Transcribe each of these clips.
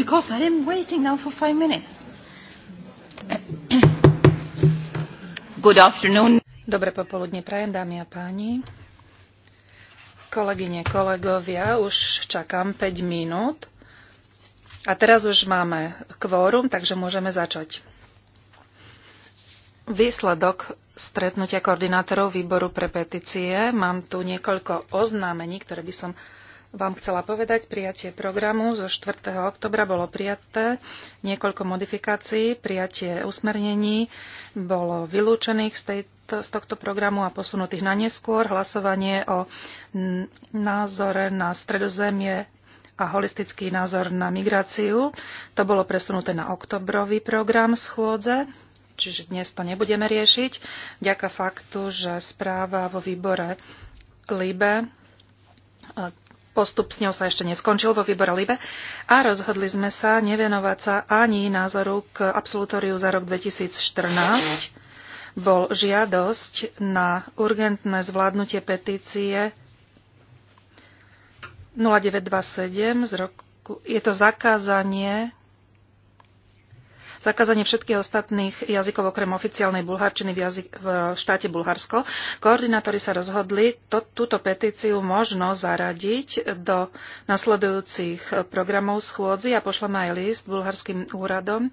because I am waiting now for five minutes. Good afternoon. Dobre popoludne prajem, dámy a páni. Kolegyne, kolegovia, už čakám 5 minút. A teraz už máme kvórum, takže môžeme začať. Výsledok stretnutia koordinátorov výboru pre petície. Mám tu niekoľko oznámení, ktoré by som vám chcela povedať, prijatie programu zo 4. oktobra bolo prijaté, niekoľko modifikácií, prijatie usmernení bolo vylúčených z, tejto, z tohto programu a posunutých na neskôr, hlasovanie o názore na stredozemie a holistický názor na migráciu. To bolo presunuté na oktobrový program schôdze, čiže dnes to nebudeme riešiť. Ďaká faktu, že správa vo výbore LIBE postup s ňou sa ešte neskončil vo výbore LIBE a rozhodli sme sa nevenovať sa ani názoru k absolutóriu za rok 2014. Bol žiadosť na urgentné zvládnutie petície 0927 z roku. Je to zakázanie zakázanie všetkých ostatných jazykov okrem oficiálnej bulharčiny v, jazyk, v štáte Bulharsko. Koordinátori sa rozhodli to, túto petíciu možno zaradiť do nasledujúcich programov schôdzi a pošleme aj list bulharským úradom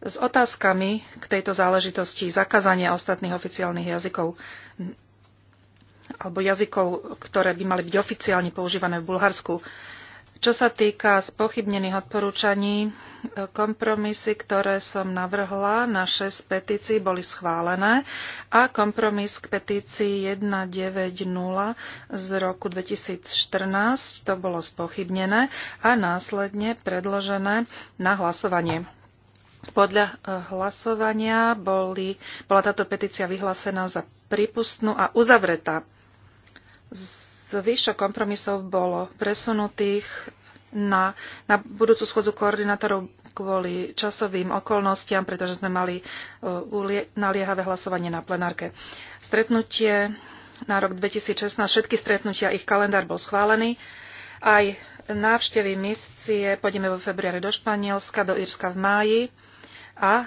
s otázkami k tejto záležitosti zakázania ostatných oficiálnych jazykov alebo jazykov, ktoré by mali byť oficiálne používané v Bulharsku. Čo sa týka spochybnených odporúčaní, kompromisy, ktoré som navrhla na 6 petícií, boli schválené a kompromis k petícii 190 z roku 2014 to bolo spochybnené a následne predložené na hlasovanie. Podľa eh, hlasovania boli, bola táto petícia vyhlásená za prípustnú a uzavretá. Z vyššok kompromisov bolo presunutých na, na budúcu schodzu koordinátorov kvôli časovým okolnostiam, pretože sme mali eh, naliehavé hlasovanie na plenárke. Stretnutie na rok 2016, všetky stretnutia, ich kalendár bol schválený. Aj návštevy misie pôjdeme vo februári do Španielska, do Írska v máji a eh,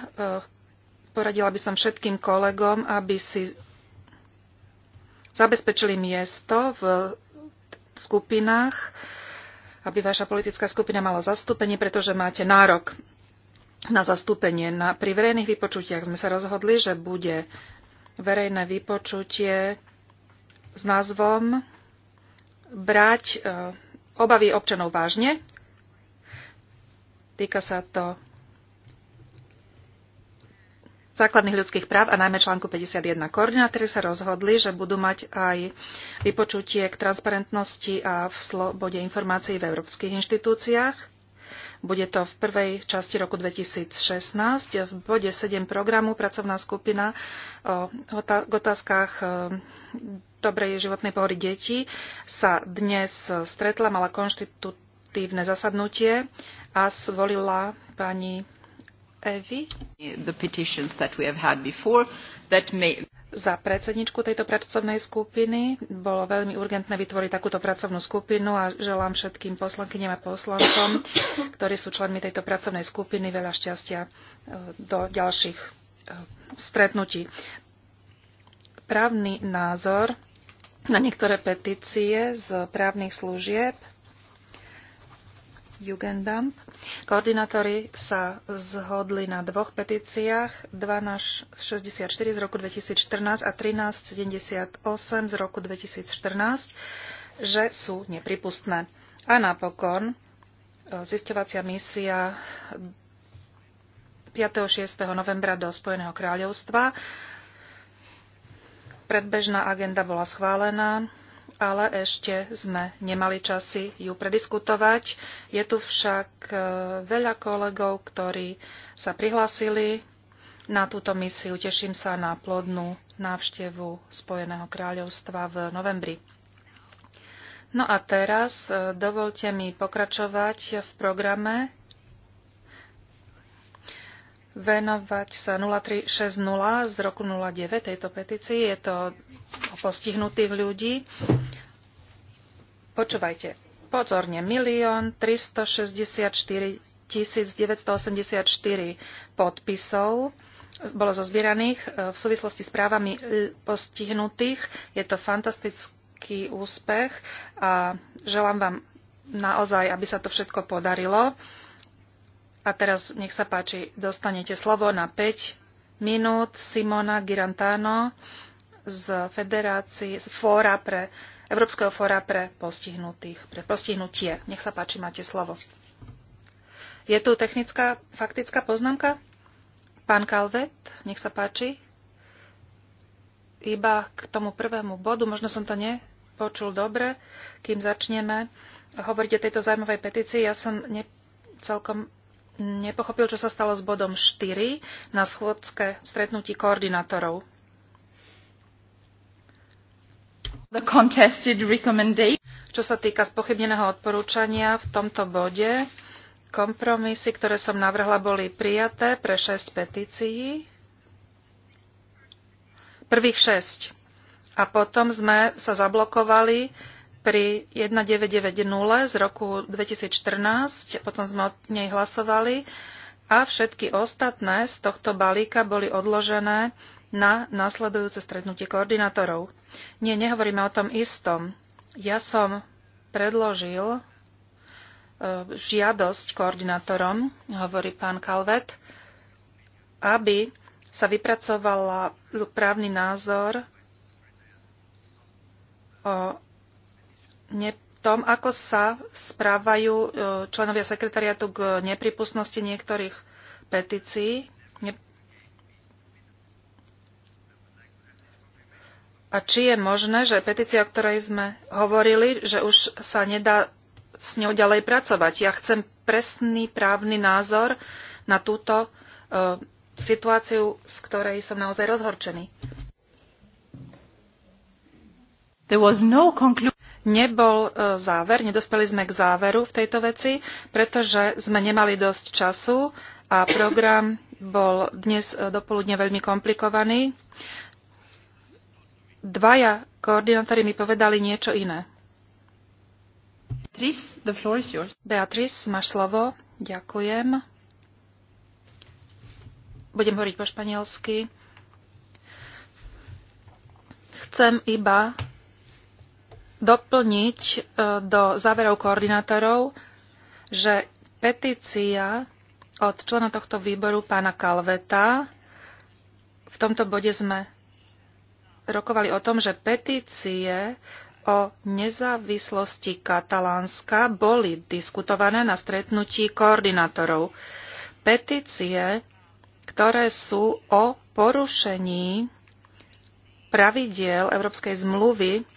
poradila by som všetkým kolegom, aby si zabezpečili miesto v skupinách, aby vaša politická skupina mala zastúpenie, pretože máte nárok na zastúpenie. Na, pri verejných vypočutiach sme sa rozhodli, že bude verejné vypočutie s názvom Brať e, obavy občanov vážne. Týka sa to základných ľudských práv a najmä článku 51. Koordinátori sa rozhodli, že budú mať aj vypočutie k transparentnosti a v slobode informácií v európskych inštitúciách. Bude to v prvej časti roku 2016. V bode 7 programu pracovná skupina o otázkach e, dobrej životnej pohody detí sa dnes stretla, mala konštitutívne zasadnutie a zvolila pani za predsedničku tejto pracovnej skupiny bolo veľmi urgentné vytvoriť takúto pracovnú skupinu a želám všetkým poslankyňam a poslancom, ktorí sú členmi tejto pracovnej skupiny, veľa šťastia e, do ďalších e, stretnutí. Právny názor na niektoré petície z právnych služieb Jugendamt. Koordinátori sa zhodli na dvoch petíciách 1264 z roku 2014 a 1378 z roku 2014, že sú nepripustné. A napokon e, zisťovacia misia 5. 6. novembra do Spojeného kráľovstva. Predbežná agenda bola schválená ale ešte sme nemali časy ju prediskutovať. Je tu však e, veľa kolegov, ktorí sa prihlásili na túto misiu. Teším sa na plodnú návštevu Spojeného kráľovstva v novembri. No a teraz e, dovolte mi pokračovať v programe venovať sa 0360 z roku 09 tejto petícii. Je to o postihnutých ľudí. Počúvajte, pozorne, 1 364 984 podpisov bolo zozbieraných e, v súvislosti s právami postihnutých. Je to fantastický úspech a želám vám naozaj, aby sa to všetko podarilo. A teraz nech sa páči, dostanete slovo na 5 minút Simona Girantano z Federácie, z fóra pre, Európskeho fóra pre postihnutých, pre postihnutie. Nech sa páči, máte slovo. Je tu technická, faktická poznámka? Pán Kalvet, nech sa páči. Iba k tomu prvému bodu, možno som to nepočul dobre, kým začneme hovoriť o tejto zaujímavej petícii. Ja som ne, celkom nepochopil, čo sa stalo s bodom 4 na schôdské stretnutí koordinátorov. The contested čo sa týka spochybneného odporúčania v tomto bode, kompromisy, ktoré som navrhla, boli prijaté pre 6 petícií. Prvých 6. A potom sme sa zablokovali pri 1990 z roku 2014, potom sme od nej hlasovali a všetky ostatné z tohto balíka boli odložené na nasledujúce stretnutie koordinátorov. Nie, nehovoríme o tom istom. Ja som predložil e, žiadosť koordinátorom, hovorí pán Kalvet, aby sa vypracovala právny názor o tom, ako sa správajú e, členovia sekretariatu k nepripustnosti niektorých petícií. A či je možné, že petícia, o ktorej sme hovorili, že už sa nedá s ňou ďalej pracovať. Ja chcem presný právny názor na túto uh, situáciu, z ktorej som naozaj rozhorčený. There was no conclu- nebol e, záver, nedospeli sme k záveru v tejto veci, pretože sme nemali dosť času a program bol dnes e, dopoludne veľmi komplikovaný. Dvaja koordinátori mi povedali niečo iné. Beatrice, the floor is yours. Beatrice, máš slovo. Ďakujem. Budem hovoriť po španielsky. Chcem iba doplniť e, do záverov koordinátorov, že petícia od člena tohto výboru pána Kalveta, v tomto bode sme rokovali o tom, že petície o nezávislosti Katalánska boli diskutované na stretnutí koordinátorov. Petície, ktoré sú o porušení pravidiel Európskej zmluvy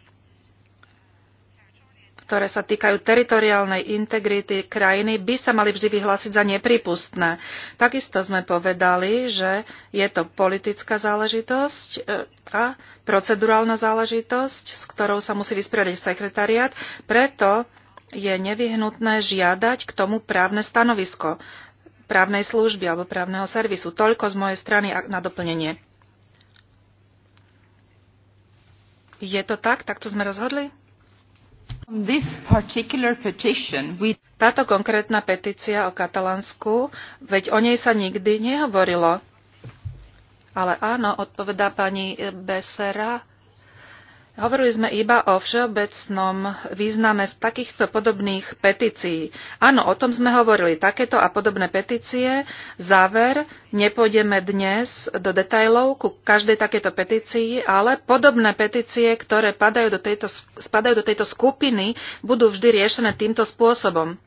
ktoré sa týkajú teritoriálnej integrity krajiny, by sa mali vždy vyhlásiť za neprípustné. Takisto sme povedali, že je to politická záležitosť a e, procedurálna záležitosť, s ktorou sa musí vysporiadať sekretariát, preto je nevyhnutné žiadať k tomu právne stanovisko právnej služby alebo právneho servisu. Toľko z mojej strany na doplnenie. Je to tak? Takto sme rozhodli? Táto konkrétna petícia o Katalánsku, veď o nej sa nikdy nehovorilo. Ale áno, odpovedá pani Besera, Hovorili sme iba o všeobecnom význame v takýchto podobných petícií. Áno, o tom sme hovorili. Takéto a podobné petície. Záver, nepôjdeme dnes do detajlov ku každej takéto petícii, ale podobné petície, ktoré padajú do tejto, spadajú do tejto skupiny, budú vždy riešené týmto spôsobom.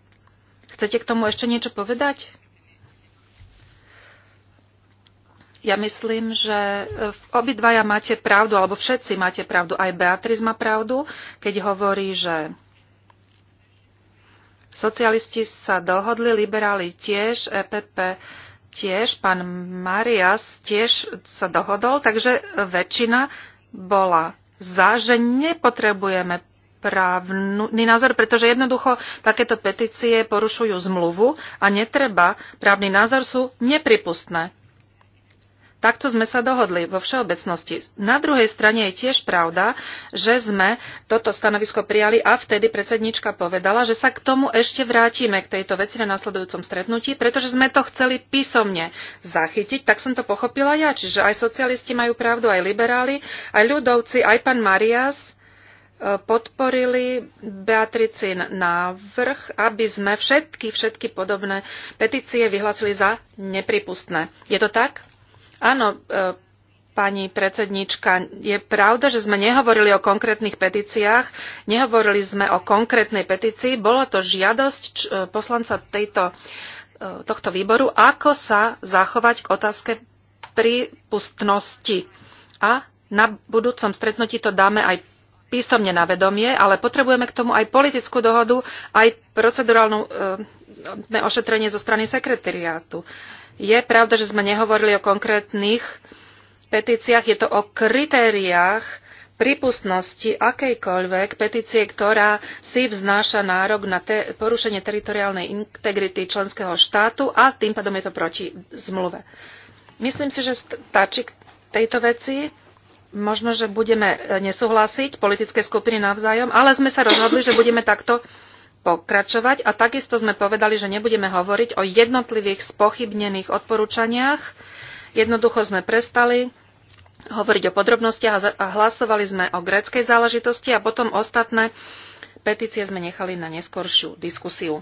Chcete k tomu ešte niečo povedať? Ja myslím, že e, obidvaja máte pravdu, alebo všetci máte pravdu. Aj Beatriz má pravdu, keď hovorí, že socialisti sa dohodli, liberáli tiež, EPP tiež, pán Marias tiež sa dohodol, takže väčšina bola za, že nepotrebujeme právny názor, pretože jednoducho takéto petície porušujú zmluvu a netreba. Právny názor sú nepripustné. Takto sme sa dohodli vo všeobecnosti. Na druhej strane je tiež pravda, že sme toto stanovisko prijali a vtedy predsednička povedala, že sa k tomu ešte vrátime, k tejto veci na nasledujúcom stretnutí, pretože sme to chceli písomne zachytiť, tak som to pochopila ja. Čiže aj socialisti majú pravdu, aj liberáli, aj ľudovci, aj pán Marias e, podporili Beatricin návrh, aby sme všetky, všetky podobné petície vyhlasili za nepripustné. Je to tak? Áno, e, pani predsednička, je pravda, že sme nehovorili o konkrétnych petíciách, nehovorili sme o konkrétnej petícii, bola to žiadosť e, poslanca tejto, e, tohto výboru, ako sa zachovať k otázke prípustnosti. A na budúcom stretnutí to dáme aj písomne na vedomie, ale potrebujeme k tomu aj politickú dohodu, aj procedurálne ošetrenie zo strany sekretariátu. E, je pravda, že sme nehovorili o konkrétnych petíciách, je to o kritériách prípustnosti akejkoľvek petície, ktorá si vznáša nárok na te- porušenie teritoriálnej integrity členského štátu a tým pádom je to proti zmluve. Myslím si, že stačí k tejto veci. Možno, že budeme e, nesúhlasiť politické skupiny navzájom, ale sme sa rozhodli, že budeme takto pokračovať a takisto sme povedali, že nebudeme hovoriť o jednotlivých spochybnených odporúčaniach. Jednoducho sme prestali hovoriť o podrobnostiach a hlasovali sme o gréckej záležitosti a potom ostatné petície sme nechali na neskoršiu diskusiu.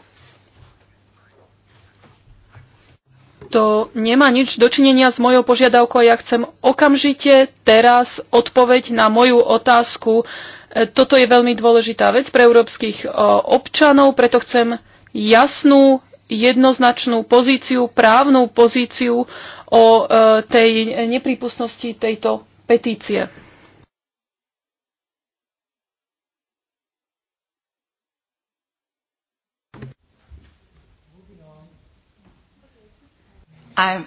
To nemá nič dočinenia s mojou požiadavkou. Ja chcem okamžite teraz odpoveď na moju otázku toto je veľmi dôležitá vec pre európskych e, občanov, preto chcem jasnú, jednoznačnú pozíciu, právnu pozíciu o e, tej neprípustnosti tejto petície.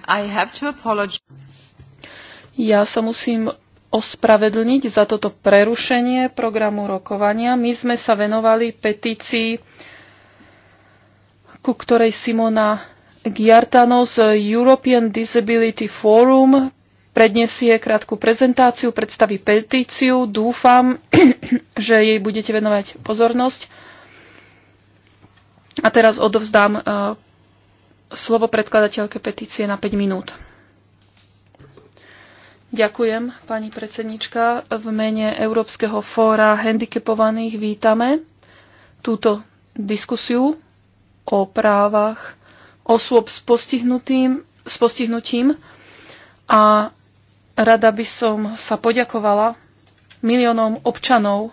I have to apologize. Ja sa musím ospravedlniť za toto prerušenie programu rokovania. My sme sa venovali petícii, ku ktorej Simona Giartano z European Disability Forum predniesie krátku prezentáciu, predstaví petíciu. Dúfam, že jej budete venovať pozornosť. A teraz odovzdám eh, slovo predkladateľke petície na 5 minút. Ďakujem, pani predsednička. V mene Európskeho fóra handicapovaných vítame túto diskusiu o právach osôb s, postihnutým, s postihnutím a rada by som sa poďakovala miliónom občanov,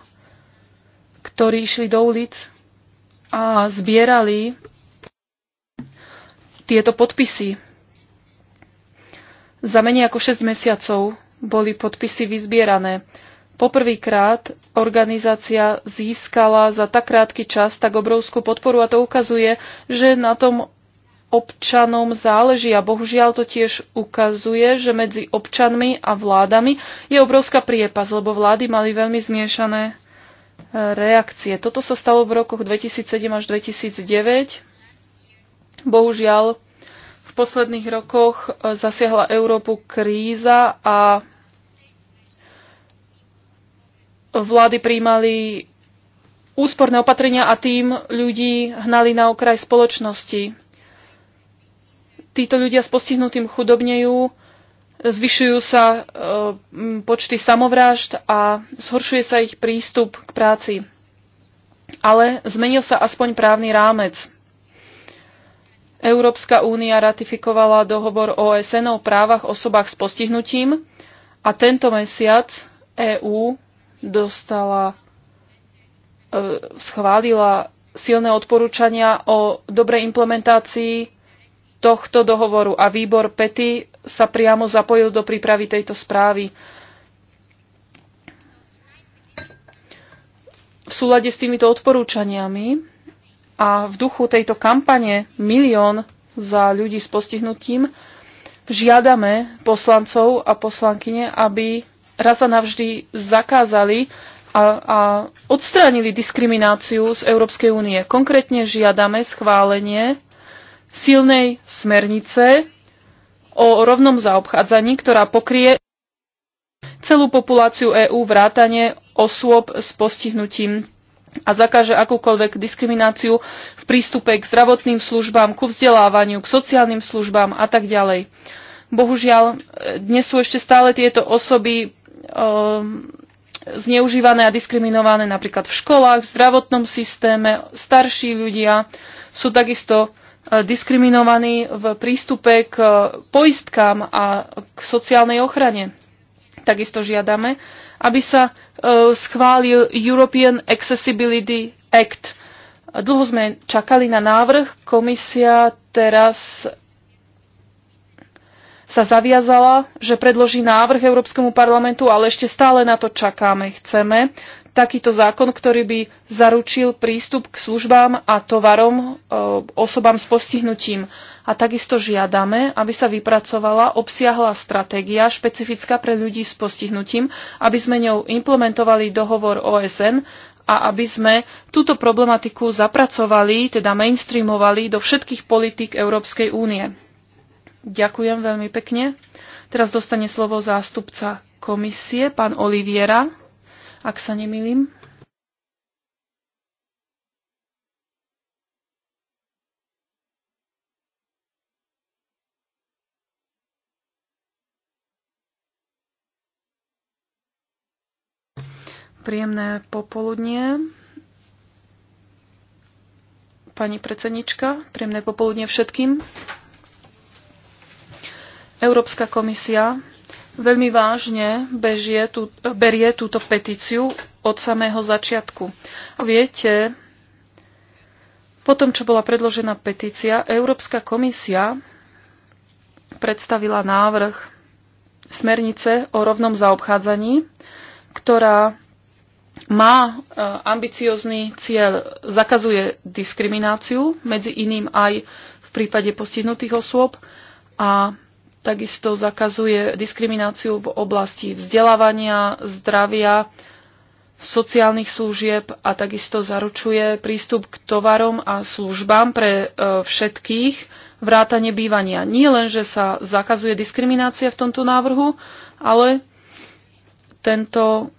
ktorí išli do ulic a zbierali tieto podpisy za menej ako 6 mesiacov boli podpisy vyzbierané. Poprvýkrát organizácia získala za tak krátky čas tak obrovskú podporu a to ukazuje, že na tom občanom záleží a bohužiaľ to tiež ukazuje, že medzi občanmi a vládami je obrovská priepas, lebo vlády mali veľmi zmiešané e, reakcie. Toto sa stalo v rokoch 2007 až 2009. Bohužiaľ v posledných rokoch e, zasiahla Európu kríza a vlády príjmali úsporné opatrenia a tým ľudí hnali na okraj spoločnosti. Títo ľudia s postihnutým chudobnejú, zvyšujú sa e, počty samovrážd a zhoršuje sa ich prístup k práci. Ale zmenil sa aspoň právny rámec. Európska únia ratifikovala dohovor OSN o právach osobách s postihnutím a tento mesiac EÚ dostala, e, schválila silné odporúčania o dobrej implementácii tohto dohovoru a výbor PETI sa priamo zapojil do prípravy tejto správy. V súlade s týmito odporúčaniami a v duchu tejto kampane Milión za ľudí s postihnutím žiadame poslancov a poslankyne, aby raz a navždy zakázali a, a odstránili diskrimináciu z Európskej únie. Konkrétne žiadame schválenie silnej smernice o rovnom zaobchádzaní, ktorá pokrie celú populáciu EÚ vrátane osôb s postihnutím a zakáže akúkoľvek diskrimináciu v prístupe k zdravotným službám, ku vzdelávaniu, k sociálnym službám a tak ďalej. Bohužiaľ, e, dnes sú ešte stále tieto osoby e, zneužívané a diskriminované napríklad v školách, v zdravotnom systéme, starší ľudia sú takisto e, diskriminovaní v prístupe k e, poistkám a k sociálnej ochrane. Takisto žiadame, aby sa e, schválil European Accessibility Act. Dlho sme čakali na návrh. Komisia teraz sa zaviazala, že predloží návrh Európskemu parlamentu, ale ešte stále na to čakáme. Chceme takýto zákon, ktorý by zaručil prístup k službám a tovarom e, osobám s postihnutím. A takisto žiadame, aby sa vypracovala obsiahla stratégia špecifická pre ľudí s postihnutím, aby sme ňou implementovali dohovor OSN a aby sme túto problematiku zapracovali, teda mainstreamovali do všetkých politík Európskej únie. Ďakujem veľmi pekne. Teraz dostane slovo zástupca komisie, pán Oliviera, ak sa nemýlim. Príjemné popoludnie. Pani predsednička, príjemné popoludnie všetkým. Európska komisia veľmi vážne bežie tú, berie túto petíciu od samého začiatku. viete, po tom, čo bola predložená petícia, Európska komisia predstavila návrh smernice o rovnom zaobchádzaní, ktorá má e, ambiciózny cieľ, zakazuje diskrimináciu, medzi iným aj v prípade postihnutých osôb a takisto zakazuje diskrimináciu v oblasti vzdelávania, zdravia, sociálnych služieb a takisto zaručuje prístup k tovarom a službám pre e, všetkých vrátane bývania. Nie len, že sa zakazuje diskriminácia v tomto návrhu, ale tento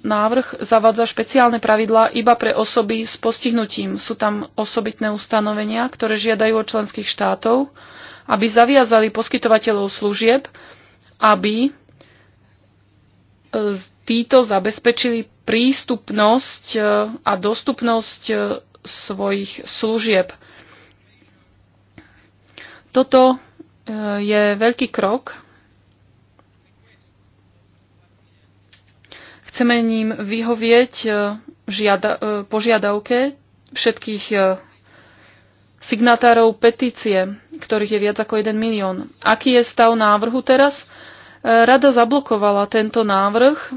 návrh zavádza špeciálne pravidlá iba pre osoby s postihnutím. Sú tam osobitné ustanovenia, ktoré žiadajú od členských štátov, aby zaviazali poskytovateľov služieb, aby e, títo zabezpečili prístupnosť e, a dostupnosť e, svojich služieb. Toto je veľký krok Chceme ním vyhovieť e, žiada, e, požiadavke všetkých e, signatárov petície, ktorých je viac ako 1 milión. Aký je stav návrhu teraz? Rada zablokovala tento návrh,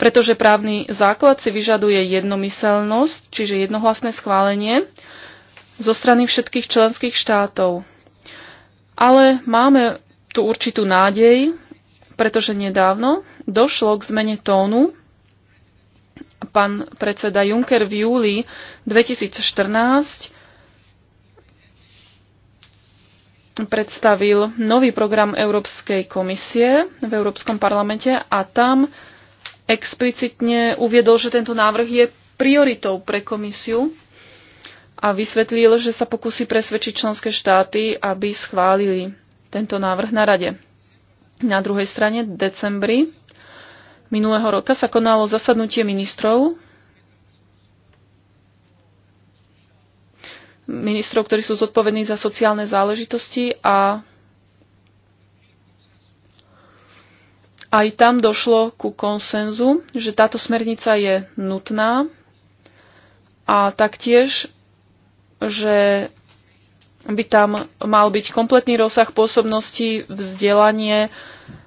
pretože právny základ si vyžaduje jednomyselnosť, čiže jednohlasné schválenie zo strany všetkých členských štátov. Ale máme tu určitú nádej, pretože nedávno došlo k zmene tónu. Pán predseda Juncker v júli 2014 predstavil nový program Európskej komisie v Európskom parlamente a tam explicitne uviedol, že tento návrh je prioritou pre komisiu a vysvetlil, že sa pokusí presvedčiť členské štáty, aby schválili tento návrh na rade. Na druhej strane v decembri minulého roka sa konalo zasadnutie ministrov, ministrov, ktorí sú zodpovední za sociálne záležitosti a aj tam došlo ku konsenzu, že táto smernica je nutná a taktiež, že by tam mal byť kompletný rozsah pôsobnosti, vzdelanie,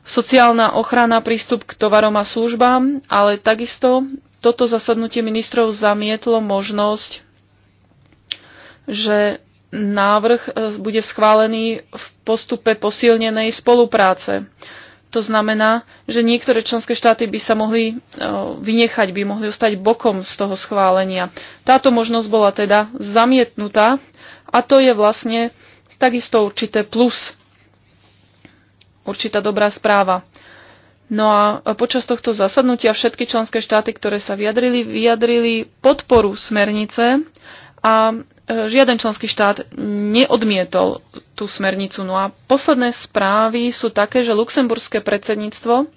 sociálna ochrana, prístup k tovarom a službám, ale takisto toto zasadnutie ministrov zamietlo možnosť, že návrh e, bude schválený v postupe posilnenej spolupráce. To znamená, že niektoré členské štáty by sa mohli e, vynechať, by mohli ostať bokom z toho schválenia. Táto možnosť bola teda zamietnutá a to je vlastne takisto určité plus, určitá dobrá správa. No a počas tohto zasadnutia všetky členské štáty, ktoré sa vyjadrili, vyjadrili podporu smernice a e, žiaden členský štát neodmietol tú smernicu. No a posledné správy sú také, že luxemburské predsedníctvo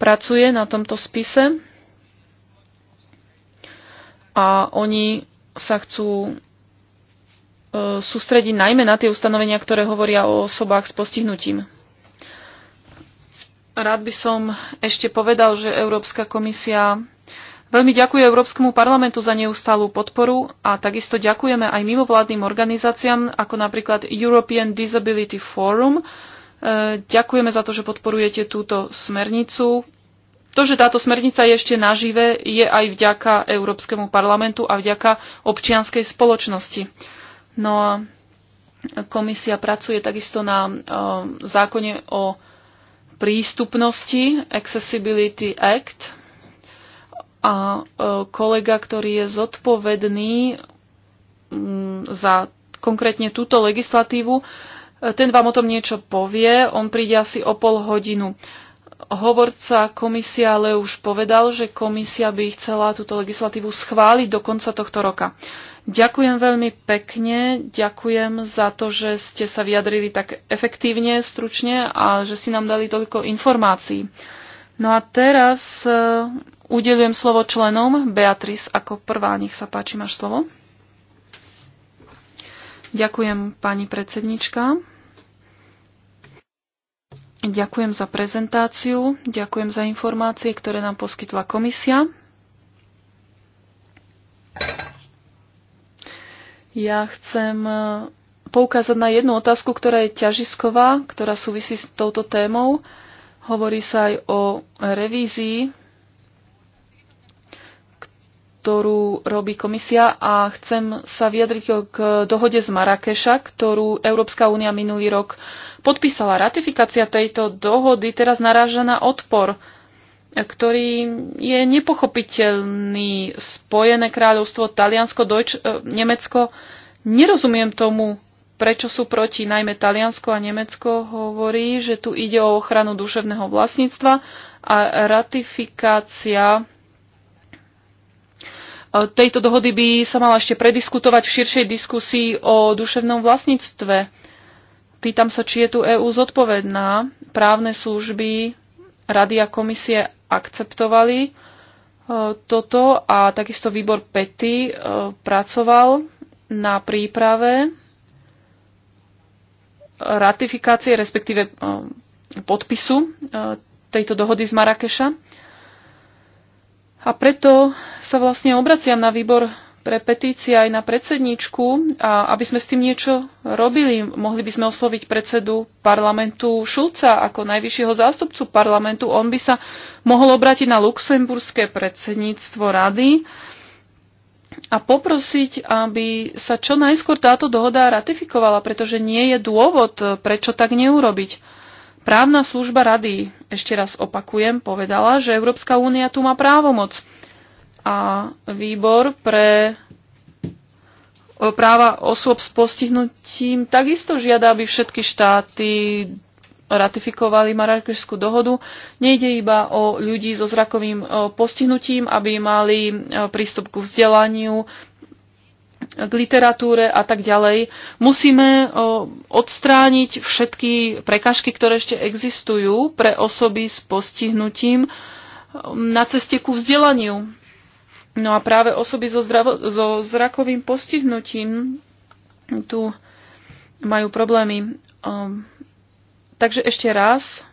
pracuje na tomto spise a oni sa chcú E, sústrediť najmä na tie ustanovenia, ktoré hovoria o osobách s postihnutím. Rád by som ešte povedal, že Európska komisia veľmi ďakuje Európskemu parlamentu za neustálú podporu a takisto ďakujeme aj mimovládnym organizáciám, ako napríklad European Disability Forum. E, ďakujeme za to, že podporujete túto smernicu, to, že táto smernica je ešte nažive, je aj vďaka Európskemu parlamentu a vďaka občianskej spoločnosti. No a komisia pracuje takisto na e, zákone o prístupnosti, Accessibility Act. A e, kolega, ktorý je zodpovedný mm, za konkrétne túto legislatívu, e, ten vám o tom niečo povie, on príde asi o pol hodinu. Hovorca komisia ale už povedal, že komisia by chcela túto legislatívu schváliť do konca tohto roka. Ďakujem veľmi pekne, ďakujem za to, že ste sa vyjadrili tak efektívne, stručne a že si nám dali toľko informácií. No a teraz uh, udelujem slovo členom. Beatrice ako prvá, nech sa páči, máš slovo. Ďakujem pani predsednička. Ďakujem za prezentáciu, ďakujem za informácie, ktoré nám poskytla komisia. Ja chcem e, poukázať na jednu otázku, ktorá je ťažisková, ktorá súvisí s touto témou. Hovorí sa aj o revízii, ktorú robí komisia a chcem sa vyjadriť k dohode z Marrakeša, ktorú Európska únia minulý rok podpísala. Ratifikácia tejto dohody teraz naráža na odpor ktorý je nepochopiteľný. Spojené kráľovstvo, Taliansko, Deutsch, eh, Nemecko. Nerozumiem tomu, prečo sú proti. Najmä Taliansko a Nemecko hovorí, že tu ide o ochranu duševného vlastníctva a ratifikácia eh, tejto dohody by sa mala ešte prediskutovať v širšej diskusii o duševnom vlastníctve. Pýtam sa, či je tu EÚ zodpovedná. Právne služby rady a komisie akceptovali e, toto a takisto výbor Pety e, pracoval na príprave ratifikácie, respektíve e, podpisu tejto dohody z Marakeša. A preto sa vlastne obraciam na výbor pre petície aj na predsedničku, a aby sme s tým niečo robili. Mohli by sme osloviť predsedu parlamentu Šulca ako najvyššieho zástupcu parlamentu. On by sa mohol obrátiť na luxemburské predsedníctvo rady a poprosiť, aby sa čo najskôr táto dohoda ratifikovala, pretože nie je dôvod, prečo tak neurobiť. Právna služba rady, ešte raz opakujem, povedala, že Európska únia tu má právomoc a výbor pre e, práva osôb s postihnutím takisto žiada, aby všetky štáty ratifikovali Marrakešskú dohodu. Nejde iba o ľudí so zrakovým e, postihnutím, aby mali e, prístup ku vzdelaniu, k literatúre a tak ďalej. Musíme odstrániť všetky prekažky, ktoré ešte existujú pre osoby s postihnutím na ceste ku vzdelaniu. No a práve osoby so, zdravo- so zrakovým postihnutím tu majú problémy. Um, takže ešte raz,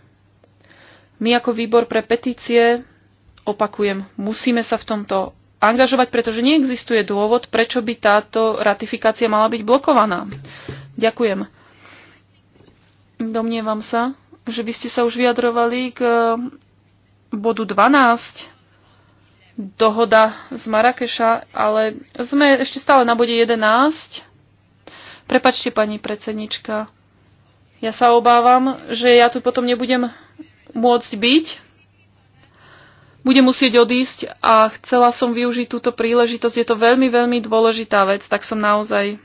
my ako výbor pre petície, opakujem, musíme sa v tomto angažovať, pretože neexistuje dôvod, prečo by táto ratifikácia mala byť blokovaná. Ďakujem. Domnievam sa, že by ste sa už vyjadrovali k ehm, bodu 12 dohoda z Marakeša, ale sme ešte stále na bode 11. Prepačte, pani predsednička. Ja sa obávam, že ja tu potom nebudem môcť byť. Budem musieť odísť a chcela som využiť túto príležitosť. Je to veľmi, veľmi dôležitá vec, tak som naozaj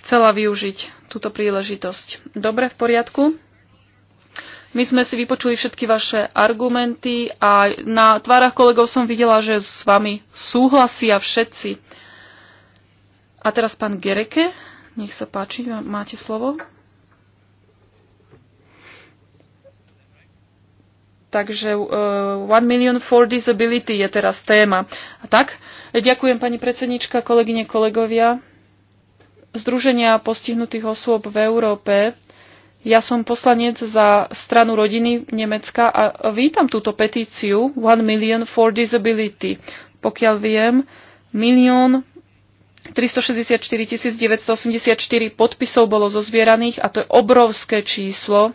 chcela využiť túto príležitosť. Dobre, v poriadku. My sme si vypočuli všetky vaše argumenty a na tvárach kolegov som videla, že s vami súhlasia všetci. A teraz pán Gereke, nech sa páči, máte slovo. Takže uh, One Million for Disability je teraz téma. A tak, ďakujem pani predsednička, kolegyne, kolegovia. Združenia postihnutých osôb v Európe ja som poslanec za stranu rodiny Nemecka a vítam túto petíciu One Million for Disability. Pokiaľ viem, milión 364 984 podpisov bolo zozbieraných a to je obrovské číslo.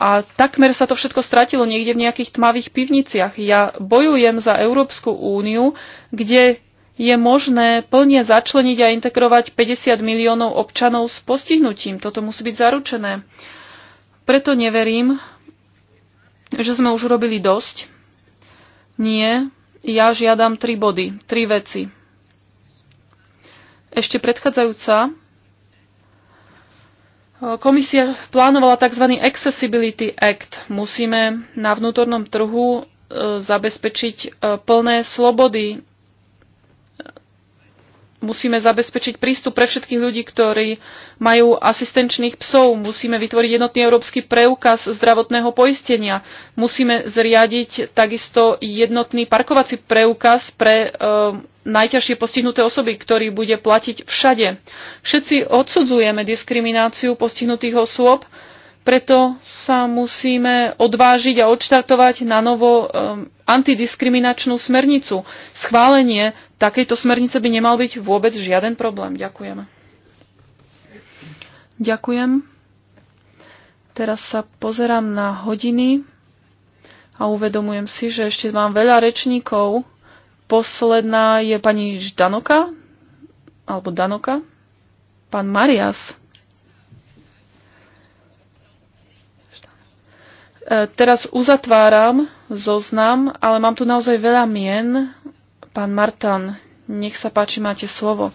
A takmer sa to všetko stratilo niekde v nejakých tmavých pivniciach. Ja bojujem za Európsku úniu, kde je možné plne začleniť a integrovať 50 miliónov občanov s postihnutím. Toto musí byť zaručené. Preto neverím, že sme už robili dosť. Nie, ja žiadam tri body, tri veci. Ešte predchádzajúca komisia plánovala tzv. Accessibility Act. Musíme na vnútornom trhu e, zabezpečiť e, plné slobody musíme zabezpečiť prístup pre všetkých ľudí, ktorí majú asistenčných psov. Musíme vytvoriť jednotný európsky preukaz zdravotného poistenia. Musíme zriadiť takisto jednotný parkovací preukaz pre e, najťažšie postihnuté osoby, ktorý bude platiť všade. Všetci odsudzujeme diskrimináciu postihnutých osôb, preto sa musíme odvážiť a odštartovať na novo um, antidiskriminačnú smernicu. Schválenie takejto smernice by nemal byť vôbec žiaden problém. Ďakujem. Ďakujem. Teraz sa pozerám na hodiny a uvedomujem si, že ešte mám veľa rečníkov. Posledná je pani Ždanoka, alebo Danoka, pán Marias. E, teraz uzatváram zoznam, ale mám tu naozaj veľa mien. Pán Martan, nech sa páči, máte slovo.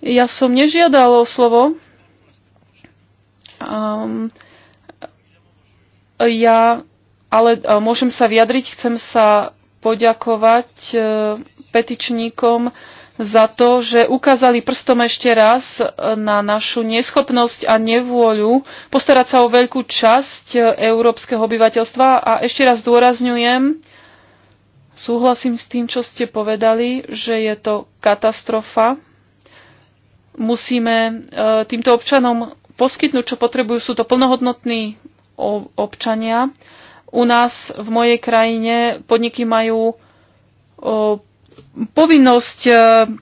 Ja som nežiadal o slovo. Um, ja ale môžem sa vyjadriť, chcem sa poďakovať e, petičníkom za to, že ukázali prstom ešte raz e, na našu neschopnosť a nevôľu postarať sa o veľkú časť e, európskeho obyvateľstva. A ešte raz dôrazňujem, súhlasím s tým, čo ste povedali, že je to katastrofa. Musíme e, týmto občanom poskytnúť, čo potrebujú. Sú to plnohodnotní občania. U nás v mojej krajine podniky majú povinnosť e,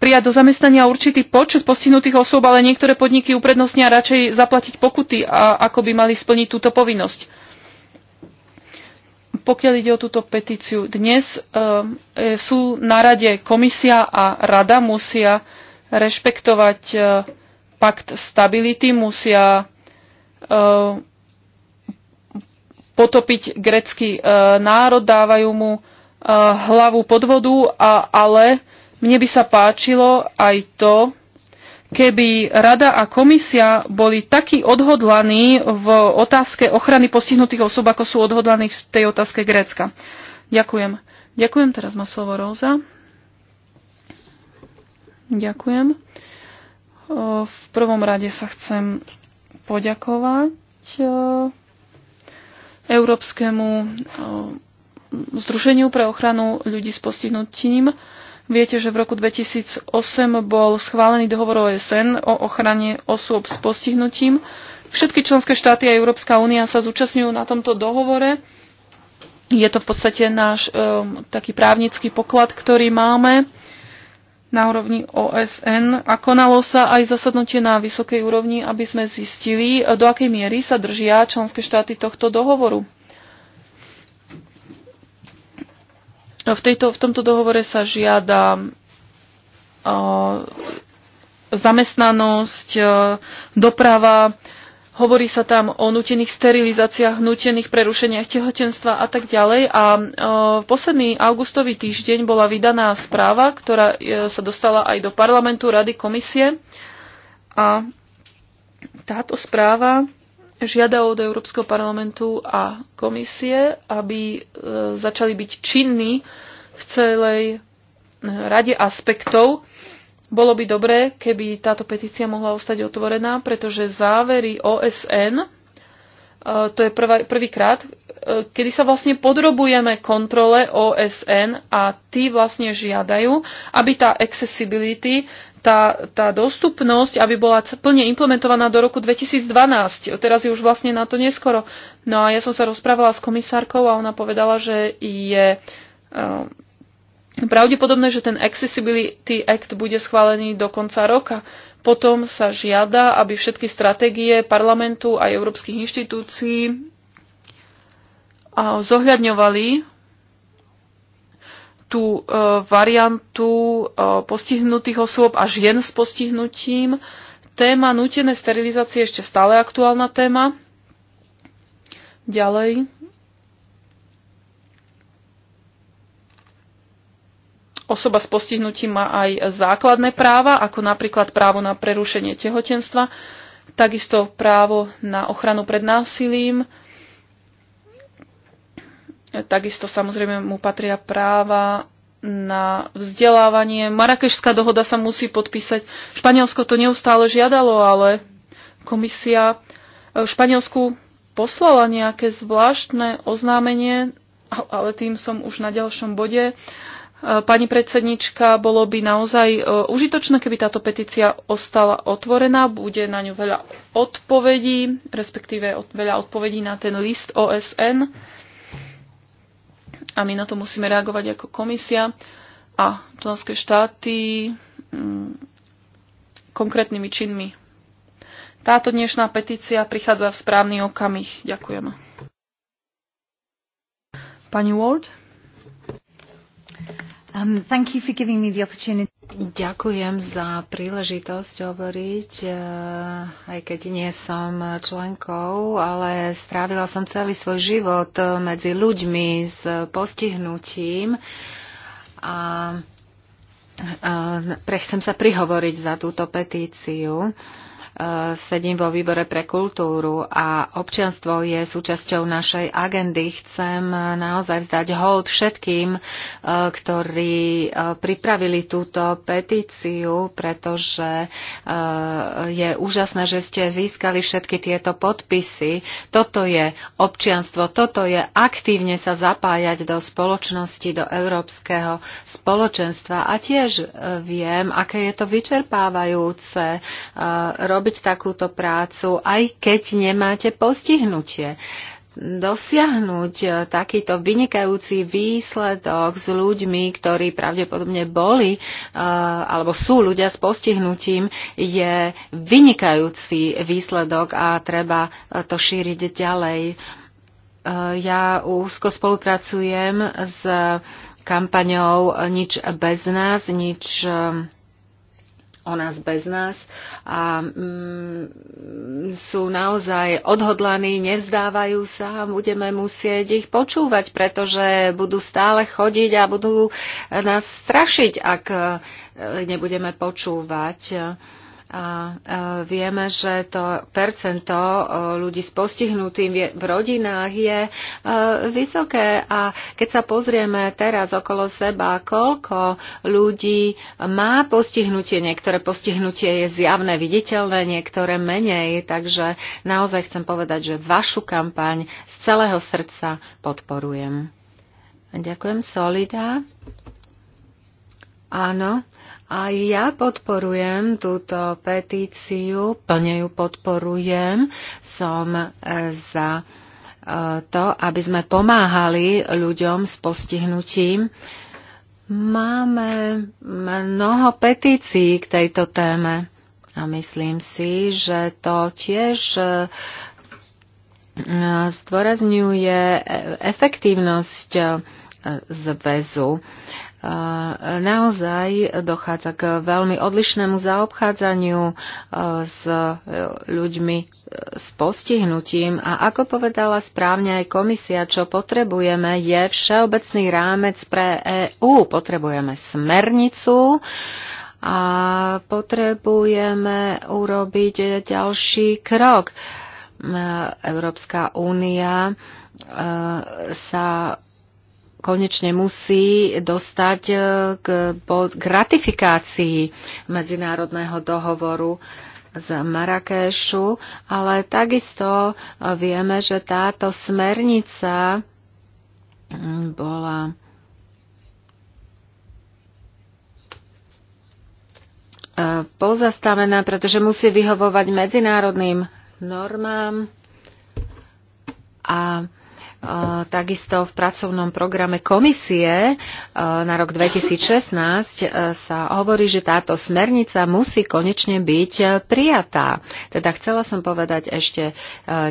prijať do zamestnania určitý počet postihnutých osôb, ale niektoré podniky uprednostnia radšej zaplatiť pokuty, a ako by mali splniť túto povinnosť. Pokiaľ ide o túto petíciu, dnes e, e sú na rade komisia a rada musia rešpektovať e, pakt stability, musia e, potopiť grecký e, národ, dávajú mu hlavu pod vodu, a, ale mne by sa páčilo aj to, keby rada a komisia boli takí odhodlaní v otázke ochrany postihnutých osôb, ako sú odhodlaní v tej otázke Grécka. Ďakujem. Ďakujem, teraz má slovo Róza. Ďakujem. V prvom rade sa chcem poďakovať Európskemu Združeniu pre ochranu ľudí s postihnutím. Viete, že v roku 2008 bol schválený dohovor OSN o ochrane osôb s postihnutím. Všetky členské štáty a Európska únia sa zúčastňujú na tomto dohovore. Je to v podstate náš um, taký právnický poklad, ktorý máme na úrovni OSN a konalo sa aj zasadnutie na vysokej úrovni, aby sme zistili, do akej miery sa držia členské štáty tohto dohovoru. No, v, tejto, v tomto dohovore sa žiada uh, zamestnanosť, uh, doprava, hovorí sa tam o nutených sterilizáciách, nutených prerušeniach tehotenstva a tak ďalej. A v uh, posledný augustový týždeň bola vydaná správa, ktorá sa dostala aj do parlamentu, rady, komisie. A táto správa žiada od Európskeho parlamentu a komisie, aby e, začali byť činní v celej e, rade aspektov. Bolo by dobré, keby táto petícia mohla ostať otvorená, pretože závery OSN, e, to je prvýkrát, kedy sa vlastne podrobujeme kontrole OSN a tí vlastne žiadajú, aby tá accessibility tá, tá dostupnosť, aby bola plne implementovaná do roku 2012. Teraz je už vlastne na to neskoro. No a ja som sa rozprávala s komisárkou a ona povedala, že je eh, pravdepodobné, že ten Accessibility Act bude schválený do konca roka. Potom sa žiada, aby všetky stratégie parlamentu a európskych inštitúcií eh, zohľadňovali tú e, variantu e, postihnutých osôb a žien s postihnutím. Téma nutené sterilizácie je ešte stále aktuálna téma. Ďalej. Osoba s postihnutím má aj základné práva, ako napríklad právo na prerušenie tehotenstva, takisto právo na ochranu pred násilím, Takisto samozrejme mu patria práva na vzdelávanie. Marakešská dohoda sa musí podpísať. Španielsko to neustále žiadalo, ale komisia e, Španielsku poslala nejaké zvláštne oznámenie, ale tým som už na ďalšom bode. E, pani predsednička, bolo by naozaj e, užitočné, keby táto petícia ostala otvorená. Bude na ňu veľa odpovedí, respektíve veľa odpovedí na ten list OSN a my na to musíme reagovať ako komisia a členské štáty mm, konkrétnymi činmi. Táto dnešná petícia prichádza v správny okamih. Ďakujem. Pani Ward? Um, thank you for giving me the opportunity. Ďakujem za príležitosť hovoriť, eh, aj keď nie som členkou, ale strávila som celý svoj život eh, medzi ľuďmi s postihnutím a eh, prechcem sa prihovoriť za túto petíciu. E, sedím vo výbore pre kultúru a občianstvo je súčasťou našej agendy. Chcem naozaj vzdať hold všetkým, e, ktorí e, pripravili túto petíciu, pretože je úžasné, že ste získali všetky tieto podpisy. Toto je občianstvo, toto je aktívne sa zapájať do spoločnosti, do európskeho spoločenstva. A tiež viem, aké je to vyčerpávajúce robiť takúto prácu, aj keď nemáte postihnutie dosiahnuť e, takýto vynikajúci výsledok s ľuďmi, ktorí pravdepodobne boli e, alebo sú ľudia s postihnutím, je vynikajúci výsledok a treba e, to šíriť ďalej. Ja úzko spolupracujem s kampaňou Nič bez nás, nič o nás bez nás a mm, sú naozaj odhodlaní, nevzdávajú sa a budeme musieť ich počúvať, pretože budú stále chodiť a budú nás strašiť, ak e, nebudeme počúvať. A vieme, že to percento ľudí s postihnutým v rodinách je e, vysoké. A keď sa pozrieme teraz okolo seba, koľko ľudí má postihnutie, niektoré postihnutie je zjavné, viditeľné, niektoré menej. Takže naozaj chcem povedať, že vašu kampaň z celého srdca podporujem. Ďakujem, Solida. Áno. A ja podporujem túto petíciu, plne ju podporujem. Som e, za e, to, aby sme pomáhali ľuďom s postihnutím. Máme mnoho petícií k tejto téme a myslím si, že to tiež e, zdôrazňuje efektívnosť zväzu naozaj dochádza k veľmi odlišnému zaobchádzaniu s e, ľuďmi e, s postihnutím a ako povedala správne aj komisia, čo potrebujeme je všeobecný rámec pre EÚ. Potrebujeme smernicu, a potrebujeme urobiť ďalší krok. E, Európska únia sa konečne musí dostať e, k, k ratifikácii medzinárodného dohovoru z Marrakešu, ale takisto e, vieme, že táto smernica mm, bola e, pozastavená, pretože musí vyhovovať medzinárodným normám a Takisto v pracovnom programe komisie e, na rok 2016 e, sa hovorí, že táto smernica musí konečne byť e, prijatá. Teda chcela som povedať ešte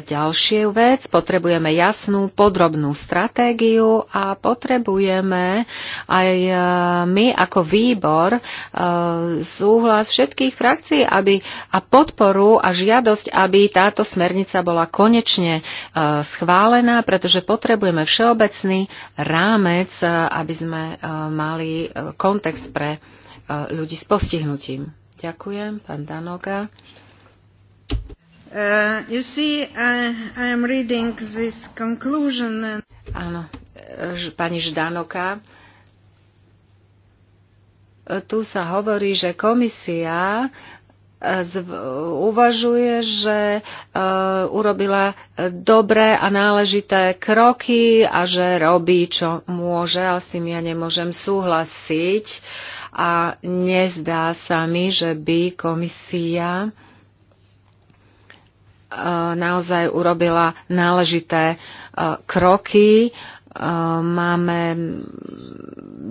ďalšiu vec. Potrebujeme jasnú, podrobnú stratégiu a potrebujeme aj my ako výbor súhlas všetkých frakcií aby, a podporu a žiadosť, aby táto smernica bola konečne schválená, pretože že potrebujeme všeobecný rámec, eh, aby sme eh, mali eh, kontext pre ľudí s postihnutím. Ďakujem, pán Danoga. Uh, you see, I, I am reading this conclusion. And... Áno, pani Ždanoka. Tu sa hovorí, že komisia uvažuje, že e, urobila dobré a náležité kroky a že robí, čo môže, ale s tým ja nemôžem súhlasiť a nezdá sa mi, že by komisia e, naozaj urobila náležité e, kroky máme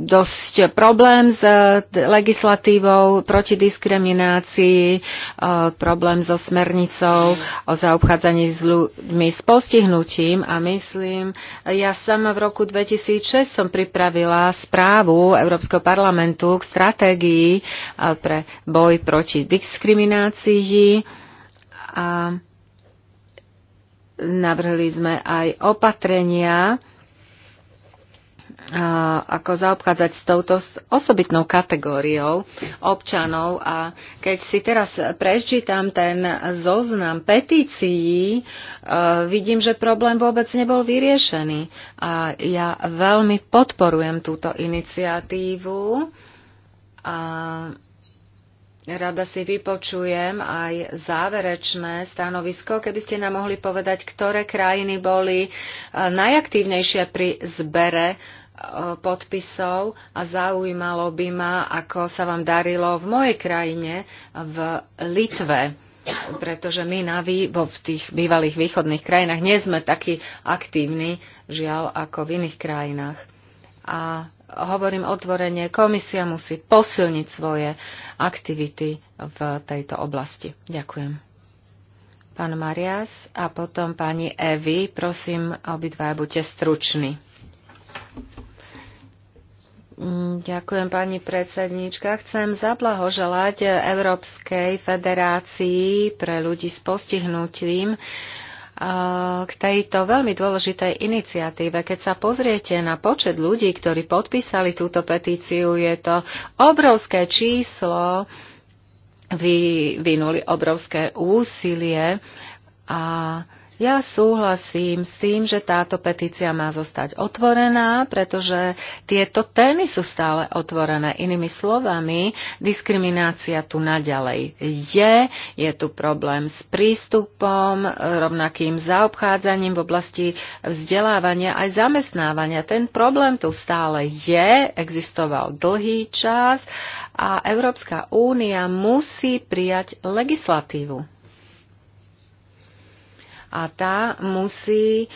dosť problém s eh, legislatívou proti diskriminácii, eh, problém so smernicou o zaobchádzaní s ľuďmi s postihnutím a myslím, ja sama v roku 2006 som pripravila správu Európskeho parlamentu k stratégii eh, pre boj proti diskriminácii a navrhli sme aj opatrenia, ako zaobchádzať s touto osobitnou kategóriou občanov. A keď si teraz prečítam ten zoznam petícií, e, vidím, že problém vôbec nebol vyriešený. A ja veľmi podporujem túto iniciatívu. A Rada si vypočujem aj záverečné stanovisko, keby ste nám mohli povedať, ktoré krajiny boli e, najaktívnejšie pri zbere podpisov a zaujímalo by ma, ako sa vám darilo v mojej krajine, v Litve pretože my na bo v tých bývalých východných krajinách nie sme takí aktívni, žiaľ, ako v iných krajinách. A hovorím otvorene, komisia musí posilniť svoje aktivity v tejto oblasti. Ďakujem. Pán Marias a potom pani Evi, prosím, obidva buďte struční. Mm, ďakujem pani predsedníčka. Chcem zablahoželať Európskej federácii pre ľudí s postihnutím eh, k tejto veľmi dôležitej iniciatíve. Keď sa pozriete na počet ľudí, ktorí podpísali túto petíciu, je to obrovské číslo, vyvinuli obrovské úsilie a ja súhlasím s tým, že táto petícia má zostať otvorená, pretože tieto témy sú stále otvorené. Inými slovami, diskriminácia tu naďalej je, je tu problém s prístupom, rovnakým zaobchádzaním v oblasti vzdelávania aj zamestnávania. Ten problém tu stále je, existoval dlhý čas a Európska únia musí prijať legislatívu a tá musí e,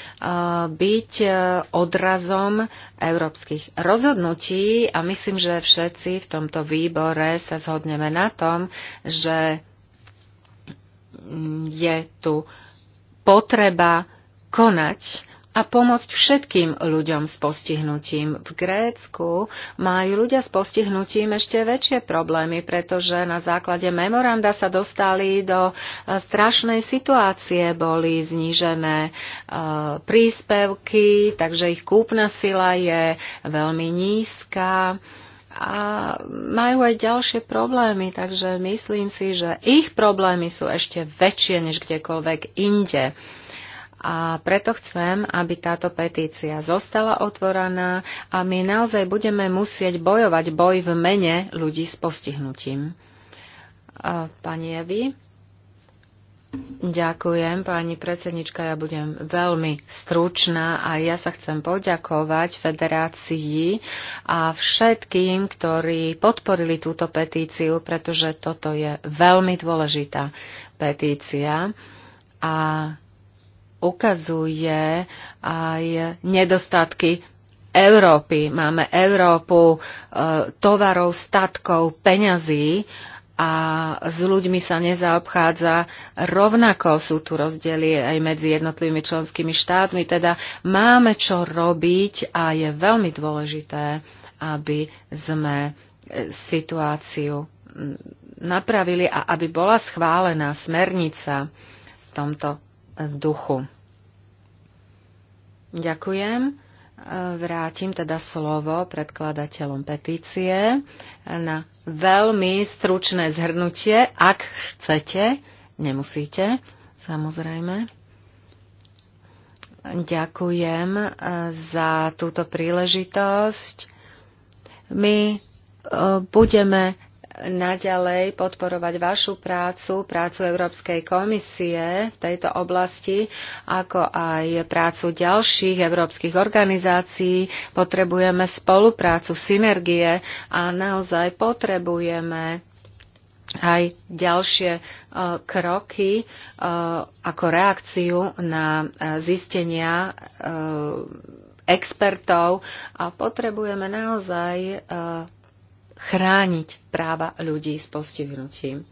byť e, odrazom európskych rozhodnutí a myslím, že všetci v tomto výbore sa zhodneme na tom, že je tu potreba konať a pomôcť všetkým ľuďom s postihnutím. V Grécku majú ľudia s postihnutím ešte väčšie problémy, pretože na základe memoranda sa dostali do e, strašnej situácie. Boli znížené e, príspevky, takže ich kúpna sila je veľmi nízka a majú aj ďalšie problémy, takže myslím si, že ich problémy sú ešte väčšie než kdekoľvek inde. A preto chcem, aby táto petícia zostala otvorená a my naozaj budeme musieť bojovať boj v mene ľudí s postihnutím. Pani Evi. Ďakujem, pani predsednička, ja budem veľmi stručná a ja sa chcem poďakovať federácii a všetkým, ktorí podporili túto petíciu, pretože toto je veľmi dôležitá petícia a ukazuje aj nedostatky Európy. Máme Európu e, tovarov, statkov, peňazí a s ľuďmi sa nezaobchádza rovnako. Sú tu rozdiely aj medzi jednotlivými členskými štátmi, teda máme čo robiť a je veľmi dôležité, aby sme e, situáciu napravili a aby bola schválená smernica v tomto duchu. Ďakujem. Vrátim teda slovo predkladateľom petície na veľmi stručné zhrnutie, ak chcete, nemusíte, samozrejme. Ďakujem eh, za túto príležitosť. My eh, budeme naďalej podporovať vašu prácu, prácu Európskej komisie v tejto oblasti, ako aj prácu ďalších európskych organizácií. Potrebujeme spoluprácu, synergie a naozaj potrebujeme aj ďalšie e, kroky e, ako reakciu na e, zistenia expertov a potrebujeme naozaj chrániť práva ľudí s postihnutím.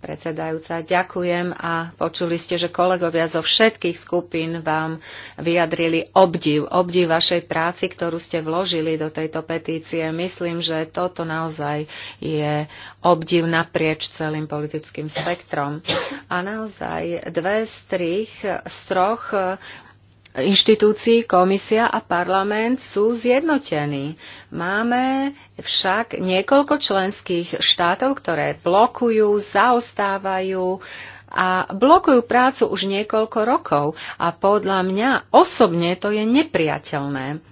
Predsedajúca, ďakujem a počuli ste, že kolegovia zo všetkých skupín vám vyjadrili obdiv, obdiv vašej práci, ktorú ste vložili do tejto petície. Myslím, že toto naozaj je obdiv naprieč celým politickým spektrom. A naozaj dve z, trých, z troch inštitúcií, komisia a parlament sú zjednotení. Máme však niekoľko členských štátov, ktoré blokujú, zaostávajú a blokujú prácu už niekoľko rokov. A podľa mňa osobne to je nepriateľné.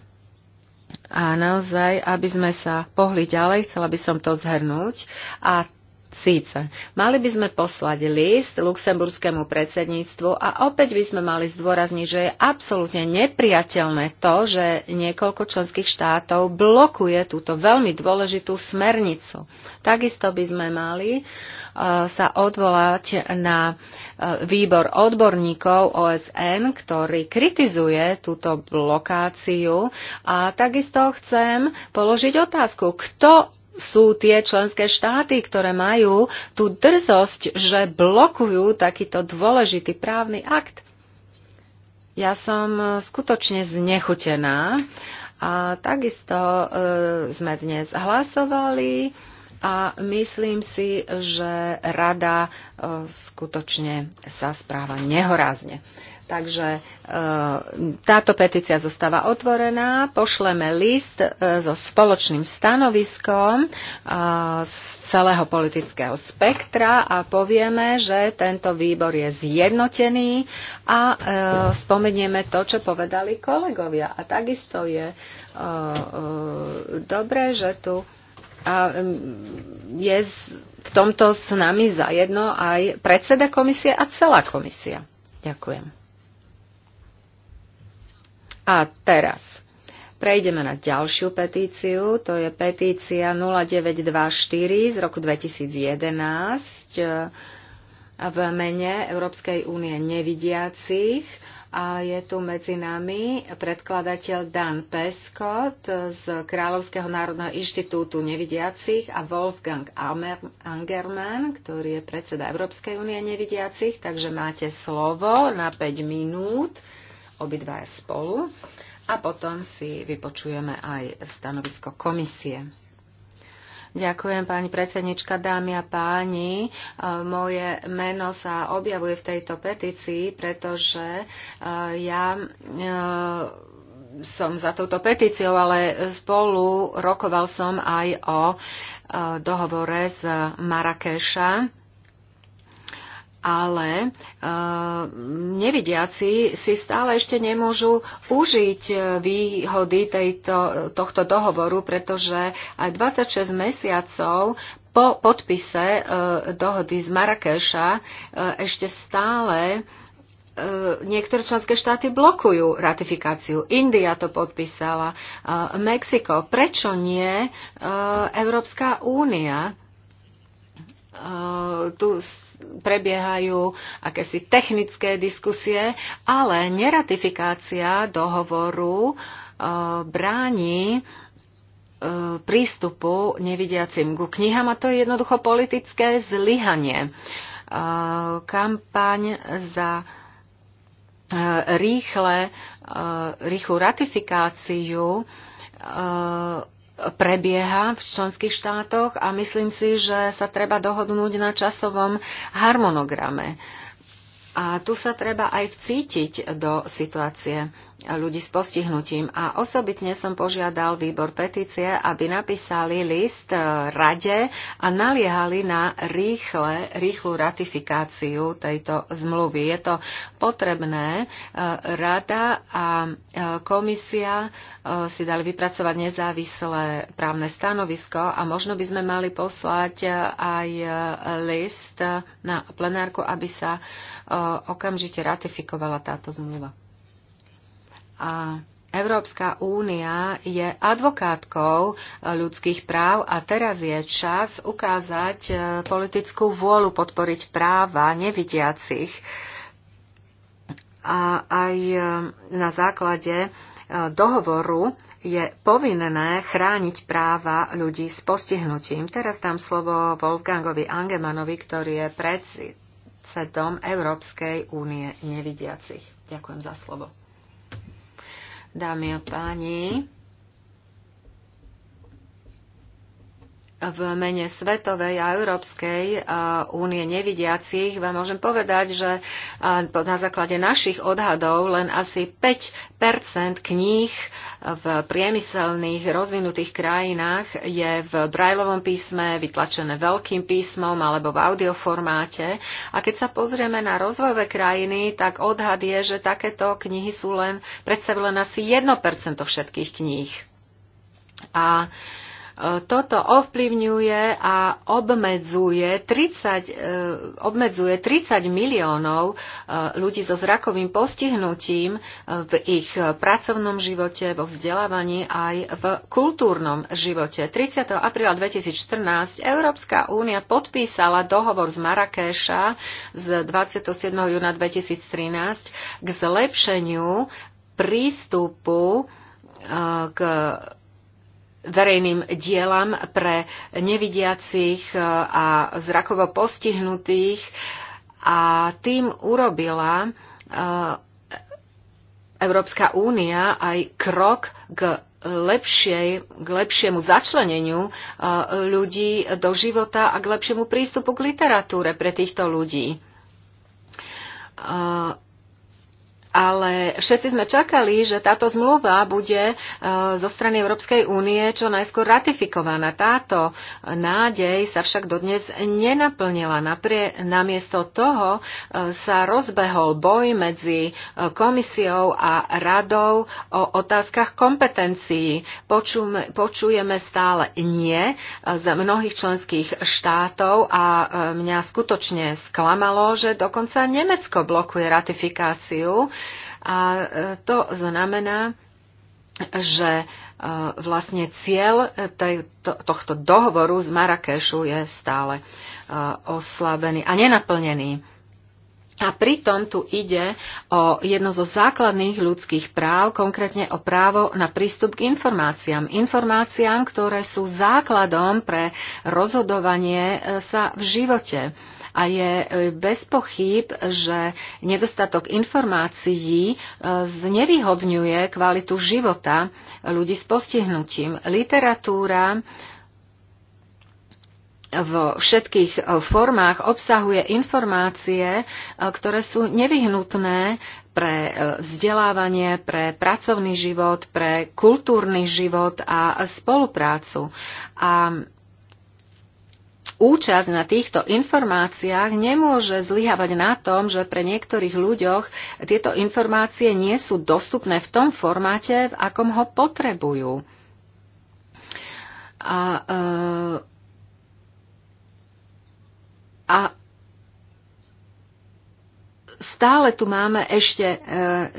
A naozaj, aby sme sa pohli ďalej, chcela by som to zhrnúť. A Síce, mali by sme poslať list luxemburskému predsedníctvu a opäť by sme mali zdôrazniť, že je absolútne nepriateľné to, že niekoľko členských štátov blokuje túto veľmi dôležitú smernicu. Takisto by sme mali e, sa odvolať na e, výbor odborníkov OSN, ktorý kritizuje túto blokáciu. A takisto chcem položiť otázku, kto sú tie členské štáty, ktoré majú tú drzosť, že blokujú takýto dôležitý právny akt. Ja som skutočne znechutená a takisto e, sme dnes hlasovali a myslím si, že rada e, skutočne sa správa nehorázne. Takže e, táto petícia zostáva otvorená, pošleme list e, so spoločným stanoviskom e, z celého politického spektra a povieme, že tento výbor je zjednotený a spomenieme to, čo povedali kolegovia. A takisto je dobré, že tu a je v tomto s nami zajedno aj predseda komisie a celá komisia. Ďakujem. A teraz prejdeme na ďalšiu petíciu. To je petícia 0924 z roku 2011 v mene Európskej únie nevidiacich. A je tu medzi nami predkladateľ Dan Peskot z Kráľovského národného inštitútu nevidiacich a Wolfgang Angerman, ktorý je predseda Európskej únie nevidiacich. Takže máte slovo na 5 minút obidva spolu a potom si vypočujeme aj stanovisko komisie. Ďakujem, pani predsednička, dámy a páni. E, moje meno sa objavuje v tejto petícii, pretože e, ja e, som za touto petíciou, ale spolu rokoval som aj o dohovore z Marrakeša ale e, nevidiaci si stále ešte nemôžu užiť e, výhody tejto, tohto dohovoru, pretože aj 26 mesiacov po podpise e, dohody z Marrakeša e, ešte stále e, niektoré členské štáty blokujú ratifikáciu. India to podpísala, e, Mexiko. Prečo nie Európska únia? Tu prebiehajú akési technické diskusie, ale neratifikácia dohovoru e, bráni e, prístupu nevidiacim ku knihám a to je jednoducho politické zlyhanie. E, kampaň za rýchle, rýchlu ratifikáciu prebieha v členských štátoch a myslím si, že sa treba dohodnúť na časovom harmonograme. A tu sa treba aj vcítiť do situácie ľudí s postihnutím. A osobitne som požiadal výbor petície, aby napísali list e, rade a naliehali na rýchle, rýchlu ratifikáciu tejto zmluvy. Je to potrebné. E, Rada a e, komisia si dali vypracovať nezávislé právne stanovisko a možno by sme mali poslať aj list na plenárku, aby sa okamžite ratifikovala táto zmluva. A Európska únia je advokátkou ľudských práv a teraz je čas ukázať e, politickú vôľu podporiť práva nevidiacich. A aj e, na základe e, dohovoru je povinné chrániť práva ľudí s postihnutím. Teraz dám slovo Wolfgangovi Angemanovi, ktorý je predsedom Európskej únie nevidiacich. Ďakujem za slovo dámy a páni. v mene Svetovej a Európskej eh, únie nevidiacich vám môžem povedať, že eh, na základe našich odhadov len asi 5 kníh eh, v priemyselných rozvinutých krajinách je v brajlovom písme, vytlačené veľkým písmom alebo v audioformáte. A keď sa pozrieme na rozvojové krajiny, tak odhad je, že takéto knihy sú len, predstavujú len asi 1% všetkých kníh. A uh, toto ovplyvňuje a obmedzuje 30, e, obmedzuje 30 miliónov e, ľudí so zrakovým postihnutím e, v ich pracovnom živote, vo vzdelávaní aj v kultúrnom živote. 30. apríla 2014 Európska únia podpísala dohovor z Marrakeša z 27. júna 2013 k zlepšeniu prístupu k verejným dielam pre nevidiacich e, a zrakovo postihnutých a tým urobila e, Európska únia aj krok k lepšej, k lepšiemu začleneniu e, ľudí do života a k lepšiemu prístupu k literatúre pre týchto ľudí ale všetci sme čakali, že táto zmluva bude e, zo strany Európskej únie čo najskôr ratifikovaná. Táto nádej sa však dodnes nenaplnila. Naprie, namiesto toho e, sa rozbehol boj medzi e, komisiou a radou o otázkach kompetencií. Počujeme, počujeme stále nie z mnohých členských štátov a mňa skutočne sklamalo, že dokonca Nemecko blokuje ratifikáciu a e, to znamená, že e, vlastne cieľ e, tohto dohovoru z Marrakešu je stále oslabený a nenaplnený. A pritom tu ide o jedno zo základných ľudských práv, konkrétne o právo na prístup k informáciám. Informáciám, ktoré sú základom pre rozhodovanie sa v živote. A je e, bez pochyb, že nedostatok informácií e, znevýhodňuje kvalitu života ľudí s postihnutím. Literatúra vo všetkých e, formách obsahuje informácie, ktoré sú nevyhnutné pre vzdelávanie, pre pracovný život, pre kultúrny život a spoluprácu. A účasť na týchto informáciách nemôže zlyhavať na tom, že pre niektorých ľuďoch tieto informácie nie sú dostupné v tom formáte, v akom ho potrebujú. A, e, a stále tu máme ešte e,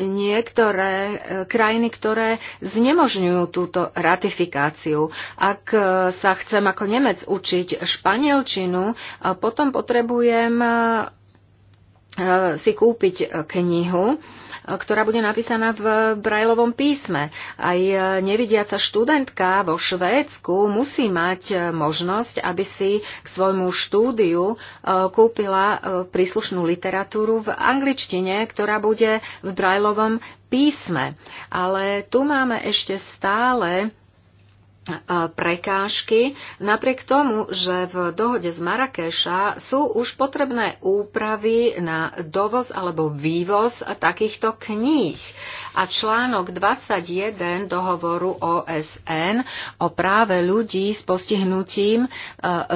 niektoré e, krajiny, ktoré znemožňujú túto ratifikáciu. Ak e, sa chcem ako Nemec učiť španielčinu, potom potrebujem Eh, si kúpiť eh, knihu, eh, ktorá bude napísaná v brajlovom písme. Aj nevidiaca študentka vo Švédsku musí mať možnosť, aby si k svojmu štúdiu kúpila príslušnú literatúru v angličtine, ktorá bude v brajlovom písme. Ale tu máme ešte stále prekážky, napriek tomu, že v dohode z Marrakeša sú už potrebné úpravy na dovoz alebo vývoz takýchto kníh. A článok 21 dohovoru OSN o práve ľudí s postihnutím e,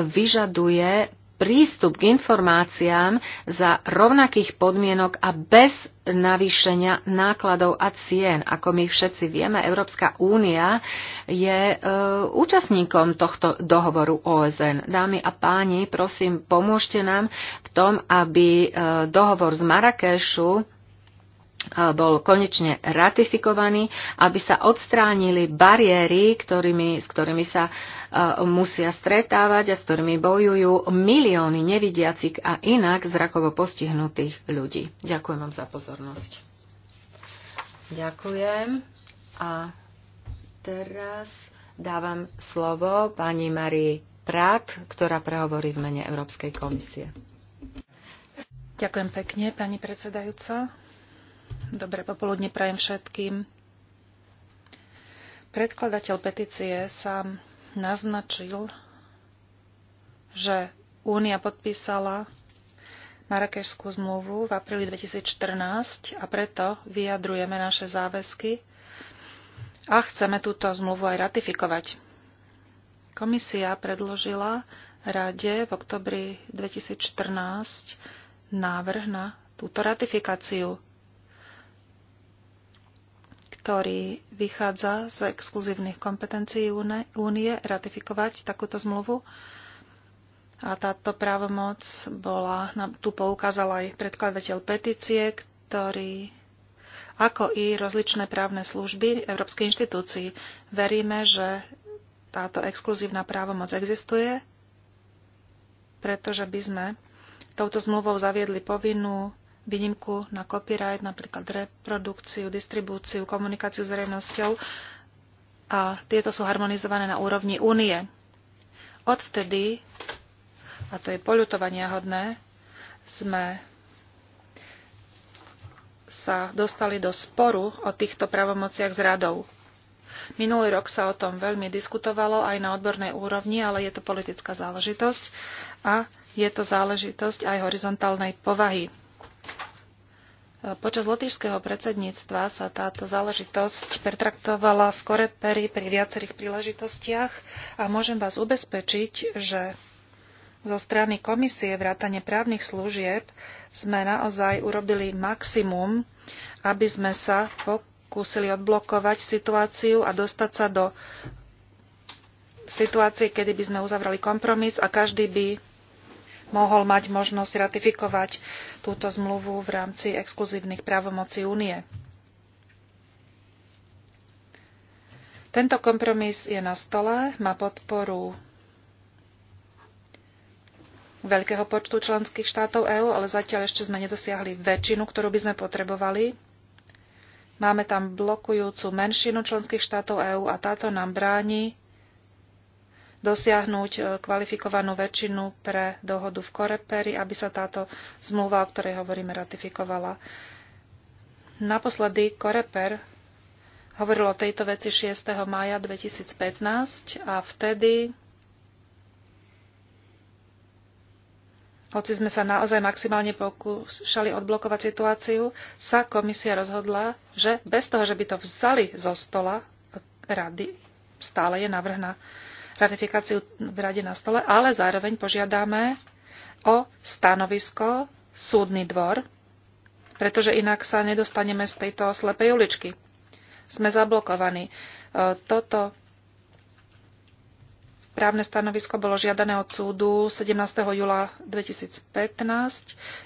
vyžaduje prístup k informáciám za rovnakých podmienok a bez navýšenia nákladov a cien. Ako my všetci vieme, Európska únia je e, účastníkom tohto dohovoru OSN. Dámy a páni, prosím, pomôžte nám v tom, aby e, dohovor z Marrakešu bol konečne ratifikovaný, aby sa odstránili bariéry, ktorými, s ktorými sa uh, musia stretávať a s ktorými bojujú milióny nevidiacich a inak zrakovo postihnutých ľudí. Ďakujem vám za pozornosť. Ďakujem. A teraz dávam slovo pani Marii Prát, ktorá prehovorí v mene Európskej komisie. Ďakujem pekne, pani predsedajúca. Dobré popoludne prajem všetkým. Predkladateľ petície sám naznačil, že Únia podpísala Marrakešskú zmluvu v apríli 2014 a preto vyjadrujeme naše záväzky a chceme túto zmluvu aj ratifikovať. Komisia predložila Rade v oktobri 2014 návrh na túto ratifikáciu ktorý vychádza z exkluzívnych kompetencií únie ratifikovať takúto zmluvu. A táto právomoc bola, tu poukázal aj predkladateľ petície, ktorý ako i rozličné právne služby Európskej inštitúcii. Veríme, že táto exkluzívna právomoc existuje, pretože by sme touto zmluvou zaviedli povinnú výnimku na copyright, napríklad reprodukciu, distribúciu, komunikáciu s verejnosťou a tieto sú harmonizované na úrovni únie. Odvtedy, a to je poľutovania hodné, sme sa dostali do sporu o týchto pravomociach s radou. Minulý rok sa o tom veľmi diskutovalo aj na odbornej úrovni, ale je to politická záležitosť a je to záležitosť aj horizontálnej povahy. Počas lotyšského predsedníctva sa táto záležitosť pertraktovala v Koreperi pri viacerých príležitostiach a môžem vás ubezpečiť, že zo strany komisie vrátane právnych služieb sme naozaj urobili maximum, aby sme sa pokúsili odblokovať situáciu a dostať sa do situácie, kedy by sme uzavrali kompromis a každý by mohol mať možnosť ratifikovať túto zmluvu v rámci exkluzívnych právomocí únie. Tento kompromis je na stole, má podporu veľkého počtu členských štátov EÚ, ale zatiaľ ešte sme nedosiahli väčšinu, ktorú by sme potrebovali. Máme tam blokujúcu menšinu členských štátov EÚ a táto nám bráni dosiahnuť e, kvalifikovanú väčšinu pre dohodu v Koreperi, aby sa táto zmluva, o ktorej hovoríme, ratifikovala. Naposledy Koreper hovoril o tejto veci 6. maja 2015 a vtedy, hoci sme sa naozaj maximálne pokúšali odblokovať situáciu, sa komisia rozhodla, že bez toho, že by to vzali zo stola rady, stále je navrhná ratifikáciu v rade na stole, ale zároveň požiadame o stanovisko súdny dvor, pretože inak sa nedostaneme z tejto slepej uličky. Sme zablokovaní. E, toto Právne stanovisko bolo žiadané od súdu 17. júla 2015.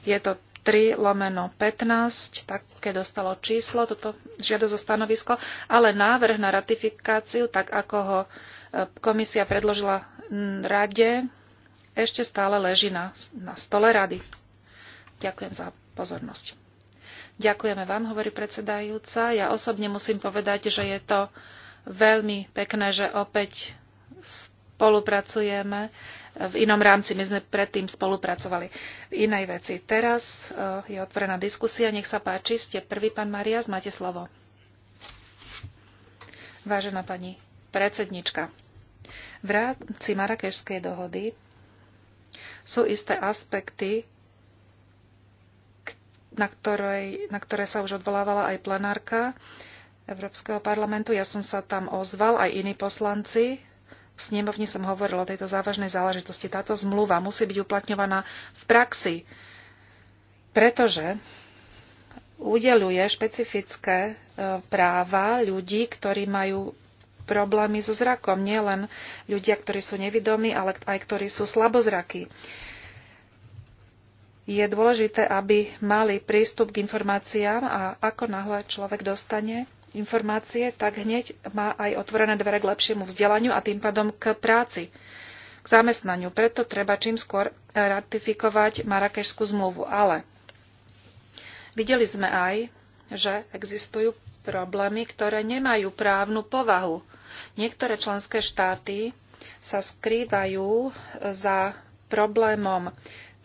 Je to 3 lomeno 15, také dostalo číslo, toto žiadosť o stanovisko, ale návrh na ratifikáciu, tak ako ho komisia predložila rade, ešte stále leží na, na stole rady. Ďakujem za pozornosť. Ďakujeme vám, hovorí predsedajúca. Ja osobne musím povedať, že je to veľmi pekné, že opäť spolupracujeme v inom rámci. My sme predtým spolupracovali v inej veci. Teraz eh, je otvorená diskusia. Nech sa páči, ste prvý, pán Marias, máte slovo. Vážená pani Predsednička. V rámci Marakešskej dohody sú isté aspekty, na, ktorej, na ktoré sa už odvolávala aj plenárka Európskeho parlamentu. Ja som sa tam ozval, aj iní poslanci. V snemovni som hovoril o tejto závažnej záležitosti. Táto zmluva musí byť uplatňovaná v praxi, pretože udeluje špecifické e, práva ľudí, ktorí majú problémy so zrakom. Nie len ľudia, ktorí sú nevidomí, ale aj ktorí sú slabozrakí. Je dôležité, aby mali prístup k informáciám a ako náhle človek dostane informácie, tak hneď má aj otvorené dvere k lepšiemu vzdelaniu a tým pádom k práci, k zamestnaniu. Preto treba čím skôr ratifikovať Marrakešskú zmluvu. Ale videli sme aj, že existujú problémy, ktoré nemajú právnu povahu. Niektoré členské štáty sa skrývajú e, za problémom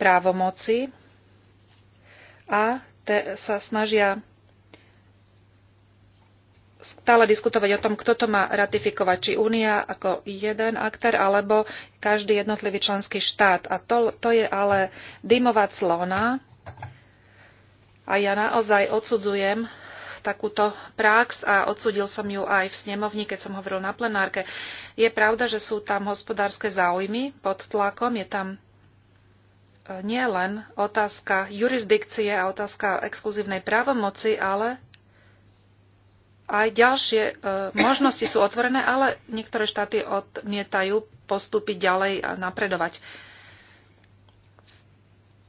právomoci a te, sa snažia stále diskutovať o tom, kto to má ratifikovať, či Únia ako jeden aktér, alebo každý jednotlivý členský štát. A to, to je ale dymová clona. A ja naozaj odsudzujem takúto prax a odsudil som ju aj v snemovni, keď som hovoril na plenárke. Je pravda, že sú tam hospodárske záujmy pod tlakom, je tam e, nie len otázka jurisdikcie a otázka exkluzívnej právomoci, ale aj ďalšie e, možnosti sú otvorené, ale niektoré štáty odmietajú postúpiť ďalej a napredovať.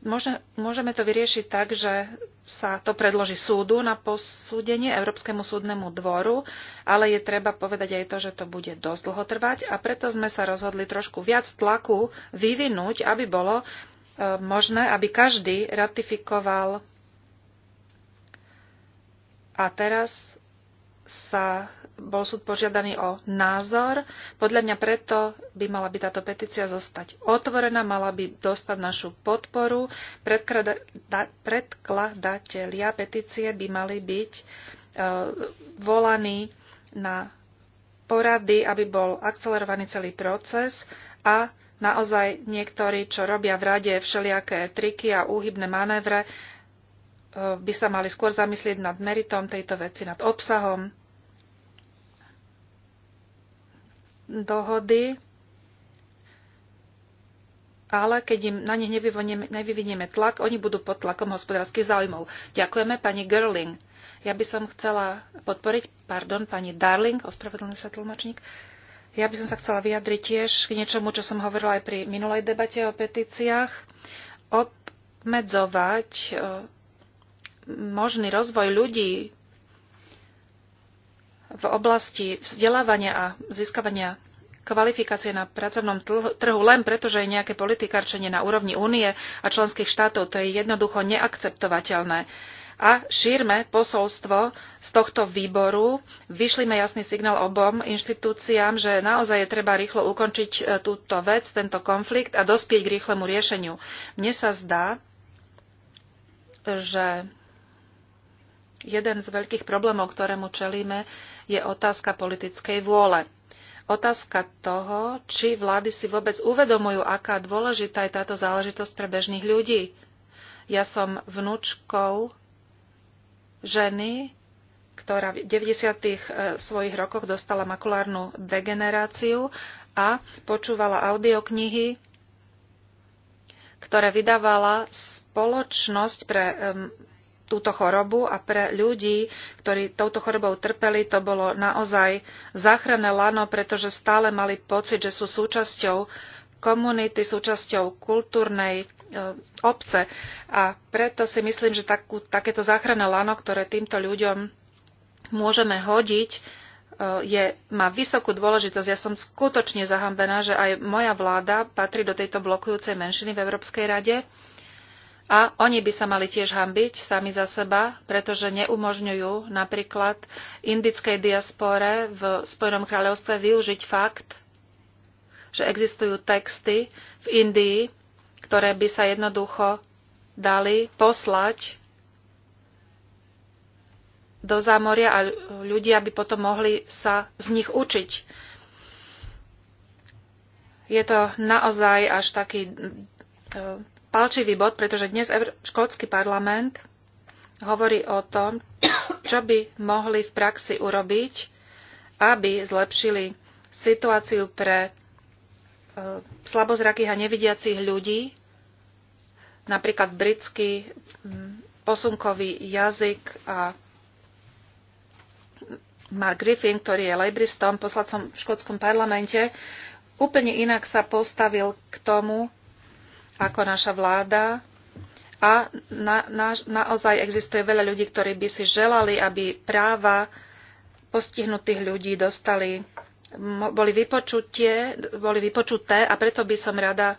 Môžeme to vyriešiť tak, že sa to predloží súdu na posúdenie Európskemu súdnemu dvoru, ale je treba povedať aj to, že to bude dosť dlho trvať a preto sme sa rozhodli trošku viac tlaku vyvinúť, aby bolo e, možné, aby každý ratifikoval. A teraz sa bol súd požiadaný o názor. Podľa mňa preto by mala by táto petícia zostať otvorená, mala by dostať našu podporu. predkladatelia petície by mali byť e, volaní na porady, aby bol akcelerovaný celý proces a naozaj niektorí, čo robia v rade všelijaké triky a úhybné manévre, e, by sa mali skôr zamyslieť nad meritom tejto veci, nad obsahom dohody, ale keď im na nich nevyvinieme, tlak, oni budú pod tlakom hospodárskych záujmov. Ďakujeme pani Gerling. Ja by som chcela podporiť, pardon, pani Darling, ospravedlňuje sa tlmočník. Ja by som sa chcela vyjadriť tiež k niečomu, čo som hovorila aj pri minulej debate o petíciách. Obmedzovať e, možný rozvoj ľudí v oblasti vzdelávania a získavania kvalifikácie na pracovnom trhu len preto, že je nejaké politikárčenie na úrovni únie a členských štátov. To je jednoducho neakceptovateľné. A šírme posolstvo z tohto výboru, vyšlime jasný signál obom inštitúciám, že naozaj je treba rýchlo ukončiť e, túto vec, tento konflikt a dospieť k rýchlemu riešeniu. Mne sa zdá, že jeden z veľkých problémov, ktorému čelíme, je otázka politickej vôle. Otázka toho, či vlády si vôbec uvedomujú, aká dôležitá je táto záležitosť pre bežných ľudí. Ja som vnúčkou ženy, ktorá v 90. E, svojich rokoch dostala makulárnu degeneráciu a počúvala audioknihy, ktoré vydávala spoločnosť pre túto chorobu a pre ľudí, ktorí touto chorobou trpeli, to bolo naozaj záchranné lano, pretože stále mali pocit, že sú súčasťou komunity, súčasťou kultúrnej e, obce. A preto si myslím, že takú, takéto záchranné lano, ktoré týmto ľuďom môžeme hodiť, e, je, má vysokú dôležitosť. Ja som skutočne zahambená, že aj moja vláda patrí do tejto blokujúcej menšiny v Európskej rade. A oni by sa mali tiež hambiť sami za seba, pretože neumožňujú napríklad indickej diaspore v Spojenom kráľovstve využiť fakt, že existujú texty v Indii, ktoré by sa jednoducho dali poslať do zámoria a ľudia by potom mohli sa z nich učiť. Je to naozaj až taký e, palčivý bod, pretože dnes škótsky parlament hovorí o tom, čo by mohli v praxi urobiť, aby zlepšili situáciu pre e, slabozrakých a nevidiacich ľudí, napríklad britský posunkový jazyk a Mark Griffin, ktorý je lejbristom, poslancom v škótskom parlamente, úplne inak sa postavil k tomu, ako naša vláda. A na, na, naozaj existuje veľa ľudí, ktorí by si želali, aby práva postihnutých ľudí dostali, boli, vypočutie, boli vypočuté a preto by som rada e,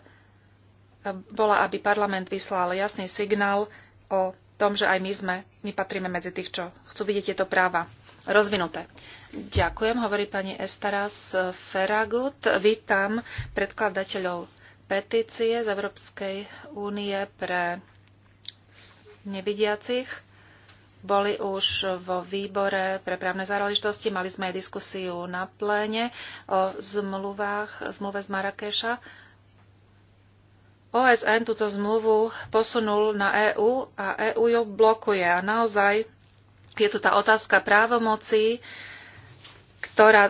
bola, aby parlament vyslal jasný signál o tom, že aj my sme, my patríme medzi tých, čo chcú vidieť tieto práva rozvinuté. Ďakujem, hovorí pani Estaras Feragut. Vítam predkladateľov petície z Európskej únie pre nevidiacich. Boli už vo výbore pre právne záležitosti, mali sme aj diskusiu na pléne o zmluvách, zmluve z Marrakeša. OSN túto zmluvu posunul na EÚ a EÚ ju blokuje. A naozaj je tu tá otázka právomocí, ktorá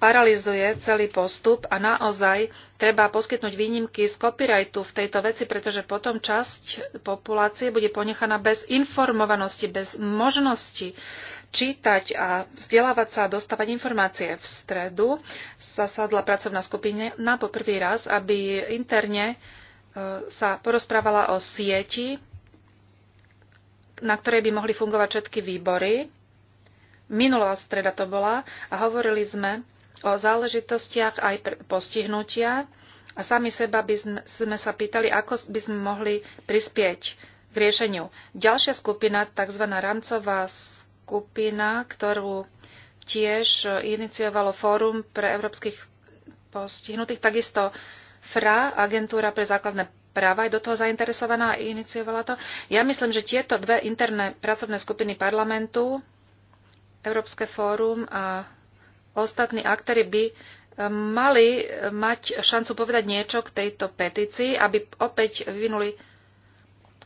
paralizuje celý postup a naozaj treba poskytnúť výnimky z copyrightu v tejto veci, pretože potom časť populácie bude ponechaná bez informovanosti, bez možnosti čítať a vzdelávať sa a dostávať informácie. V stredu sa sadla pracovná skupina na poprvý raz, aby interne e, sa porozprávala o sieti, na ktorej by mohli fungovať všetky výbory Minulá streda to bola a hovorili sme o záležitostiach aj postihnutia a sami seba by sme, sme sa pýtali, ako by sme mohli prispieť k riešeniu. Ďalšia skupina, tzv. rámcová skupina, ktorú tiež iniciovalo Fórum pre európskych postihnutých, takisto FRA, agentúra pre základné práva je do toho zainteresovaná a iniciovala to. Ja myslím, že tieto dve interné pracovné skupiny parlamentu Európske fórum a ostatní aktéry by eh, mali eh, mať šancu povedať niečo k tejto petícii, aby opäť vyvinuli,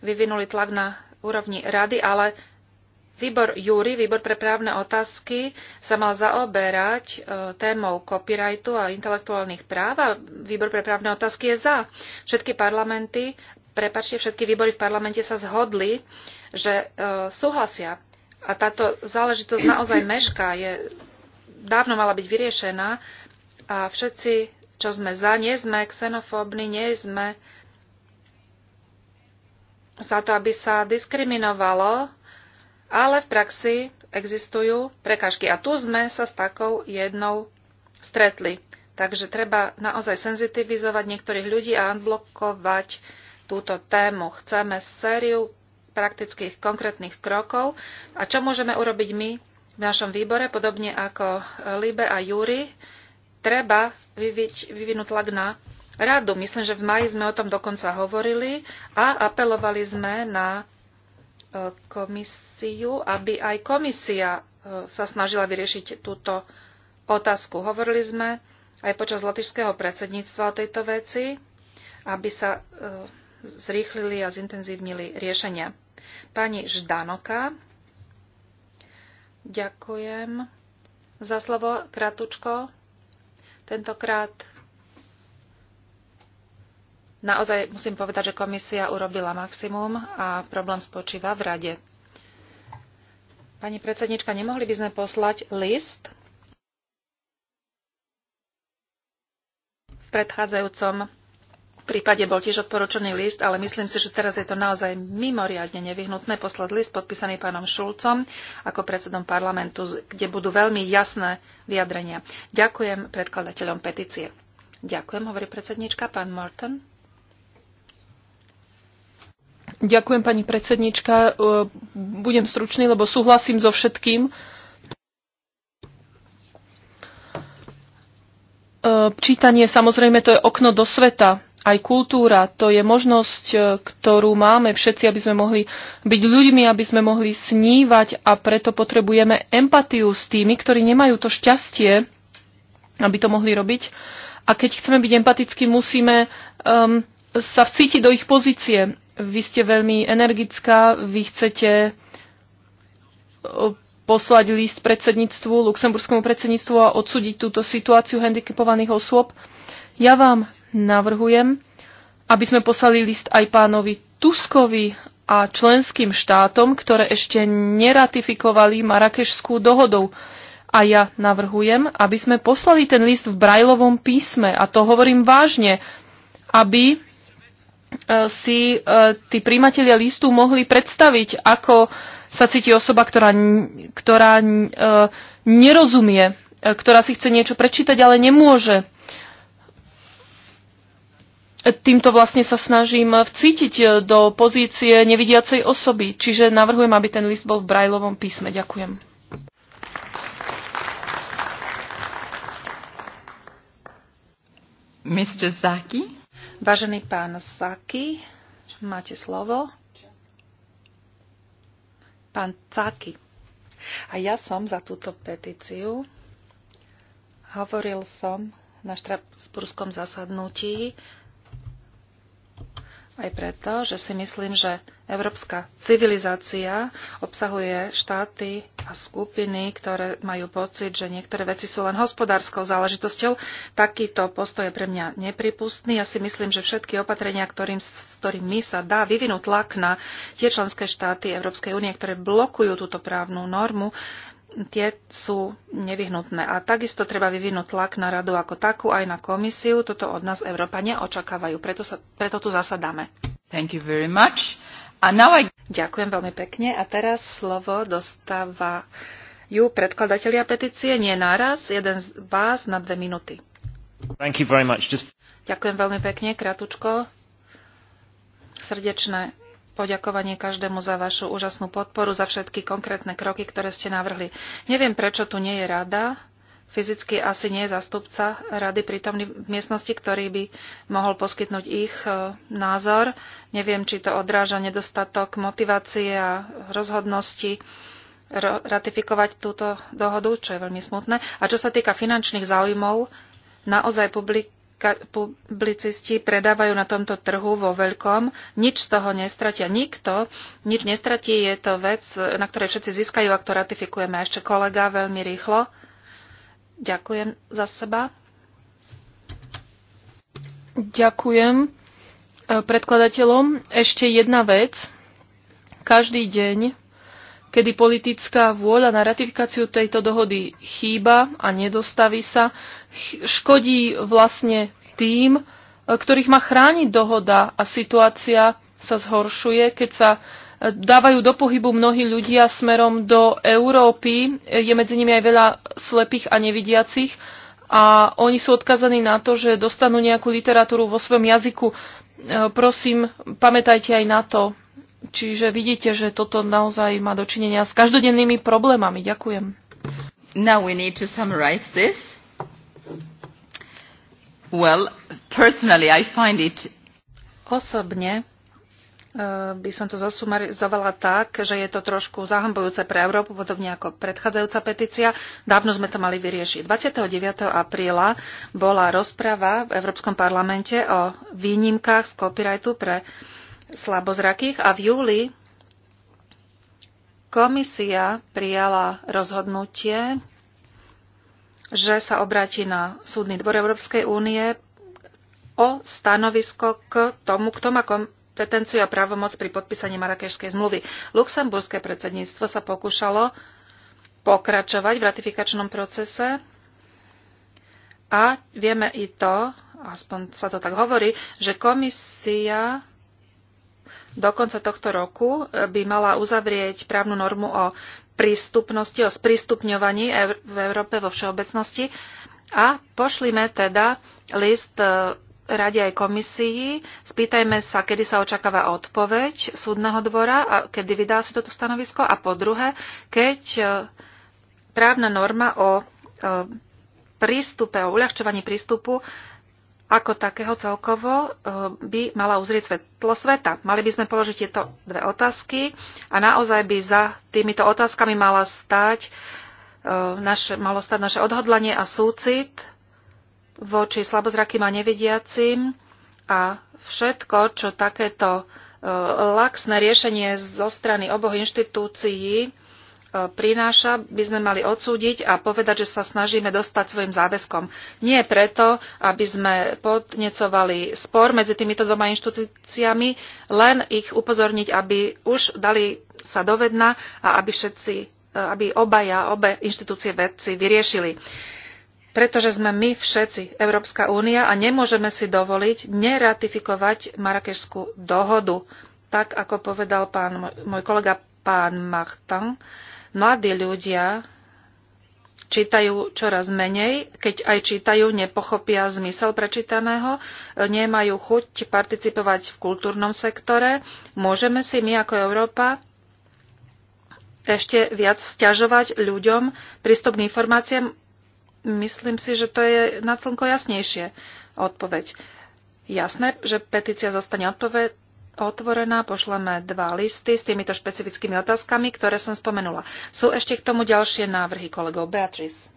vyvinuli tlak na úrovni rady, ale výbor Júry, výbor pre právne otázky, sa mal zaoberať eh, témou copyrightu a intelektuálnych práv a výbor pre právne otázky je za. Všetky parlamenty, prepačte, všetky výbory v parlamente sa zhodli, že súhlasia a táto záležitosť naozaj mešká, je, dávno mala byť vyriešená a všetci, čo sme za, nie sme xenofóbni, nie sme za to, aby sa diskriminovalo, ale v praxi existujú prekážky. A tu sme sa s takou jednou stretli. Takže treba naozaj senzitivizovať niektorých ľudí a unblokovať túto tému. Chceme sériu praktických konkrétnych krokov a čo môžeme urobiť my v našom výbore, podobne ako Libe a Júri, treba vyviť, vyvinúť tlak na radu. Myslím, že v maji sme o tom dokonca hovorili a apelovali sme na e, komisiu, aby aj komisia e, sa snažila vyriešiť túto otázku. Hovorili sme aj počas latišského predsedníctva o tejto veci, aby sa e, zrýchlili a zintenzívnili riešenia. Pani Ždanoka. Ďakujem za slovo kratučko. Tentokrát naozaj musím povedať, že komisia urobila maximum a problém spočíva v rade. Pani predsednička, nemohli by sme poslať list v predchádzajúcom prípade bol tiež odporučený list, ale myslím si, že teraz je to naozaj mimoriadne nevyhnutné poslať list podpísaný pánom Šulcom ako predsedom parlamentu, kde budú veľmi jasné vyjadrenia. Ďakujem predkladateľom petície. Ďakujem, hovorí predsednička, pán Morton. Ďakujem, pani predsednička. Budem stručný, lebo súhlasím so všetkým. Čítanie, samozrejme, to je okno do sveta aj kultúra. To je možnosť, e, ktorú máme všetci, aby sme mohli byť ľuďmi, aby sme mohli snívať a preto potrebujeme empatiu s tými, ktorí nemajú to šťastie, aby to mohli robiť. A keď chceme byť empatickí, musíme um, sa vcítiť do ich pozície. Vy ste veľmi energická, vy chcete e, poslať list predsedníctvu, luxemburskému predsedníctvu a odsúdiť túto situáciu handicapovaných osôb. Ja vám navrhujem, aby sme poslali list aj pánovi Tuskovi a členským štátom, ktoré ešte neratifikovali Marakešskú dohodou. A ja navrhujem, aby sme poslali ten list v brajlovom písme, a to hovorím vážne, aby e, si e, tí príjmatelia listu mohli predstaviť, ako sa cíti osoba, ktorá, ktorá e, nerozumie, ktorá si chce niečo prečítať, ale nemôže týmto vlastne sa snažím vcítiť e, do pozície nevidiacej osoby, čiže navrhujem, aby ten list bol v brajlovom písme. Ďakujem. Mr. Zaki. Vážený pán Zaki, máte slovo. Pán Zaki. A ja som za túto petíciu. Hovoril som na štrasburskom zasadnutí aj preto, že si myslím, že európska civilizácia obsahuje štáty a skupiny, ktoré majú pocit, že niektoré veci sú len hospodárskou záležitosťou. Takýto postoj je pre mňa nepripustný. Ja si myslím, že všetky opatrenia, ktorým, s ktorými sa dá vyvinúť tlak na tie členské štáty Európskej únie, ktoré blokujú túto právnu normu, tie sú nevyhnutné. A takisto treba vyvinúť tlak na radu ako takú, aj na komisiu. Toto od nás Európa neočakávajú, Preto, sa, preto tu zasadáme. Thank you very much. A now I... Ďakujem veľmi pekne. A teraz slovo dostáva ju predkladatelia petície, nie naraz, jeden z vás na dve minúty. Thank you very much. Just... Ďakujem veľmi pekne, kratučko. Srdečné poďakovanie každému za vašu úžasnú podporu, za všetky konkrétne kroky, ktoré ste navrhli. Neviem, prečo tu nie je rada. Fyzicky asi nie je zastupca rady prítomný v miestnosti, ktorý by mohol poskytnúť ich e, názor. Neviem, či to odráža nedostatok motivácie a rozhodnosti ratifikovať túto dohodu, čo je veľmi smutné. A čo sa týka finančných záujmov, naozaj publik publicisti predávajú na tomto trhu vo veľkom, nič z toho nestratia nikto, nič nestratí, je to vec, na ktorej všetci získajú a to ratifikujeme. A ešte kolega veľmi rýchlo. Ďakujem za seba. Ďakujem e, predkladateľom. Ešte jedna vec. Každý deň kedy politická vôľa na ratifikáciu tejto dohody chýba a nedostaví sa, škodí vlastne tým, e, ktorých má chrániť dohoda a situácia sa zhoršuje, keď sa e, dávajú do pohybu mnohí ľudia smerom do Európy. E, je medzi nimi aj veľa slepých a nevidiacich a oni sú odkazaní na to, že dostanú nejakú literatúru vo svojom jazyku. Prosím, pamätajte aj na to. Čiže vidíte, že toto naozaj má dočinenia s každodennými problémami. Ďakujem. Now we need to summarize this. Well, personally I find it... Osobne e, by som to zasumarizovala tak, že je to trošku zahambujúce pre Európu, podobne ako predchádzajúca petícia. Dávno sme to mali vyriešiť. 29. apríla bola rozprava v Európskom parlamente o výnimkách z copyrightu pre uh, slabozrakých a v júli komisia prijala rozhodnutie, že sa obráti na Súdny dvor Európskej únie o stanovisko k tomu, kto má kompetenciu a právomoc pri podpísaní Marakešskej zmluvy. Luxemburské predsedníctvo sa pokúšalo pokračovať v ratifikačnom procese a vieme i to, aspoň sa to tak hovorí, že komisia do konca tohto roku e, by mala uzavrieť právnu normu o prístupnosti, o sprístupňovaní v Európe vo všeobecnosti. A pošlime teda list e, radi aj komisii, spýtajme sa, kedy sa očakáva odpoveď súdneho dvora a kedy vydá si toto stanovisko. A po druhé, keď e, právna norma o prístupe, o uľahčovaní prístupu ako takého celkovo eh, by mala uzrieť svetlo sveta. Mali by sme položiť tieto dve otázky a naozaj by za týmito otázkami mala stať eh, naše, malo stať naše odhodlanie a súcit voči slabozrakým a nevidiacim a všetko, čo takéto eh, laxné riešenie zo strany oboch inštitúcií E, prináša, by sme mali odsúdiť a povedať, že sa snažíme dostať svojim záväzkom. Nie preto, aby sme podnecovali spor medzi týmito dvoma inštitúciami, len ich upozorniť, aby už dali sa dovedna a aby všetci, e, aby obaja, obe inštitúcie vedci vyriešili. Pretože sme my všetci Európska únia a nemôžeme si dovoliť neratifikovať Marrakešskú dohodu. Tak, ako povedal pán, môj kolega pán Martin, uh, Mladí ľudia čítajú čoraz menej, keď aj čítajú, nepochopia zmysel prečítaného, nemajú chuť participovať v kultúrnom sektore. Môžeme si my ako Európa ešte viac stiažovať ľuďom prístup k informáciám? Myslím si, že to je na celko jasnejšie odpoveď. Jasné, že petícia zostane odpoveď otvorená. Pošleme dva listy s týmito špecifickými otázkami, ktoré som spomenula. Sú ešte k tomu ďalšie návrhy kolegov. Beatrice.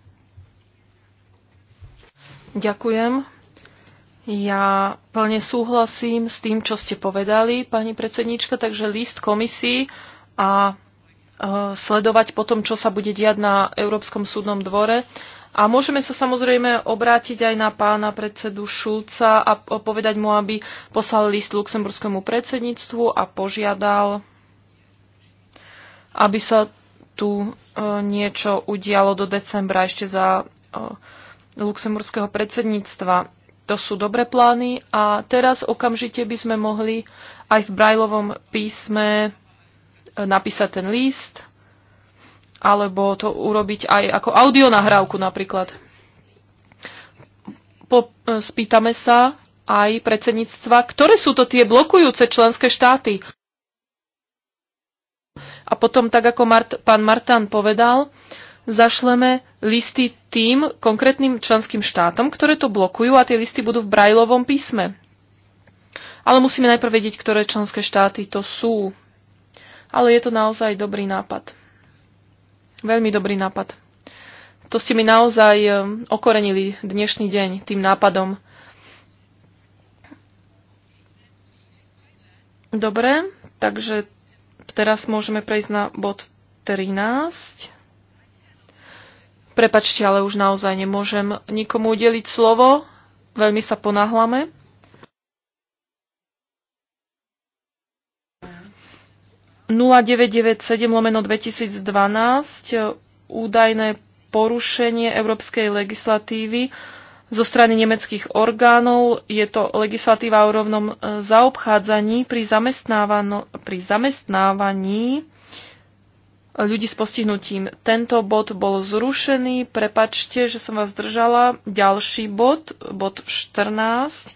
Ďakujem. Ja plne súhlasím s tým, čo ste povedali, pani predsednička, takže list komisii a e, sledovať potom, čo sa bude diať na Európskom súdnom dvore. A môžeme sa samozrejme obrátiť aj na pána predsedu Šulca a povedať mu, aby poslal list luxemburskému predsedníctvu a požiadal, aby sa tu e, niečo udialo do decembra ešte za e, luxemburského predsedníctva. To sú dobré plány a teraz okamžite by sme mohli aj v Brajlovom písme e, napísať ten list alebo to urobiť aj ako audionahrávku napríklad. Po, e, spýtame sa aj predsedníctva, ktoré sú to tie blokujúce členské štáty. A potom, tak ako Mart, pán Martán povedal, zašleme listy tým konkrétnym členským štátom, ktoré to blokujú a tie listy budú v brajlovom písme. Ale musíme najprv vedieť, ktoré členské štáty to sú. Ale je to naozaj dobrý nápad. Veľmi dobrý nápad. To ste mi naozaj e, okorenili dnešný deň tým nápadom. Dobre, takže teraz môžeme prejsť na bod 13. Prepačte, ale už naozaj nemôžem nikomu udeliť slovo. Veľmi sa ponáhlame. 0997 lomeno 2012 údajné porušenie európskej legislatívy zo strany nemeckých orgánov. Je to legislatíva o rovnom e, zaobchádzaní pri, pri zamestnávaní ľudí s postihnutím. Tento bod bol zrušený. Prepačte, že som vás držala. Ďalší bod, bod 14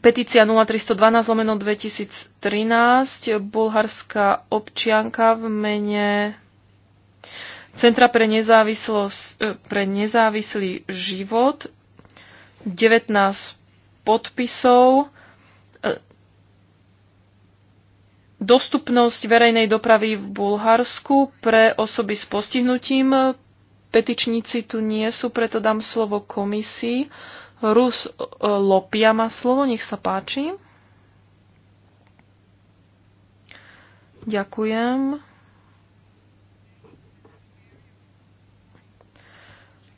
Petícia 0312 lomeno 2013, bulharská občianka v mene Centra pre, e, pre nezávislý život, 19 podpisov, e, dostupnosť verejnej dopravy v Bulharsku pre osoby s postihnutím. Petičníci tu nie sú, preto dám slovo komisii. Rus e, Lopia má slovo, nech sa páči. Ďakujem.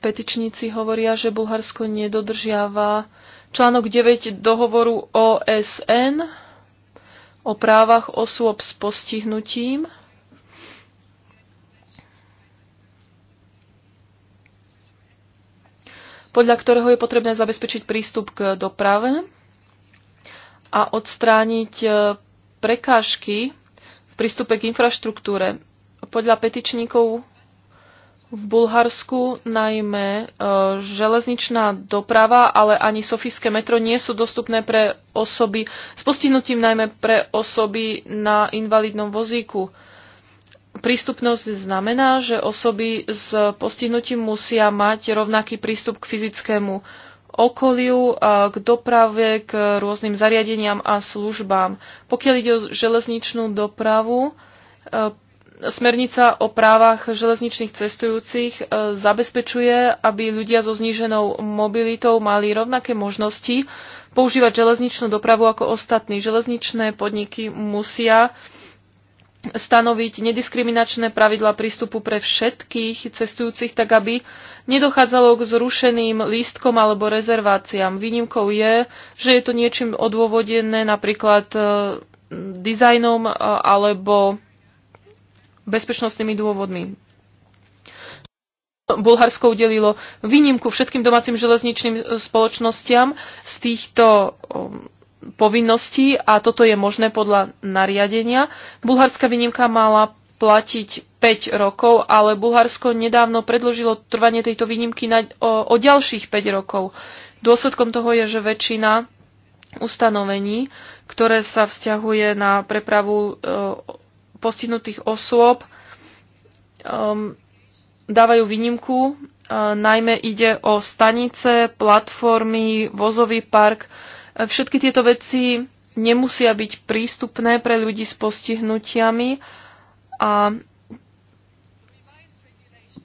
Petičníci hovoria, že Bulharsko nedodržiava článok 9 dohovoru OSN o právach osôb s postihnutím. podľa ktorého je potrebné zabezpečiť prístup k doprave a odstrániť e, prekážky v prístupe k infraštruktúre. Podľa petičníkov v Bulharsku najmä e, železničná doprava, ale ani sofické metro nie sú dostupné pre osoby s postihnutím najmä pre osoby na invalidnom vozíku prístupnosť znamená, že osoby s postihnutím musia mať rovnaký prístup k fyzickému okoliu, k doprave, k rôznym zariadeniam a službám. Pokiaľ ide o železničnú dopravu, e, smernica o právach železničných cestujúcich e, zabezpečuje, aby ľudia so zníženou mobilitou mali rovnaké možnosti používať železničnú dopravu ako ostatní. Železničné podniky musia uh, stanoviť nediskriminačné pravidla prístupu pre všetkých cestujúcich, tak aby nedochádzalo k zrušeným lístkom alebo rezerváciám. Výnimkou je, že je to niečím odôvodené napríklad e, dizajnom e, alebo bezpečnostnými dôvodmi. Bulharsko udelilo výnimku všetkým domácim železničným e, spoločnostiam z týchto povinností a toto je možné podľa nariadenia. Bulharská výnimka mala platiť 5 rokov, ale Bulharsko nedávno predložilo trvanie tejto výnimky na, o, o ďalších 5 rokov. Dôsledkom toho je, že väčšina ustanovení, ktoré sa vzťahuje na prepravu e, postihnutých osôb, e, dávajú výnimku. E, najmä ide o stanice, platformy, vozový park, e, Všetky tieto veci nemusia byť prístupné pre ľudí s postihnutiami a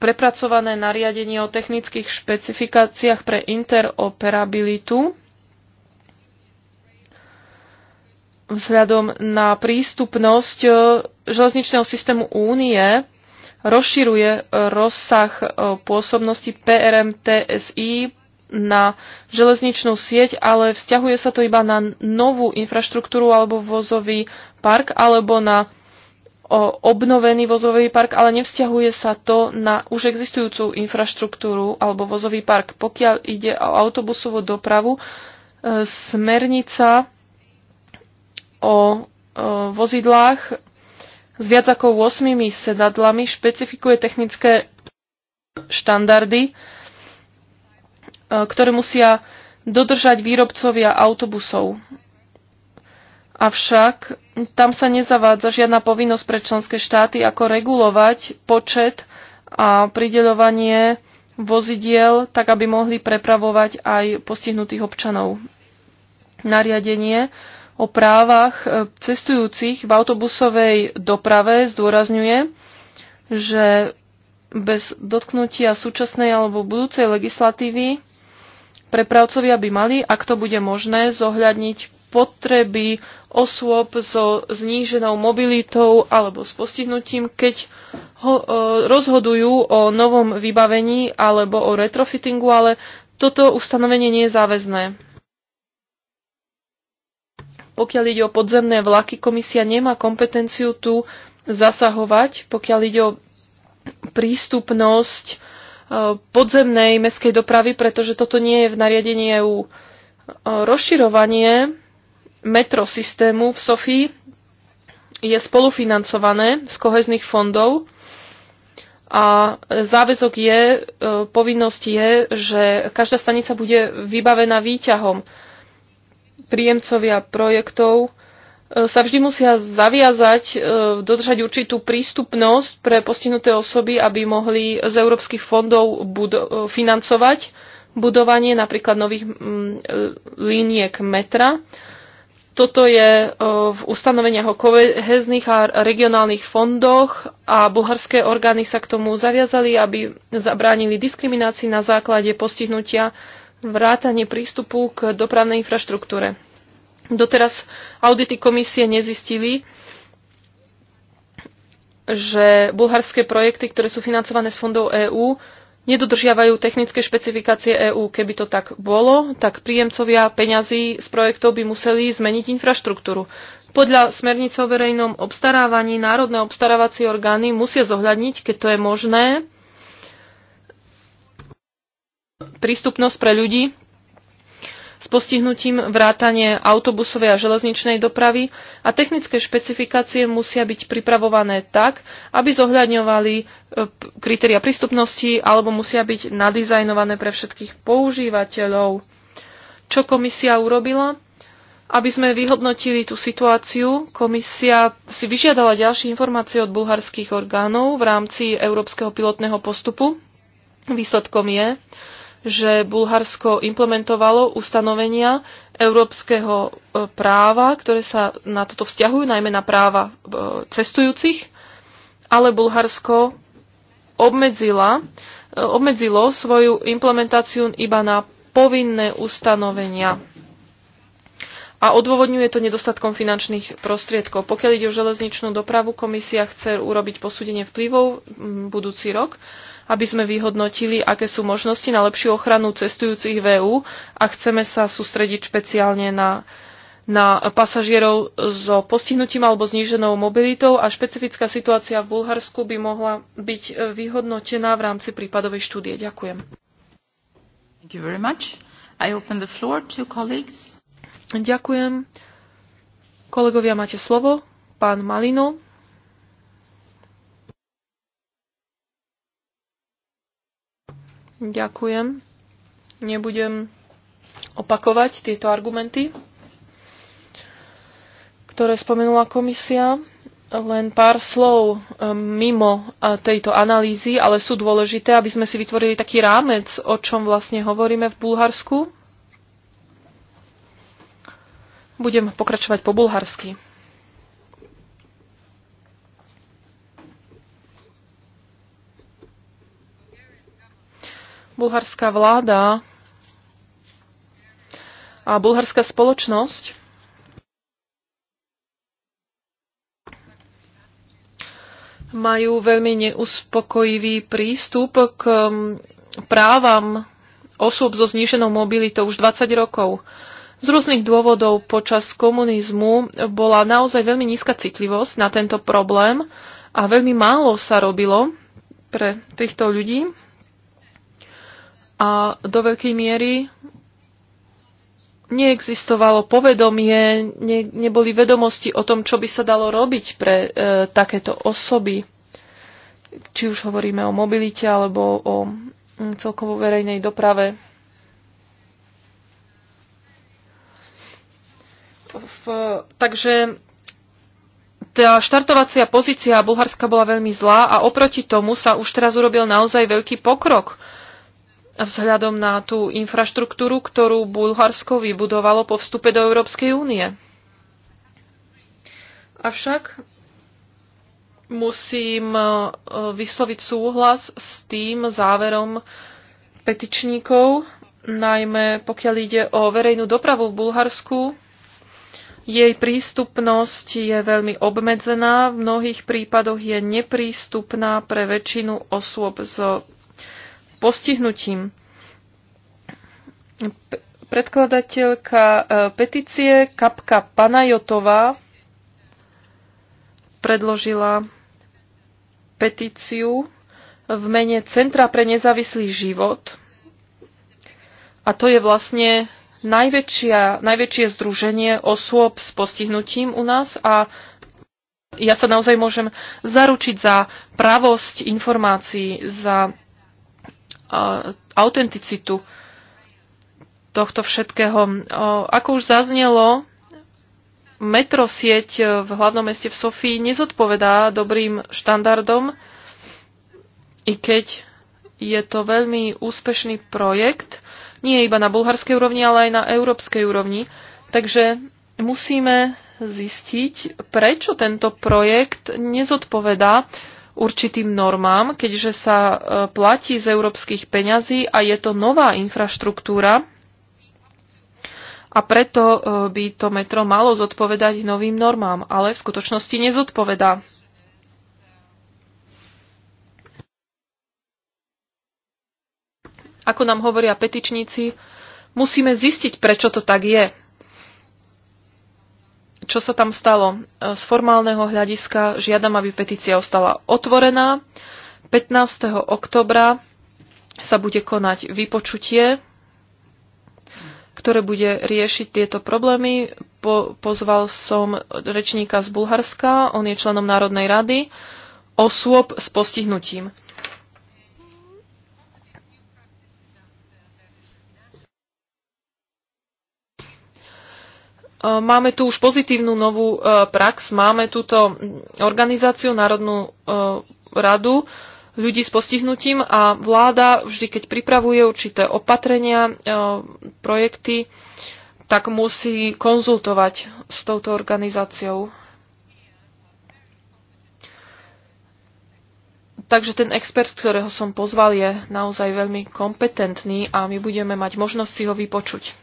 prepracované nariadenie o technických špecifikáciách pre interoperabilitu vzhľadom na prístupnosť e, železničného systému únie rozširuje rozsah e, pôsobnosti PRM TSI na železničnú sieť, ale vzťahuje sa to iba na novú infraštruktúru alebo vozový park alebo na obnovený vozový park, ale nevzťahuje sa to na už existujúcu infraštruktúru alebo vozový park. Pokiaľ ide o autobusovú dopravu, e, smernica o e, vozidlách s viac ako 8 sedadlami špecifikuje technické štandardy, E, ktoré musia dodržať výrobcovia autobusov. Avšak tam sa nezavádza žiadna povinnosť pre členské štáty, ako regulovať počet a prideľovanie vozidiel, tak aby mohli prepravovať aj postihnutých občanov. Nariadenie o právach e, cestujúcich v autobusovej doprave zdôrazňuje, že bez dotknutia súčasnej alebo budúcej legislatívy Prepravcovia by mali, ak to bude možné, zohľadniť potreby osôb so zníženou mobilitou alebo s postihnutím, keď ho, e, rozhodujú o novom vybavení alebo o retrofittingu, ale toto ustanovenie nie je záväzné. Pokiaľ ide o podzemné vlaky, komisia nemá kompetenciu tu zasahovať, pokiaľ ide o prístupnosť podzemnej meskej dopravy, pretože toto nie je v nariadení EU. Rozširovanie metrosystému v Sofii je spolufinancované z kohezných fondov a záväzok je, e, povinnosť je, že každá stanica bude vybavená výťahom. Príjemcovia projektov E, sa vždy musia zaviazať, e, dodržať určitú prístupnosť pre postihnuté osoby, aby mohli z európskych fondov budo- e, financovať budovanie napríklad nových líniek metra. Toto je v ustanoveniach o koheznych a regionálnych fondoch a bulharské orgány sa k tomu zaviazali, aby zabránili diskriminácii na základe postihnutia vrátanie prístupu k dopravnej infraštruktúre. Doteraz audity komisie nezistili, že bulharské projekty, ktoré sú financované z fondov EÚ, nedodržiavajú technické špecifikácie EÚ. Keby to tak bolo, tak príjemcovia peňazí z projektov by museli zmeniť infraštruktúru. Podľa smernice o verejnom obstarávaní národné obstarávacie orgány musia zohľadniť, keď to je možné, prístupnosť pre ľudí s postihnutím vrátanie autobusovej a železničnej dopravy a technické špecifikácie musia byť pripravované tak, aby zohľadňovali e, kritéria prístupnosti alebo musia byť nadizajnované pre všetkých používateľov. Čo komisia urobila? Aby sme vyhodnotili tú situáciu, komisia si vyžiadala ďalšie informácie od bulharských orgánov v rámci európskeho pilotného postupu. Výsledkom je, že Bulharsko implementovalo ustanovenia európskeho e, práva, ktoré sa na toto vzťahujú, najmä na práva e, cestujúcich, ale Bulharsko obmedzila, e, obmedzilo svoju implementáciu iba na povinné ustanovenia a odôvodňuje to nedostatkom finančných prostriedkov. Pokiaľ ide o železničnú dopravu, komisia chce urobiť posúdenie vplyvov budúci rok aby sme vyhodnotili, aké sú možnosti na lepšiu ochranu cestujúcich v EÚ a chceme sa sústrediť špeciálne na na pasažierov so postihnutím alebo zníženou mobilitou a špecifická situácia v Bulharsku by mohla byť vyhodnotená v rámci prípadovej štúdie. Ďakujem. Thank you very much. I open the floor to colleagues. Ďakujem. Kolegovia, máte slovo. Pán Malino. Ďakujem. Nebudem opakovať tieto argumenty, ktoré spomenula komisia. Len pár slov um, mimo uh, tejto analýzy, ale sú dôležité, aby sme si vytvorili taký rámec, o čom vlastne hovoríme v Bulharsku. Budem pokračovať po bulharsky. bulharská vláda a bulharská spoločnosť majú veľmi neuspokojivý prístup k mm, právam osôb so zníženou mobilitou už 20 rokov. Z rôznych dôvodov počas komunizmu bola naozaj veľmi nízka citlivosť na tento problém a veľmi málo sa robilo pre týchto ľudí a do veľkej miery neexistovalo povedomie, ne, neboli vedomosti o tom, čo by sa dalo robiť pre e, takéto osoby. Či už hovoríme o mobilite alebo o mm, celkovo verejnej doprave. V, takže tá štartovacia pozícia Bulharska bola veľmi zlá a oproti tomu sa už teraz urobil naozaj veľký pokrok vzhľadom na tú infraštruktúru, ktorú Bulharsko vybudovalo po vstupe do Európskej únie. Avšak musím e, vysloviť súhlas s tým záverom petičníkov, najmä pokiaľ ide o verejnú dopravu v Bulharsku. Jej prístupnosť je veľmi obmedzená, v mnohých prípadoch je neprístupná pre väčšinu osôb s postihnutím. Predkladateľka e, petície Kapka Panajotová predložila petíciu v mene Centra pre nezávislý život. A to je vlastne najväčšia, najväčšie združenie osôb s postihnutím u nás a ja sa naozaj môžem zaručiť za pravosť informácií, za autenticitu tohto všetkého. Ako už zaznelo, metrosieť v hlavnom meste v Sofii nezodpovedá dobrým štandardom, i keď je to veľmi úspešný projekt, nie iba na bulharskej úrovni, ale aj na európskej úrovni. Takže musíme zistiť, prečo tento projekt nezodpovedá určitým normám, keďže sa e, platí z európskych peňazí a je to nová infraštruktúra a preto e, by to metro malo zodpovedať novým normám, ale v skutočnosti nezodpovedá. Ako nám hovoria petičníci, musíme zistiť, prečo to tak je čo sa tam stalo. E, z formálneho hľadiska žiadam, aby petícia ostala otvorená. 15. oktobra sa bude konať vypočutie, ktoré bude riešiť tieto problémy. Po, pozval som rečníka z Bulharska, on je členom Národnej rady, osôb s postihnutím. E, máme tu už pozitívnu novú e, prax, máme túto organizáciu, Národnú e, radu ľudí s postihnutím a vláda vždy, keď pripravuje určité opatrenia, projekty, tak musí konzultovať s touto organizáciou. Takže ten expert, ktorého som pozval, je naozaj veľmi kompetentný a my budeme mať možnosť si ho vypočuť.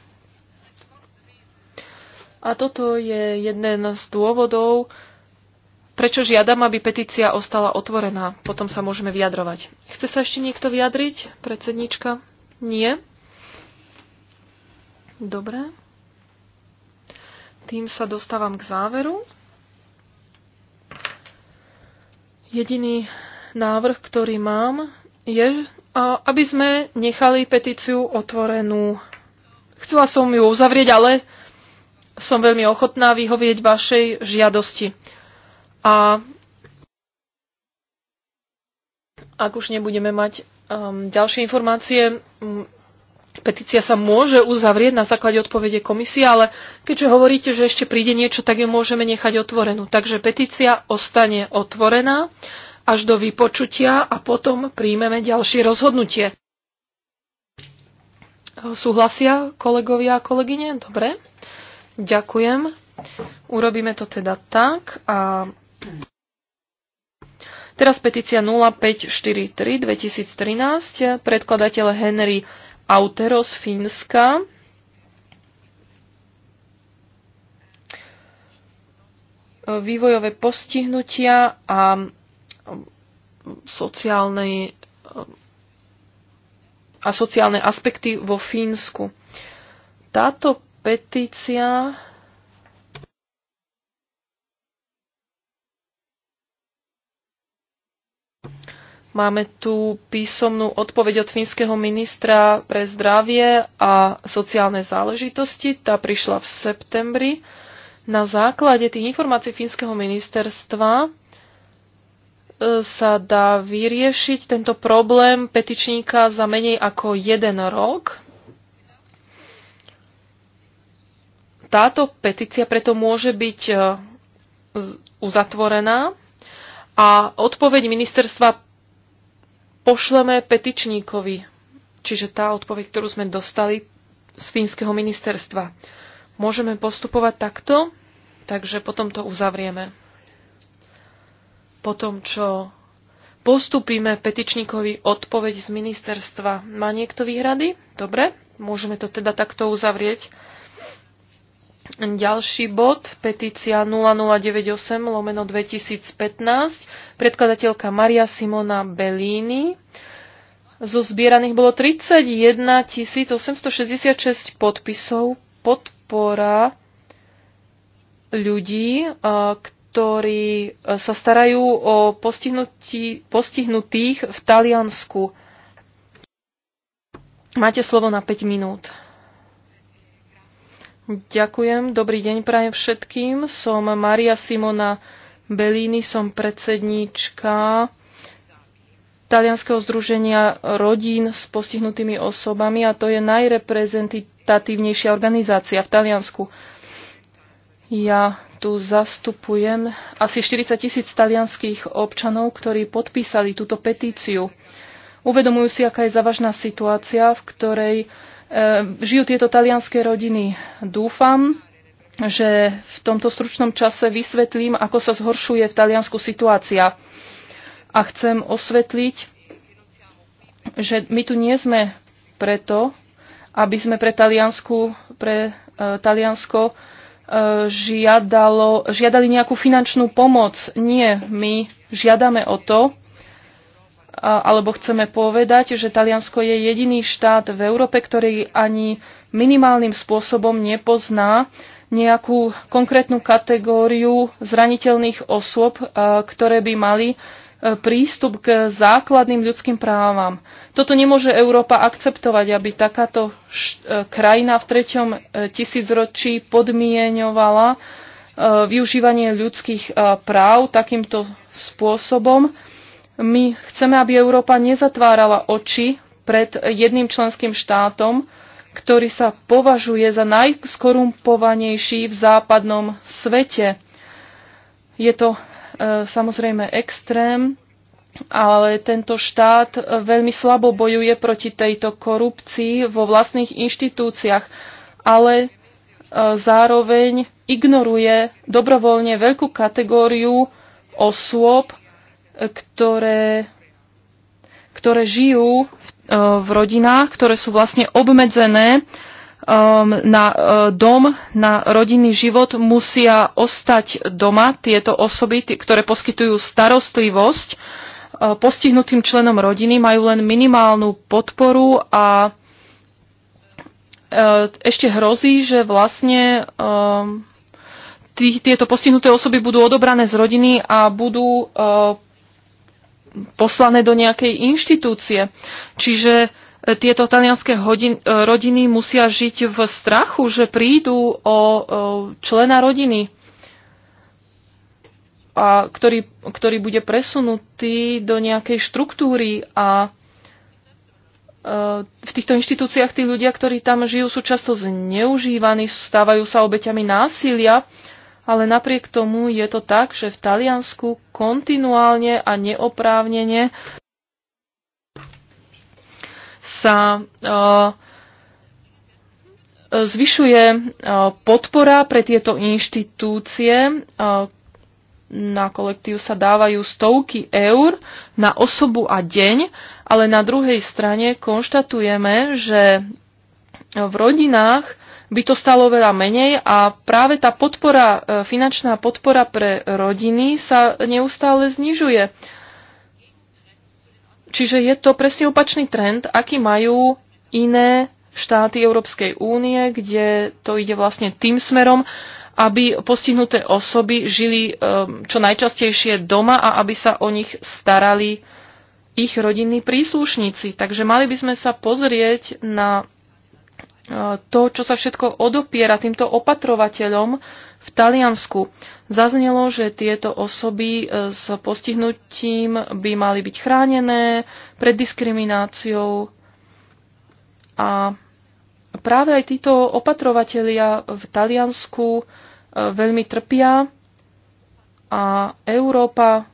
A toto je jeden z dôvodov, prečo žiadam, aby petícia ostala otvorená. Potom sa môžeme vyjadrovať. Chce sa ešte niekto vyjadriť? predsednička? Nie? Dobre. Tým sa dostávam k záveru. Jediný návrh, ktorý mám, je, aby sme nechali petíciu otvorenú. Chcela som ju uzavrieť, ale som veľmi ochotná vyhovieť vašej žiadosti. A ak už nebudeme mať um, ďalšie informácie, um, petícia sa môže uzavrieť na základe odpovede komisie, ale keďže hovoríte, že ešte príde niečo, tak ju môžeme nechať otvorenú. Takže petícia ostane otvorená až do vypočutia a potom príjmeme ďalšie rozhodnutie. Súhlasia kolegovia a kolegyne? Dobre. Ďakujem. Urobíme to teda tak a teraz petícia 0543 2013, predkladateľ Henry Autero z Fínska. Vývojové postihnutia a sociálne a sociálne aspekty vo Fínsku. Táto petícia. Máme tu písomnú odpoveď od fínskeho ministra pre zdravie a sociálne záležitosti. Tá prišla v septembri. Na základe tých informácií fínskeho ministerstva e, sa dá vyriešiť tento problém petičníka za menej ako jeden rok. Táto petícia preto môže byť e, uzatvorená a odpoveď ministerstva pošleme petičníkovi. Čiže tá odpoveď, ktorú sme dostali z fínskeho ministerstva. Môžeme postupovať takto, takže potom to uzavrieme. Potom, čo postupíme petičníkovi odpoveď z ministerstva. Má niekto výhrady? Dobre, môžeme to teda takto uzavrieť. Ďalší bod, petícia 0098 lomeno 2015, predkladateľka Maria Simona Bellini. Zo zbieraných bolo 31 866 podpisov podpora ľudí, ktorí sa starajú o postihnutých v Taliansku. Máte slovo na 5 minút. Ďakujem, dobrý deň prajem všetkým. Som Maria Simona Bellini, som predsedníčka Talianského združenia rodín s postihnutými osobami a to je najreprezentatívnejšia organizácia v Taliansku. Ja tu zastupujem asi 40 tisíc talianských občanov, ktorí podpísali túto petíciu. Uvedomujú si, aká je závažná situácia, v ktorej Ehm, žijú tieto talianské rodiny. Dúfam, že v tomto stručnom čase vysvetlím, ako sa zhoršuje v Taliansku situácia. A chcem osvetliť, že my tu nie sme preto, aby sme pre, Taliansku, pre uh, Taliansko uh, žiadalo, žiadali nejakú finančnú pomoc. Nie, my žiadame o to, alebo chceme povedať, že Taliansko je jediný štát v Európe, ktorý ani minimálnym spôsobom nepozná nejakú konkrétnu kategóriu zraniteľných osôb, ktoré by mali e, prístup k základným ľudským právam. Toto nemôže Európa akceptovať, aby takáto e, krajina v treťom e, tisícročí podmienovala využívanie ľudských práv takýmto spôsobom. My chceme, aby Európa nezatvárala oči pred jedným členským štátom, ktorý sa považuje za najskorumpovanejší v západnom svete. Je to e, samozrejme extrém, ale tento štát veľmi slabo bojuje proti tejto korupcii vo vlastných inštitúciách, ale e, zároveň ignoruje dobrovoľne veľkú kategóriu osôb, ktoré, ktoré žijú v, e, v rodinách, ktoré sú vlastne obmedzené e, na e, dom, na rodinný život, musia ostať doma tieto osoby, ktoré poskytujú starostlivosť postihnutým členom rodiny, majú len minimálnu podporu a ešte hrozí, že vlastne tí, tieto postihnuté osoby budú odobrané z rodiny a budú poslané do nejakej inštitúcie. Čiže e, tieto talianské hodin, e, rodiny musia žiť v strachu, že prídu o, o e, člena rodiny, a ktorý, ktorý bude presunutý do nejakej štruktúry a v týchto inštitúciách tí ľudia, ktorí tam žijú, sú často zneužívaní, stávajú sa obeťami násilia ale napriek tomu je to tak, že v Taliansku kontinuálne a neoprávnene sa uh, zvyšuje uh, podpora pre tieto inštitúcie. Uh, na kolektív sa dávajú stovky eur na osobu a deň, ale na druhej strane konštatujeme, že v rodinách by to stalo veľa menej a práve tá podpora, e, finančná podpora pre rodiny sa neustále znižuje. Čiže je to presne opačný trend, aký majú iné štáty Európskej únie, kde to ide vlastne tým smerom, aby postihnuté osoby žili e, čo najčastejšie doma a aby sa o nich starali ich rodinní príslušníci. Takže mali by sme sa pozrieť na to, čo sa všetko odopiera týmto opatrovateľom v Taliansku. Zaznelo, že tieto osoby e, s postihnutím by mali byť chránené pred diskrimináciou a práve aj títo opatrovatelia v Taliansku e, veľmi trpia a Európa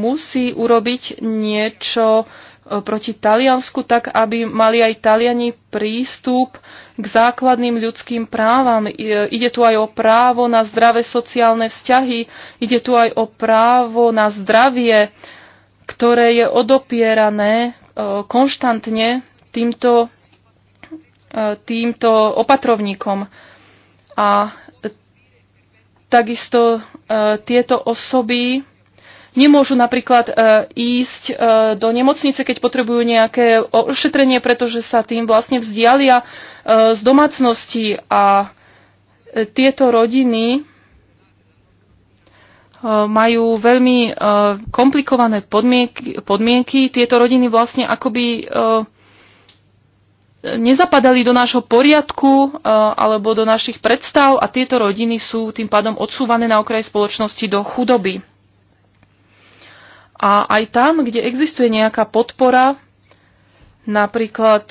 musí urobiť niečo E, proti Taliansku, tak aby mali aj Taliani prístup k základným ľudským právam. E, ide tu aj o právo na zdravé sociálne vzťahy, ide tu aj o právo na zdravie, ktoré je odopierané e, konštantne týmto, týmto opatrovníkom. A takisto tieto osoby nemôžu napríklad e, ísť e, do nemocnice, keď potrebujú nejaké ošetrenie, pretože sa tým vlastne vzdialia e, z domácnosti a tieto rodiny majú veľmi komplikované podmienky, podmienky. Tieto rodiny vlastne akoby nezapadali do nášho poriadku alebo do našich predstav a tieto rodiny sú tým pádom odsúvané na okraj spoločnosti do chudoby. A aj tam, kde existuje nejaká podpora, napríklad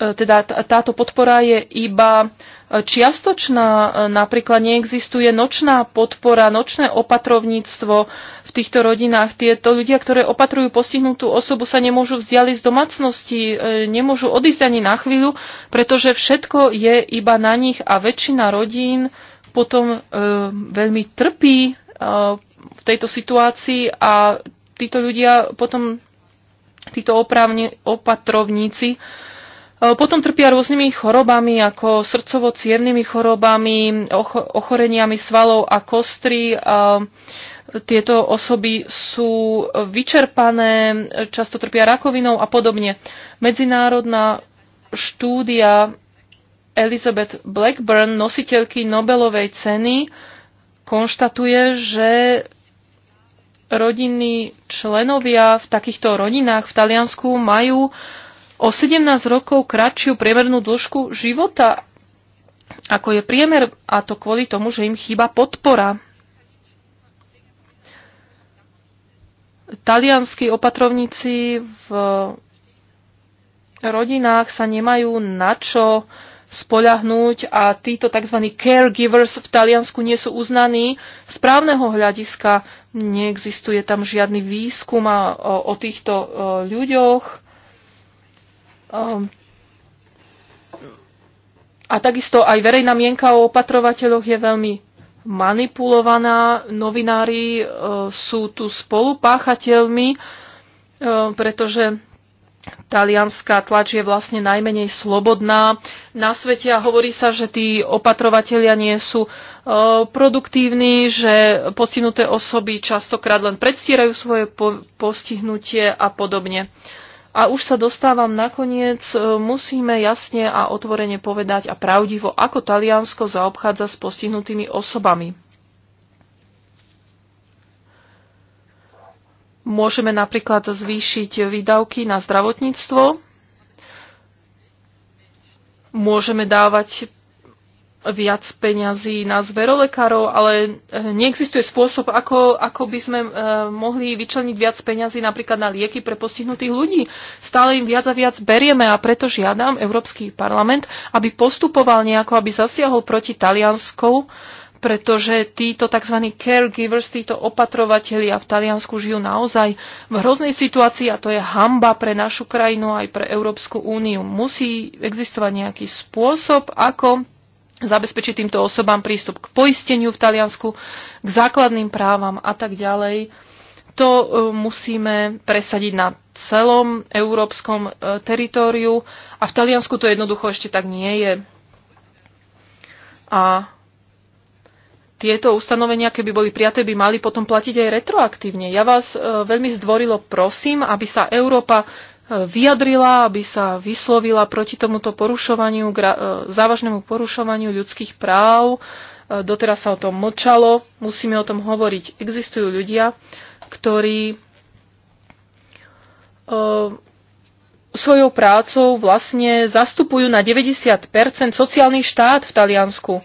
e, teda táto podpora je iba e, čiastočná, e, napríklad neexistuje nočná podpora, nočné opatrovníctvo v týchto rodinách. Tieto ľudia, ktoré opatrujú postihnutú osobu, sa nemôžu vzdialiť z domácnosti, nemôžu odísť ani na chvíľu, pretože všetko je iba na nich a väčšina rodín potom veľmi trpí v tejto situácii a títo ľudia potom, títo opravne, opatrovníci, e, potom trpia rôznymi chorobami, ako srdcovo ciernymi chorobami, ochoreniami svalov a kostry. A e, tieto osoby sú vyčerpané, často trpia rakovinou a podobne. Medzinárodná štúdia Elizabeth Blackburn, nositeľky Nobelovej ceny, konštatuje, že rodinní členovia v takýchto rodinách v Taliansku majú o 17 rokov kratšiu priemernú dĺžku života, ako je priemer, a to kvôli tomu, že im chýba podpora. Talianskí opatrovníci v rodinách sa nemajú na čo uh, spoľahnúť a títo tzv. caregivers v Taliansku nie sú uznaní. Z právneho hľadiska neexistuje tam žiadny výskum o, o týchto o, ľuďoch. Ehm, a takisto aj verejná mienka o opatrovateľoch je veľmi manipulovaná. Novinári e, sú tu spolupáchateľmi, e, pretože talianská tlač je vlastne najmenej slobodná na svete a hovorí sa, že tí opatrovatelia nie sú e, produktívni, že postihnuté osoby častokrát len predstierajú svoje po- postihnutie a podobne. A už sa dostávam nakoniec, e, musíme jasne a otvorene povedať a pravdivo, ako Taliansko zaobchádza s postihnutými osobami. Môžeme napríklad zvýšiť výdavky na zdravotníctvo. Môžeme dávať viac peňazí na zverolekárov, ale eh, neexistuje spôsob, ako, ako by sme e, mohli vyčleniť viac peňazí napríklad na lieky pre postihnutých ľudí. Stále im viac a viac berieme a preto žiadam Európsky parlament, aby postupoval nejako, aby zasiahol proti Talianskou pretože títo tzv. caregivers, títo opatrovatelia v Taliansku žijú naozaj v hroznej situácii a to je hamba pre našu krajinu aj pre Európsku úniu. Musí existovať nejaký spôsob, ako zabezpečiť týmto osobám prístup k poisteniu v Taliansku, k základným právam a tak ďalej. To e, musíme presadiť na celom európskom e, teritóriu a v Taliansku to jednoducho ešte tak nie je. A tieto ustanovenia, keby boli prijaté, by mali potom platiť aj retroaktívne. Ja vás e, veľmi zdvorilo prosím, aby sa Európa e, vyjadrila, aby sa vyslovila proti tomuto porušovaniu, e, závažnému porušovaniu ľudských práv. Doteraz sa o tom mlčalo, musíme o tom hovoriť. Existujú ľudia, ktorí svojou prácou vlastne zastupujú na 90 sociálny štát v Taliansku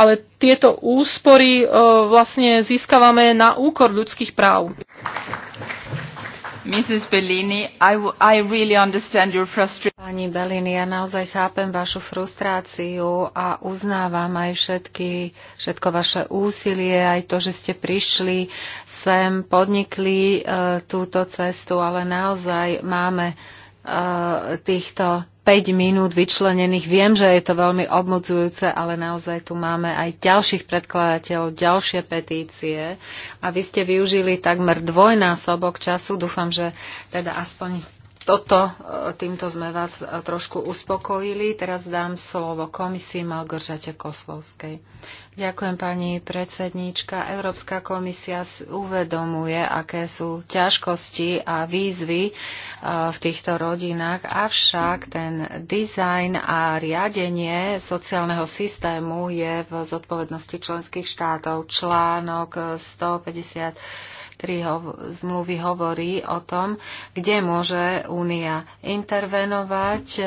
ale tieto úspory e, vlastne získavame na úkor ľudských práv. Mrs. Bellini, I, I really understand your frustration. Pani Bellini, ja naozaj chápem vašu frustráciu a uznávam aj všetky, všetko vaše úsilie, aj to, že ste prišli sem, podnikli e, túto cestu, ale naozaj máme Eh, týchto 5 minút vyčlenených. Viem, že je to veľmi obmudzujúce, ale naozaj tu máme aj ďalších predkladateľov, ďalšie petície a vy ste využili takmer dvojnásobok času. Dúfam, že teda aspoň toto, e, týmto sme vás e, trošku uspokojili. Teraz dám slovo komisii Malgoržate Koslovskej. Ďakujem pani predsedníčka. Európska komisia uvedomuje, aké sú ťažkosti a výzvy e, v týchto rodinách, avšak ten dizajn a riadenie sociálneho systému je v zodpovednosti členských štátov. Článok 150 3 hov- zmluvy hovorí o tom, kde môže Únia intervenovať e,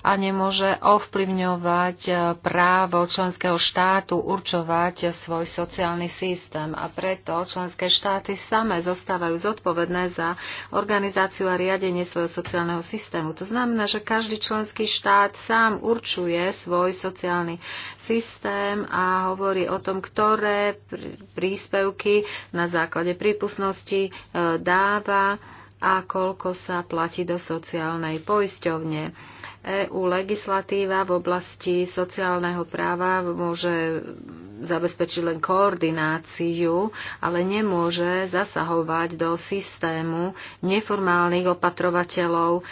a nemôže ovplyvňovať e, právo členského štátu určovať svoj sociálny systém. A preto členské štáty same zostávajú zodpovedné za organizáciu a riadenie svojho sociálneho systému. To znamená, že každý členský štát sám určuje svoj sociálny systém a hovorí o tom, ktoré príspevky na základe prípustnosti budúcnosti e, dáva a koľko sa platí do sociálnej poisťovne. EU legislatíva v oblasti sociálneho práva môže zabezpečiť len koordináciu, ale nemôže zasahovať do systému neformálnych opatrovateľov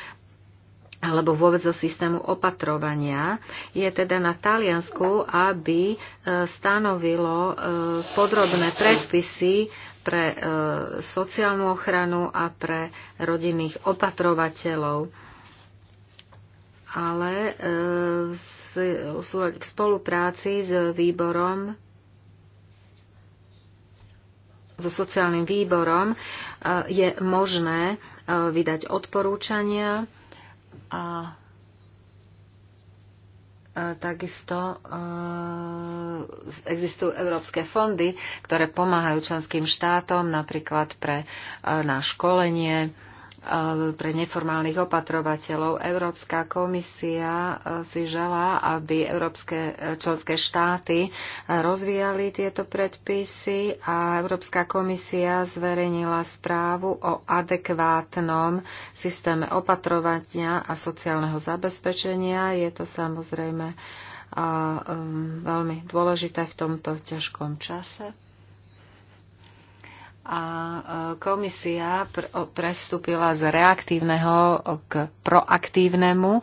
alebo vôbec do systému opatrovania. Je teda na Taliansku, aby e, stanovilo e, podrobné predpisy pre e, sociálnu ochranu a pre rodinných opatrovateľov. Ale e, v spolupráci s výborom so sociálnym výborom e, je možné vydať odporúčania a takisto e, existujú európske fondy, ktoré pomáhajú členským štátom napríklad pre, e, na školenie Eh, pre neformálnych opatrovateľov. Európska komisia eh, si želá, aby európske eh, členské štáty rozvíjali tieto predpisy a Európska komisia zverejnila správu o adekvátnom systéme opatrovania a sociálneho zabezpečenia. Je to samozrejme a, um, veľmi dôležité v tomto ťažkom čase a e, komisia prestúpila z reaktívneho k proaktívnemu e,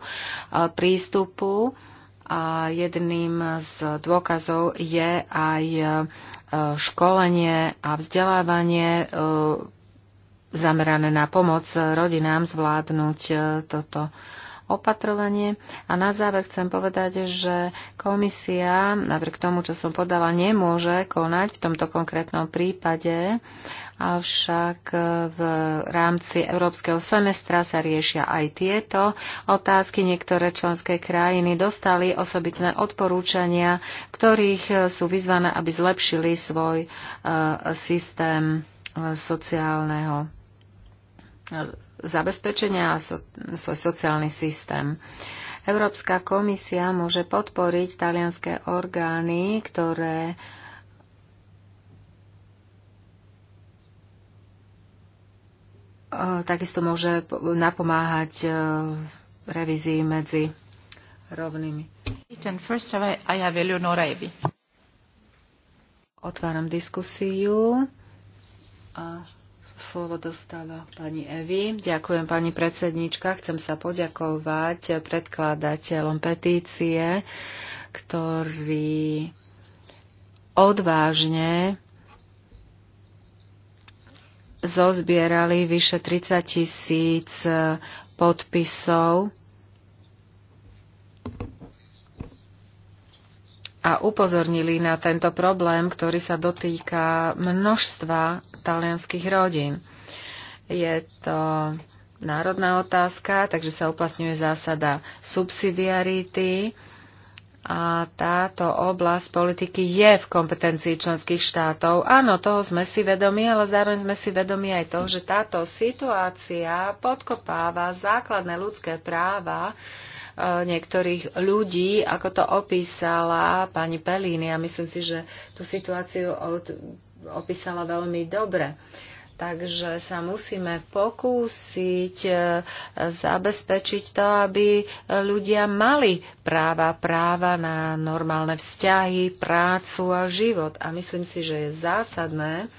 prístupu a jedným z dôkazov je aj e, školenie a vzdelávanie zamerané na pomoc rodinám zvládnuť toto opatrovanie. A na záver chcem povedať, že komisia, napriek tomu, čo som podala, nemôže konať v tomto konkrétnom prípade, avšak v rámci európskeho semestra sa riešia aj tieto otázky. Niektoré členské krajiny dostali osobitné odporúčania, ktorých sú vyzvané, aby zlepšili svoj eh, systém eh, sociálneho eh, zabezpečenia a so, svoj sociálny systém. Európska komisia môže podporiť talianské orgány, ktoré e, takisto môže napomáhať e, revízii medzi rovnými. Otváram diskusiu. A Slovo dostáva pani Evi. Ďakujem pani predsednička. Chcem sa poďakovať predkladateľom petície, ktorí odvážne zozbierali vyše 30 tisíc podpisov a upozornili na tento problém, ktorý sa dotýka množstva talianských rodín. Je to národná otázka, takže sa uplatňuje zásada subsidiarity a táto oblasť politiky je v kompetencii členských štátov. Áno, toho sme si vedomi, ale zároveň sme si vedomi aj toho, že táto situácia podkopáva základné ľudské práva niektorých ľudí, ako to opísala pani Pelíny. Ja myslím si, že tú situáciu od, opísala veľmi dobre. Takže sa musíme pokúsiť e, zabezpečiť to, aby ľudia mali práva, práva na normálne vzťahy, prácu a život. A myslím si, že je zásadné,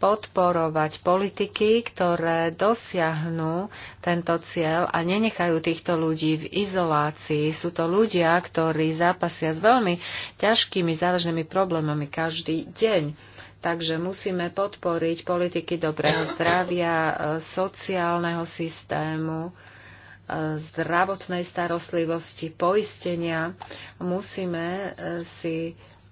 podporovať politiky, ktoré dosiahnu tento cieľ a nenechajú týchto ľudí v izolácii. Sú to ľudia, ktorí zápasia s veľmi ťažkými závažnými problémami každý deň. Takže musíme podporiť politiky dobrého zdravia, e, sociálneho systému, e, zdravotnej starostlivosti, poistenia. Musíme e, si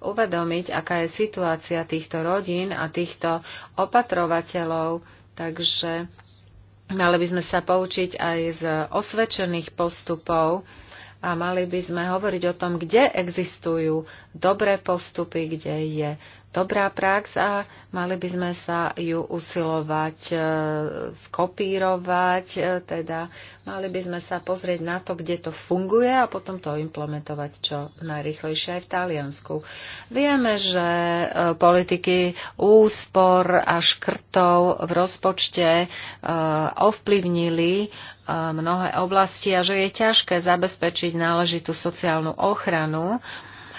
uvedomiť, aká je situácia týchto rodín a týchto opatrovateľov. Takže mali by sme sa poučiť aj z osvedčených postupov a mali by sme hovoriť o tom, kde existujú dobré postupy, kde je dobrá prax a mali by sme sa ju usilovať e, skopírovať, e, teda mali by sme sa pozrieť na to, kde to funguje a potom to implementovať čo najrychlejšie aj v Taliansku. Vieme, že e, politiky úspor a škrtov v rozpočte ovplyvnili mnohé oblasti a že je ťažké zabezpečiť náležitú sociálnu ochranu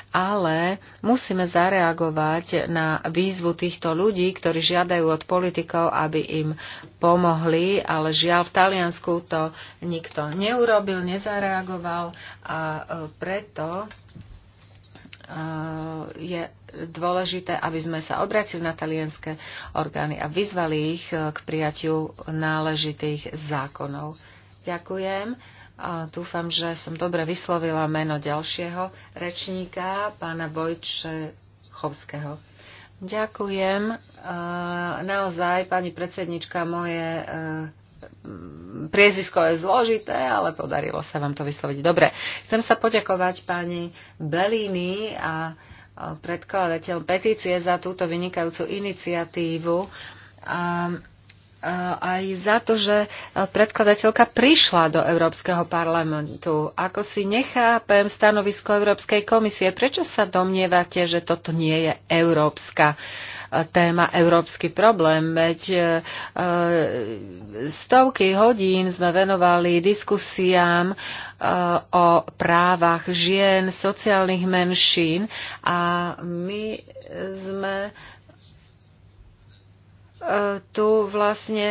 ale musíme zareagovať na výzvu týchto ľudí, ktorí žiadajú od politikov, aby im pomohli, ale žiaľ v Taliansku to nikto neurobil, nezareagoval a e, preto e, je dôležité, aby sme sa obratili na talianské orgány a vyzvali ich e, k prijatiu náležitých zákonov. Ďakujem. A dúfam, že som dobre vyslovila meno ďalšieho rečníka, pána Vojčechovského. Ďakujem. E, naozaj, pani predsednička, moje e, priezvisko je zložité, ale podarilo sa vám to vysloviť. Dobre, chcem sa poďakovať pani Belíny a e, predkladateľ petície za túto vynikajúcu iniciatívu aj za to, že predkladateľka prišla do Európskeho parlamentu. Ako si nechápem stanovisko Európskej komisie, prečo sa domnievate, že toto nie je európska eh, téma, európsky problém? Veď eh, eh, stovky hodín sme venovali diskusiám o právach žien, sociálnych menšín a my sme tu vlastne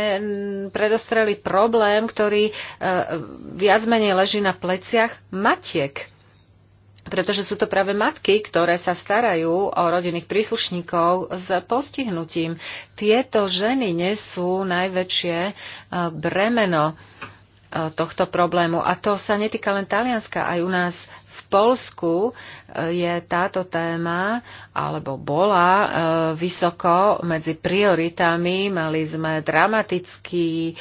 predostreli problém, ktorý e, viac menej leží na pleciach matiek. Pretože sú to práve matky, ktoré sa starajú o rodinných príslušníkov s postihnutím. Tieto ženy nesú najväčšie e, bremeno e, tohto problému. A to sa netýka len Talianska, aj u nás Polsku e, je táto téma, alebo bola, e, vysoko medzi prioritami. Mali sme dramatický e,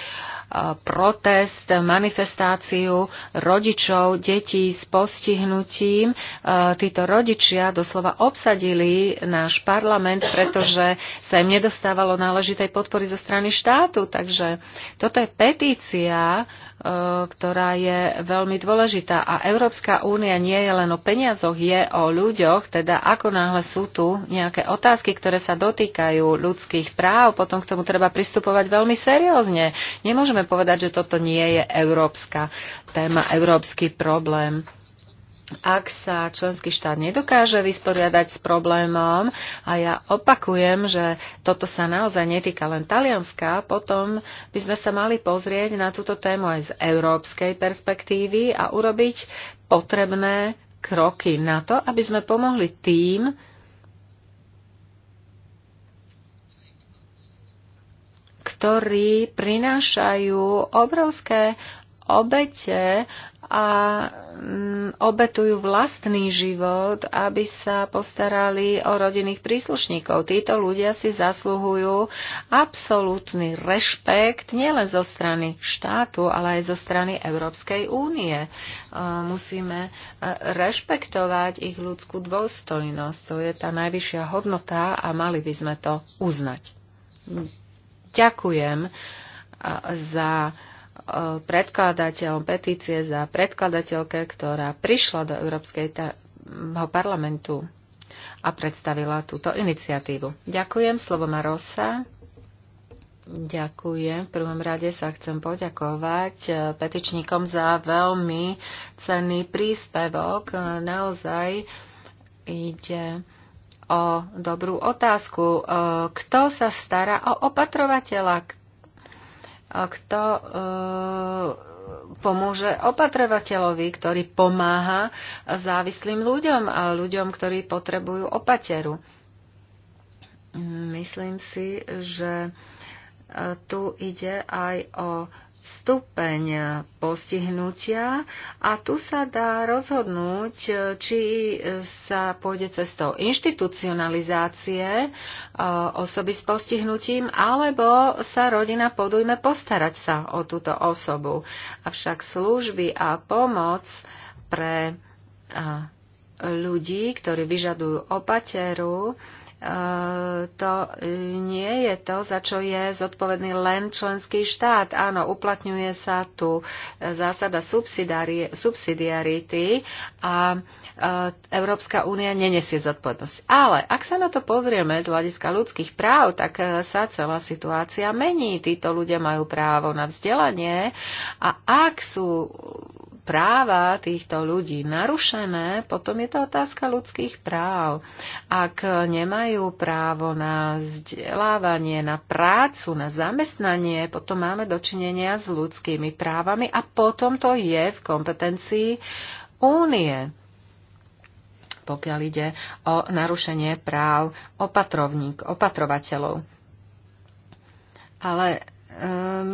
protest, manifestáciu rodičov detí s postihnutím. Títo rodičia doslova obsadili náš parlament, pretože sa im nedostávalo náležitej podpory zo strany štátu. Takže toto je petícia E, ktorá je veľmi dôležitá. A Európska únia nie je len o peniazoch, je o ľuďoch, teda ako náhle sú tu nejaké otázky, ktoré sa dotýkajú ľudských práv, potom k tomu treba pristupovať veľmi seriózne. Nemôžeme povedať, že toto nie je európska téma, európsky problém ak sa členský štát nedokáže vysporiadať s problémom, a ja opakujem, že toto sa naozaj netýka len Talianska, potom by sme sa mali pozrieť na túto tému aj z európskej perspektívy a urobiť potrebné kroky na to, aby sme pomohli tým, ktorí prinášajú obrovské obete a mm, obetujú vlastný život, aby sa postarali o rodinných príslušníkov. Títo ľudia si zasluhujú absolútny rešpekt nielen zo strany štátu, ale aj zo strany Európskej únie. E, musíme e, rešpektovať ich ľudskú dôstojnosť. To je tá najvyššia hodnota a mali by sme to uznať. Ďakujem e, za Eh, predkladateľom petície za predkladateľke, ktorá prišla do Európskeho parlamentu a predstavila túto iniciatívu. Ďakujem, slovo má Rosa. Ďakujem. V prvom rade sa chcem poďakovať eh, petičníkom za veľmi cenný príspevok. Naozaj ide o dobrú otázku. Eh, kto sa stará o opatrovateľa? kto e, pomôže opatrovateľovi, ktorý pomáha závislým ľuďom a ľuďom, ktorí potrebujú opateru. Myslím si, že e, tu ide aj o stupeň postihnutia a tu sa dá rozhodnúť, eh, či eh, sa pôjde cestou inštitucionalizácie eh, osoby s postihnutím, alebo sa rodina podujme postarať sa o túto osobu. Avšak služby a pomoc pre ľudí, ktorí vyžadujú opateru, to nie je to, za čo je zodpovedný len členský štát. Áno, uplatňuje sa tu zásada subsidiarity a e, Európska únia nenesie zodpovednosť. Ale ak sa na to pozrieme z hľadiska ľudských práv, tak e, sa celá situácia mení. Títo ľudia majú právo na vzdelanie a ak sú práva týchto ľudí narušené, potom je to otázka ľudských práv. Ak nemajú právo na vzdelávanie, na prácu, na zamestnanie, potom máme dočinenia s ľudskými právami a potom to je v kompetencii únie pokiaľ ide o narušenie práv opatrovník, opatrovateľov. Ale e,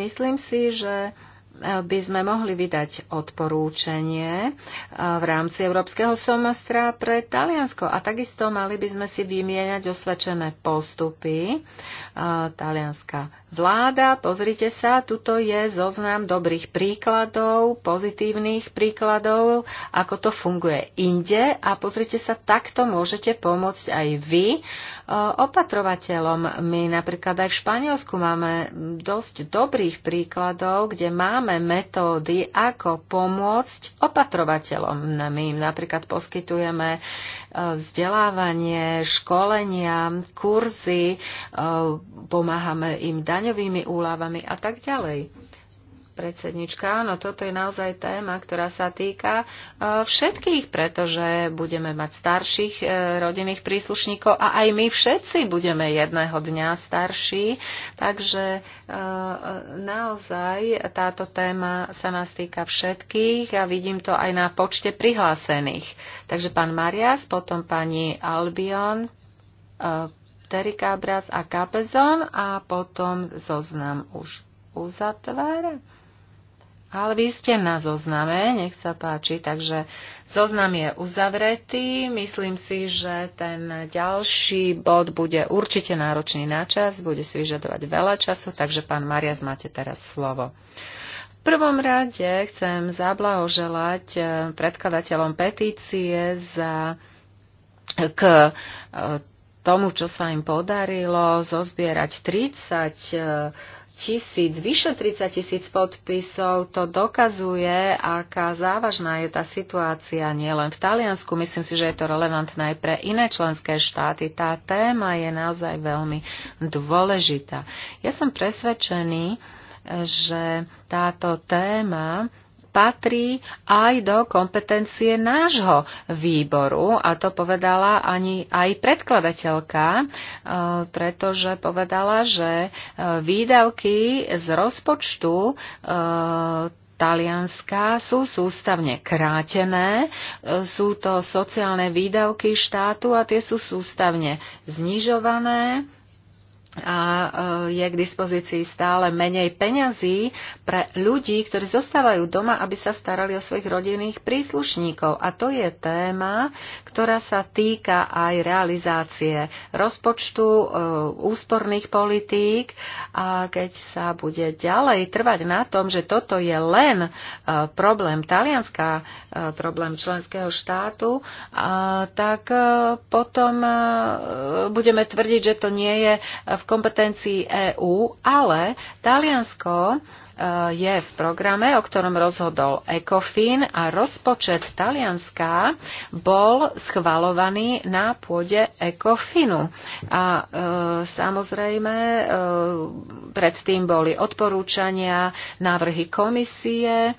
myslím si, že by sme mohli vydať odporúčanie eh, v rámci Európskeho semestra pre Taliansko. A takisto mali by sme si vymieňať osvedčené postupy. Eh, talianská vláda, pozrite sa, tuto je zoznam dobrých príkladov, pozitívnych príkladov, ako to funguje inde a pozrite sa, takto môžete pomôcť aj vy eh, opatrovateľom. My napríklad aj v Španielsku máme mm, dosť dobrých príkladov, kde máme máme metódy, ako pomôcť opatrovateľom. My im napríklad poskytujeme e, vzdelávanie, školenia, kurzy, e, pomáhame im daňovými úľavami a tak ďalej predsednička. Áno, toto je naozaj téma, ktorá sa týka e, všetkých, pretože budeme mať starších e, rodinných príslušníkov a aj my všetci budeme jedného dňa starší. Takže e, naozaj táto téma sa nás týka všetkých a vidím to aj na počte prihlásených. Takže pán Marias, potom pani Albion, Terika Bras a Kapezon a potom zoznam už uzatvára. Ale vy ste na zozname, nech sa páči, takže zoznam je uzavretý. Myslím si, že ten ďalší bod bude určite náročný na čas, bude si vyžadovať veľa času, takže pán Marias, máte teraz slovo. V prvom rade chcem zablahoželať eh, predkladateľom petície za, k eh, tomu, čo sa im podarilo zozbierať 30 tisíc, vyše 30 tisíc podpisov, to dokazuje, aká závažná je tá situácia nielen v Taliansku. Myslím si, že je to relevantné aj pre iné členské štáty. Tá téma je naozaj veľmi dôležitá. Ja som presvedčený, že táto téma patrí aj do kompetencie nášho výboru a to povedala ani aj predkladateľka, e, pretože povedala, že e, výdavky z rozpočtu e, Talianska sú sústavne krátené, sú to sociálne výdavky štátu a tie sú sústavne znižované a e, je k dispozícii stále menej peňazí pre ľudí, ktorí zostávajú doma, aby sa starali o svojich rodinných príslušníkov. A to je téma, ktorá sa týka aj realizácie rozpočtu, e, úsporných politík. A keď sa bude ďalej trvať na tom, že toto je len e, problém Talianska, problém členského štátu, tak potom budeme tvrdiť, že to nie je v v kompetencii EÚ, ale Taliansko eh, je v programe, o ktorom rozhodol ECOFIN a rozpočet Talianska bol schvalovaný na pôde ECOFINu. A e, samozrejme, e, predtým boli odporúčania, návrhy komisie,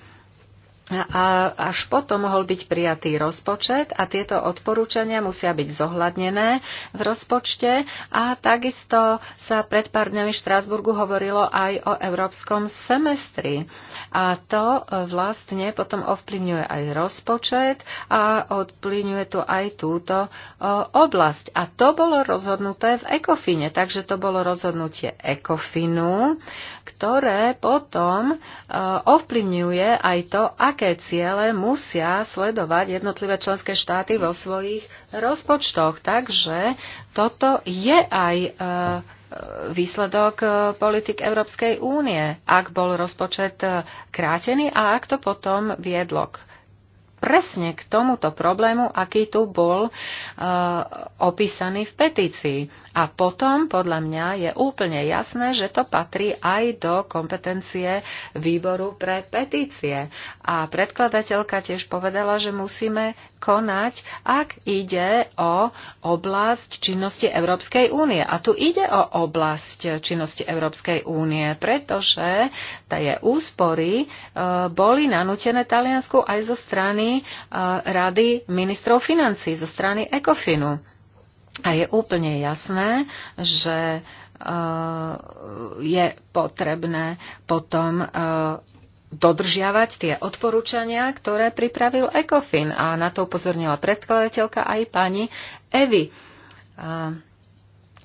a až potom mohol byť prijatý rozpočet a tieto odporúčania musia byť zohľadnené v rozpočte a takisto sa pred pár dňami v Štrásburgu hovorilo aj o európskom semestri. A to e, vlastne potom ovplyvňuje aj rozpočet a ovplyvňuje tu aj túto e, oblasť. A to bolo rozhodnuté v ECOFINE, takže to bolo rozhodnutie ECOFINu, ktoré potom e, ovplyvňuje aj to, aké ciele musia sledovať jednotlivé členské štáty vo svojich rozpočtoch. Takže toto je aj výsledok e, politik Európskej únie, ak bol rozpočet e, krátený a ak to potom viedlo k presne k tomuto problému, aký tu bol e, opísaný v petícii. A potom, podľa mňa, je úplne jasné, že to patrí aj do kompetencie výboru pre petície. A predkladateľka tiež povedala, že musíme konať, ak ide o oblasť činnosti Európskej únie. A tu ide o oblasť činnosti Európskej únie, pretože tie úspory e, boli nanútené Taliansku aj zo strany Rady ministrov financí, zo strany ECOFINu. A je úplne jasné, že je potrebné potom dodržiavať tie odporúčania, ktoré pripravil ECOFIN. A na to upozornila predkladateľka aj pani Evi.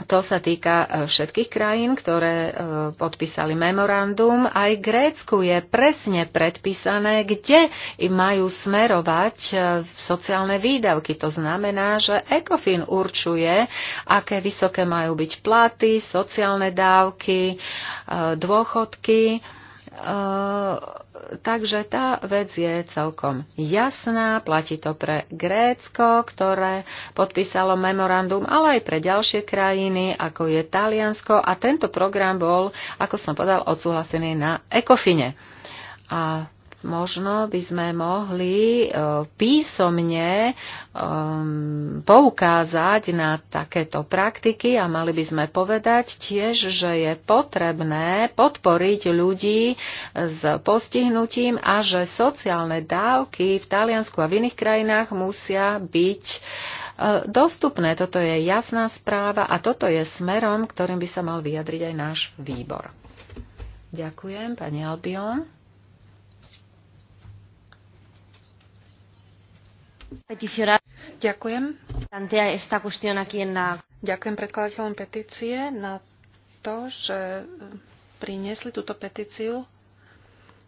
To sa týka e, všetkých krajín, ktoré e, podpísali memorandum. Aj Grécku je presne predpísané, kde majú smerovať e, sociálne výdavky. To znamená, že ECOFIN určuje, aké vysoké majú byť platy, sociálne dávky, dôchodky takže tá vec je celkom jasná. Platí to pre Grécko, ktoré podpísalo memorandum, ale aj pre ďalšie krajiny, ako je Taliansko. A tento program bol, ako som povedal, odsúhlasený na ECOFINE. A možno by sme mohli eh, písomne ehm, poukázať na takéto praktiky a mali by sme povedať tiež, že je potrebné podporiť ľudí s postihnutím a že sociálne dávky v Taliansku a v iných krajinách musia byť eh, dostupné. Toto je jasná správa a toto je smerom, ktorým by sa mal vyjadriť aj náš výbor. Ďakujem, pani Albion. Ďakujem. Ďakujem predkladateľom petície na to, že priniesli túto petíciu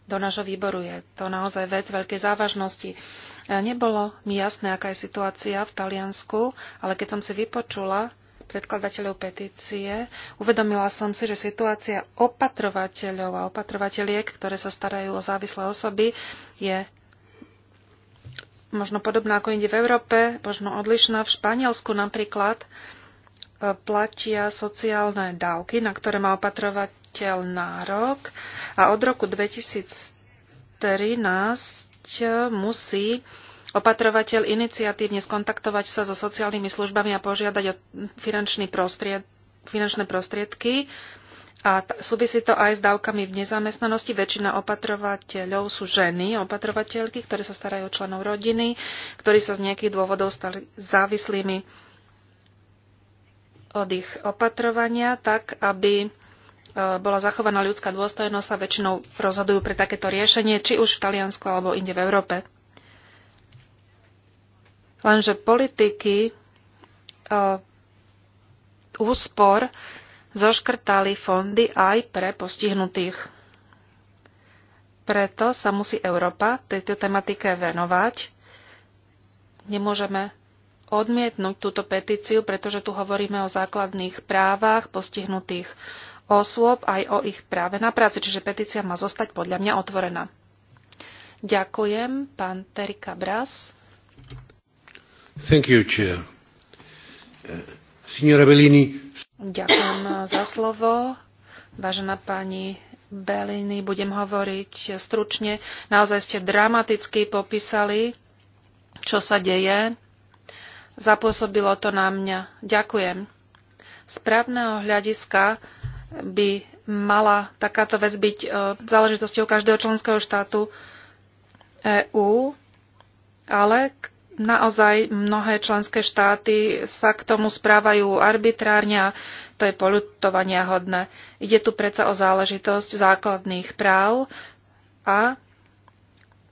do nášho výboru. Je to naozaj vec veľkej závažnosti. E, Nebolo mi jasné, aká je situácia v Taliansku, ale keď som si vypočula predkladateľov petície, uvedomila som si, že situácia opatrovateľov a opatrovateľiek, ktoré sa starajú o závislé osoby, je možno podobná ako inde v Európe, možno odlišná. V Španielsku napríklad e, platia sociálne dávky, na ktoré má opatrovateľ nárok a od roku 2013 musí opatrovateľ iniciatívne skontaktovať sa so sociálnymi službami a požiadať o finančný prostried, finančné prostriedky a súvisí to aj s dávkami v nezamestnanosti. Väčšina opatrovateľov sú ženy, opatrovateľky, ktoré sa starajú o členov rodiny, ktorí sa z nejakých dôvodov stali závislými od ich opatrovania, tak aby e, bola zachovaná ľudská dôstojnosť a väčšinou rozhodujú pre takéto riešenie, či už v Taliansku alebo inde v Európe. Lenže politiky e, úspor zoškrtali fondy aj pre postihnutých. Preto sa musí Európa tejto tematike venovať. Nemôžeme odmietnúť túto petíciu, pretože tu hovoríme o základných právach postihnutých osôb aj o ich práve na práci, čiže petícia má zostať podľa mňa otvorená. Ďakujem, pán Terry Cabras. Thank you, chair. Eh, signora Bellini, Ďakujem eh, za slovo. Vážená pani Beliny, budem hovoriť stručne. Naozaj ste dramaticky popísali, čo sa deje. Zapôsobilo to na mňa. Ďakujem. právneho hľadiska by mala takáto vec byť eh, záležitosťou každého členského štátu EÚ, ale naozaj mnohé členské štáty sa k tomu správajú arbitrárne a to je polutovania hodné. Ide tu predsa o záležitosť základných práv a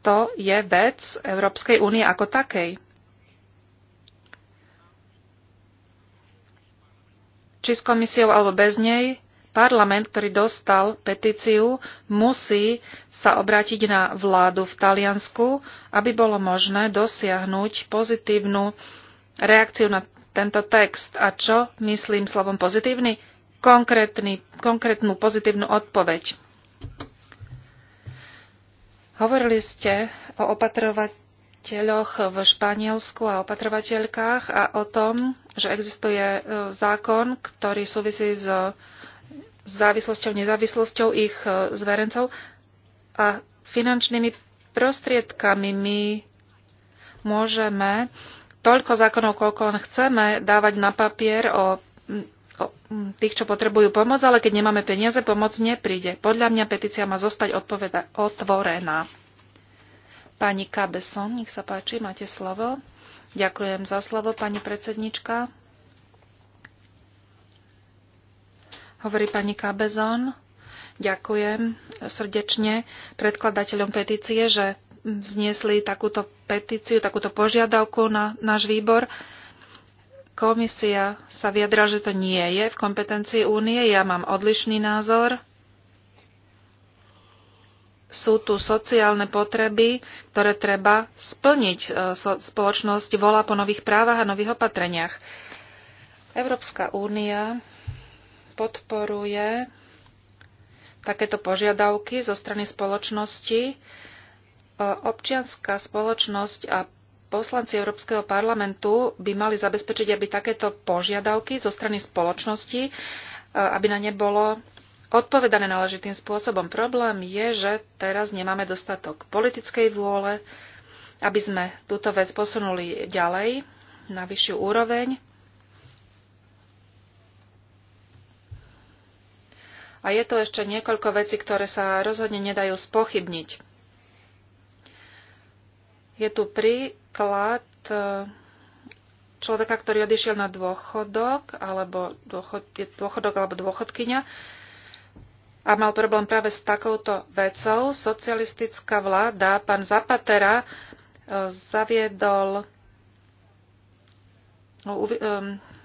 to je vec Európskej únie ako takej. Či s komisiou alebo bez nej, Parlament, ktorý dostal petíciu, musí sa obrátiť na vládu v Taliansku, aby bolo možné dosiahnuť pozitívnu reakciu na tento text. A čo myslím slovom pozitívny? Konkrétny, konkrétnu pozitívnu odpoveď. Hovorili ste o opatrovateľoch v Španielsku a opatrovateľkách a o tom, že existuje e, zákon, ktorý súvisí s so závislosťou, nezávislosťou ich e, zverencov a finančnými prostriedkami my môžeme toľko zákonov, koľko len chceme, dávať na papier o, o tých, čo potrebujú pomoc, ale keď nemáme peniaze, pomoc nepríde. Podľa mňa petícia má zostať odpoveda- otvorená. Pani Kabeson, nech sa páči, máte slovo. Ďakujem za slovo, pani predsednička. hovorí pani Kabezon. Ďakujem srdečne predkladateľom petície, že vzniesli takúto petíciu, takúto požiadavku na náš výbor. Komisia sa vyjadra, že to nie je v kompetencii únie. Ja mám odlišný názor. Sú tu sociálne potreby, ktoré treba splniť. E, spoločnosť volá po nových právach a nových opatreniach. Európska únia podporuje takéto požiadavky zo strany spoločnosti. E, občianská spoločnosť a poslanci Európskeho parlamentu by mali zabezpečiť, aby takéto požiadavky zo strany spoločnosti, e, aby na ne bolo odpovedané náležitým spôsobom. Problém je, že teraz nemáme dostatok politickej vôle, aby sme túto vec posunuli ďalej na vyššiu úroveň A je tu ešte niekoľko vecí, ktoré sa rozhodne nedajú spochybniť. Je tu príklad e, človeka, ktorý odišiel na dôchodok alebo, dôchod, dôchodok alebo dôchodkynia a mal problém práve s takouto vecou. Socialistická vláda, pán Zapatera, e, zaviedol, no, e,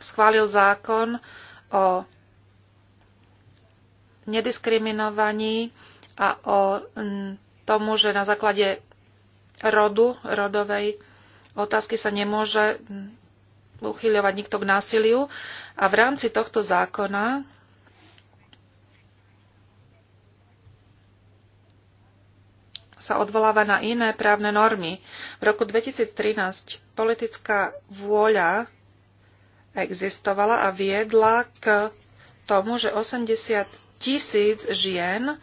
schválil zákon o nediskriminovaní a o mm, tomu, že na základe rodu, rodovej otázky sa nemôže mm, uchyľovať nikto k násiliu. A v rámci tohto zákona sa odvoláva na iné právne normy. V roku 2013 politická vôľa existovala a viedla k tomu, že 80 tisíc žien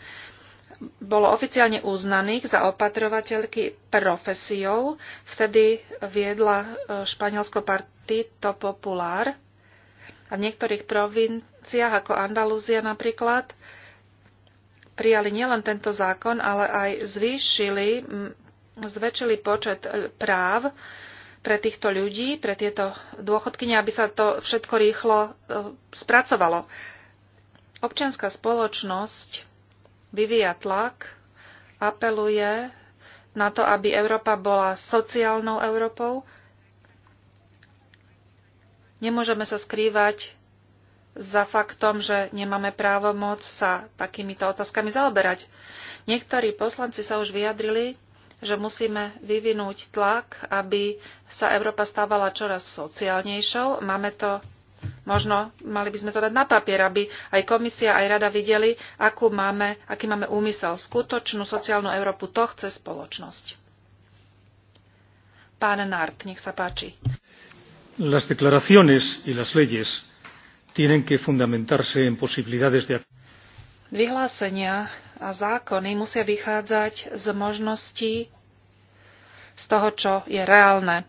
bolo oficiálne uznaných za opatrovateľky profesiou. Vtedy viedla e, Španielsko Partito Popular. A v niektorých provinciách, ako Andalúzia napríklad, prijali nielen tento zákon, ale aj zvýšili, zväčšili počet e, práv pre týchto ľudí, pre tieto dôchodkyne, aby sa to všetko rýchlo e, spracovalo. Občianská spoločnosť vyvíja tlak, apeluje na to, aby Európa bola sociálnou Európou. Nemôžeme sa skrývať za faktom, že nemáme moc sa takýmito otázkami zaoberať. Niektorí poslanci sa už vyjadrili, že musíme vyvinúť tlak, aby sa Európa stávala čoraz sociálnejšou. Máme to Možno mali by sme to dať na papier, aby aj komisia, aj rada videli, akú máme, aký máme úmysel. Skutočnú sociálnu Európu to chce spoločnosť. Pán Nart, nech sa páči. Las declaraciones y las leyes tienen que fundamentarse en posibilidades de Vyhlásenia a zákony musia vychádzať z možností z toho, čo je reálne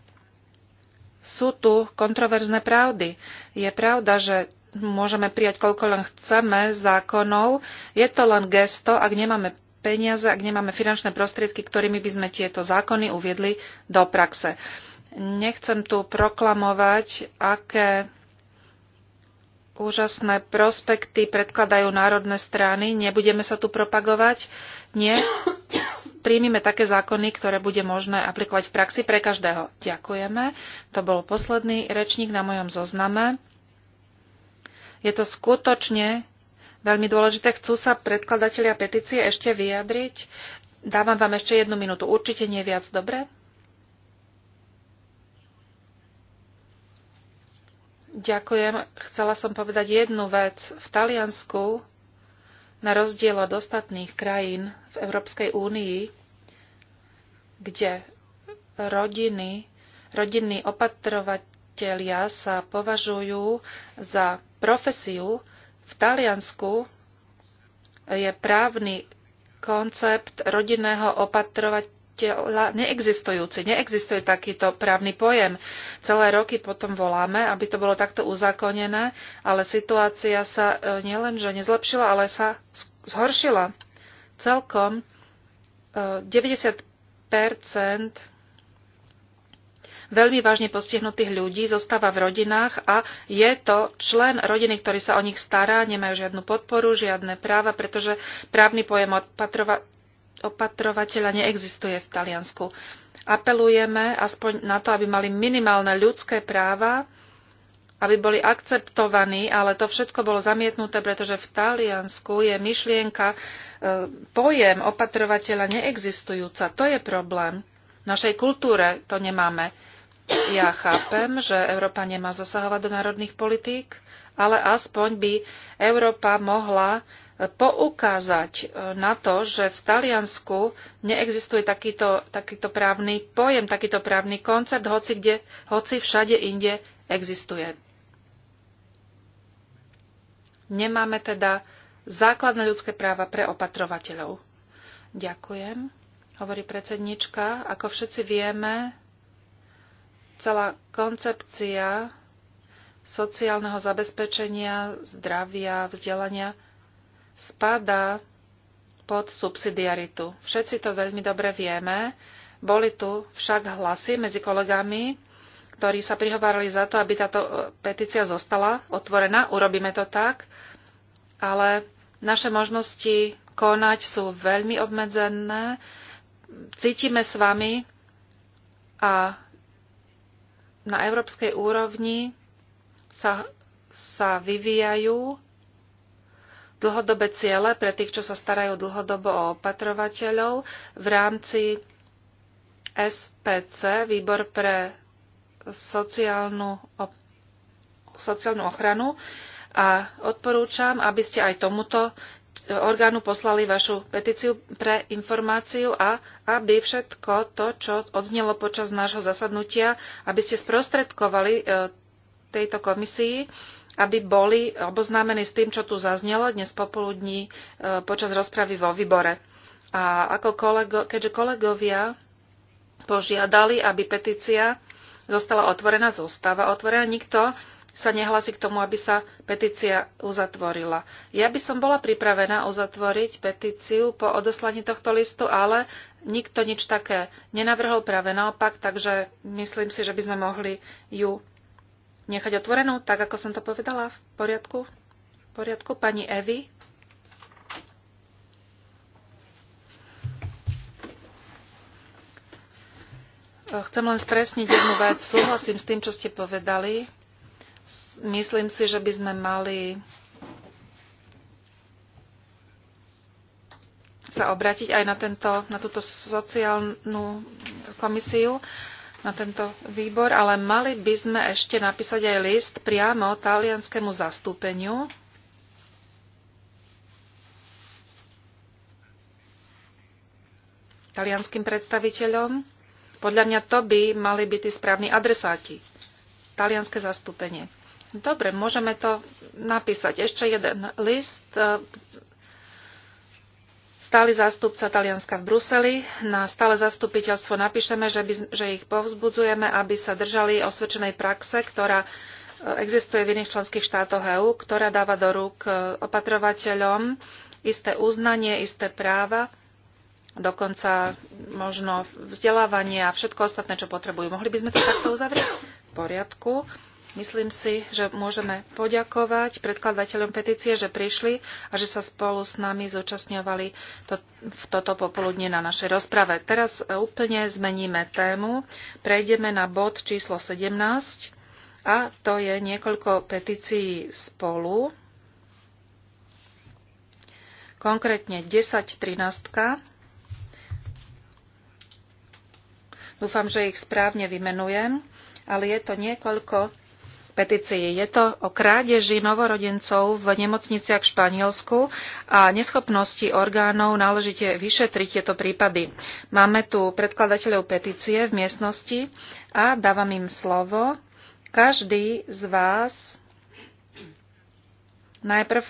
sú tu kontroverzné pravdy. Je pravda, že môžeme prijať koľko len chceme zákonov. Je to len gesto, ak nemáme peniaze, ak nemáme finančné prostriedky, ktorými by sme tieto zákony uviedli do praxe. Nechcem tu proklamovať, aké úžasné prospekty predkladajú národné strany. Nebudeme sa tu propagovať. Nie príjmime také zákony, ktoré bude možné aplikovať v praxi pre každého. Ďakujeme. To bol posledný rečník na mojom zozname. Je to skutočne veľmi dôležité. Chcú sa predkladatelia petície ešte vyjadriť. Dávam vám ešte jednu minútu. Určite nie viac, dobre? Ďakujem. Chcela som povedať jednu vec. V Taliansku na rozdiel od ostatných krajín v Európskej únii, kde rodiny, rodinní opatrovatelia sa považujú za profesiu, v Taliansku je právny koncept rodinného opatrovať tela neexistujúci. Neexistuje takýto právny pojem. Celé roky potom voláme, aby to bolo takto uzakonené, ale situácia sa e, nielenže nezlepšila, ale sa zhoršila. Celkom 90 e, veľmi vážne postihnutých ľudí zostáva v rodinách a je to člen rodiny, ktorý sa o nich stará, nemajú žiadnu podporu, žiadne práva, pretože právny pojem opatrovateľa neexistuje v Taliansku. Apelujeme aspoň na to, aby mali minimálne ľudské práva, aby boli akceptovaní, ale to všetko bolo zamietnuté, pretože v Taliansku je myšlienka, e, pojem opatrovateľa neexistujúca. To je problém. V našej kultúre to nemáme. Ja chápem, že Európa nemá zasahovať do národných politík, ale aspoň by Európa mohla poukázať e, na to, že v Taliansku neexistuje takýto, takýto právny pojem, takýto právny koncept, hoci, kde, hoci všade inde existuje. Nemáme teda základné ľudské práva pre opatrovateľov. Ďakujem, hovorí predsednička. Ako všetci vieme, celá koncepcia sociálneho zabezpečenia, zdravia, vzdelania – spadá pod subsidiaritu. Všetci to veľmi dobre vieme. Boli tu však hlasy medzi kolegami, ktorí sa prihovárali za to, aby táto e, petícia zostala otvorená. Urobíme to tak, ale naše možnosti konať sú veľmi obmedzené. Cítime s vami a na európskej úrovni sa, sa vyvíjajú dlhodobé ciele pre tých, čo sa starajú dlhodobo o opatrovateľov v rámci SPC, Výbor pre sociálnu, sociálnu ochranu. A odporúčam, aby ste aj tomuto orgánu poslali vašu petíciu pre informáciu a aby všetko to, čo odznelo počas nášho zasadnutia, aby ste sprostredkovali e, tejto komisii aby boli oboznámení s tým, čo tu zaznelo dnes popoludní e, počas rozpravy vo výbore. A ako kolego, keďže kolegovia požiadali, aby petícia zostala otvorená, zostáva otvorená, nikto sa nehlasí k tomu, aby sa petícia uzatvorila. Ja by som bola pripravená uzatvoriť petíciu po odoslaní tohto listu, ale nikto nič také nenavrhol, práve naopak, takže myslím si, že by sme mohli ju nechať otvorenú, tak ako som to povedala, v poriadku? V poriadku, pani Evi? E, chcem len stresniť jednu vec. Súhlasím s tým, čo ste povedali. Myslím si, že by sme mali sa obrátiť aj na, tento, na túto sociálnu komisiu na tento výbor, ale mali by sme ešte napísať aj list priamo talianskému zastúpeniu. talianským predstaviteľom. Podľa mňa to by mali byť tí správni adresáti. Talianské zastúpenie. Dobre, môžeme to napísať. Ešte jeden list stály zástupca Talianska v Bruseli. Na stále zastupiteľstvo napíšeme, že, by, že ich povzbudzujeme, aby sa držali osvedčenej praxe, ktorá e, existuje v iných členských štátoch EÚ, ktorá dáva do rúk e, opatrovateľom isté uznanie, isté práva, dokonca možno vzdelávanie a všetko ostatné, čo potrebujú. Mohli by sme to takto uzavrieť? V poriadku. Myslím si, že môžeme poďakovať predkladateľom petície, že prišli a že sa spolu s nami zúčastňovali to, v toto popoludne na našej rozprave. Teraz e, úplne zmeníme tému. Prejdeme na bod číslo 17 a to je niekoľko petícií spolu. Konkrétne 10.13. Dúfam, že ich správne vymenujem, ale je to niekoľko petícii. Je to o krádeži novorodencov v nemocniciach v Španielsku a neschopnosti orgánov náležite vyšetriť tieto prípady. Máme tu predkladateľov petície v miestnosti a dávam im slovo. Každý z vás, najprv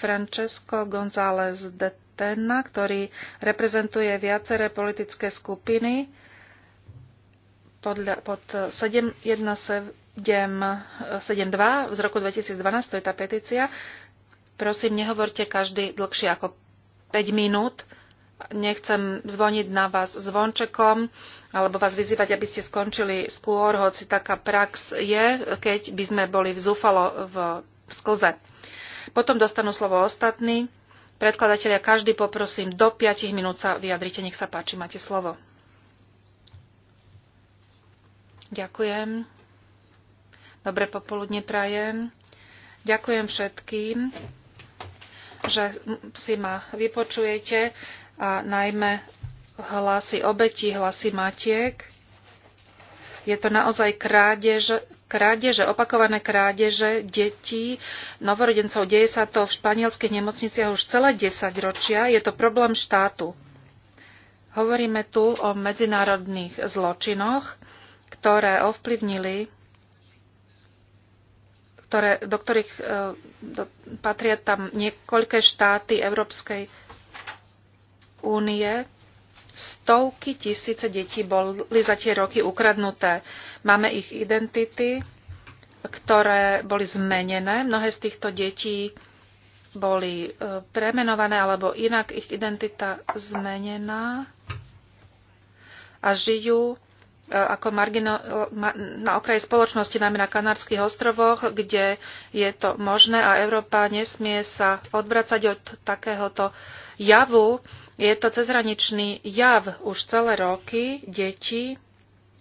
Francesco González de Tena, ktorý reprezentuje viaceré politické skupiny, podľa, pod 7.1 7.2 e, z roku 2012, to je tá petícia. Prosím, nehovorte každý dlhšie ako 5 minút. Nechcem zvoniť na vás zvončekom alebo vás vyzývať, aby ste skončili skôr, hoci taká prax je, keď by sme boli v zúfalo v sklze. Potom dostanú slovo ostatní. Predkladatelia, každý poprosím, do 5 minút sa vyjadrite, nech sa páči, máte slovo. Ďakujem. Dobre popoludne prajem. Ďakujem všetkým, že si ma vypočujete a najmä hlasy obetí, hlasy matiek. Je to naozaj krádež, krádeže, opakované krádeže detí, novorodencov. Deje sa to v španielských nemocniciach už celé 10 ročia. Je to problém štátu. Hovoríme tu o medzinárodných zločinoch, ktoré ovplyvnili ktoré, do ktorých e, do, patria tam niekoľké štáty Európskej únie. Stovky tisíce detí boli za tie roky ukradnuté. Máme ich identity, ktoré boli zmenené. Mnohé z týchto detí boli e, premenované alebo inak ich identita zmenená a žijú ako margino, na okraji spoločnosti, najmä na Kanárskych ostrovoch, kde je to možné a Európa nesmie sa odvracať od takéhoto javu. Je to cezhraničný jav už celé roky. Deti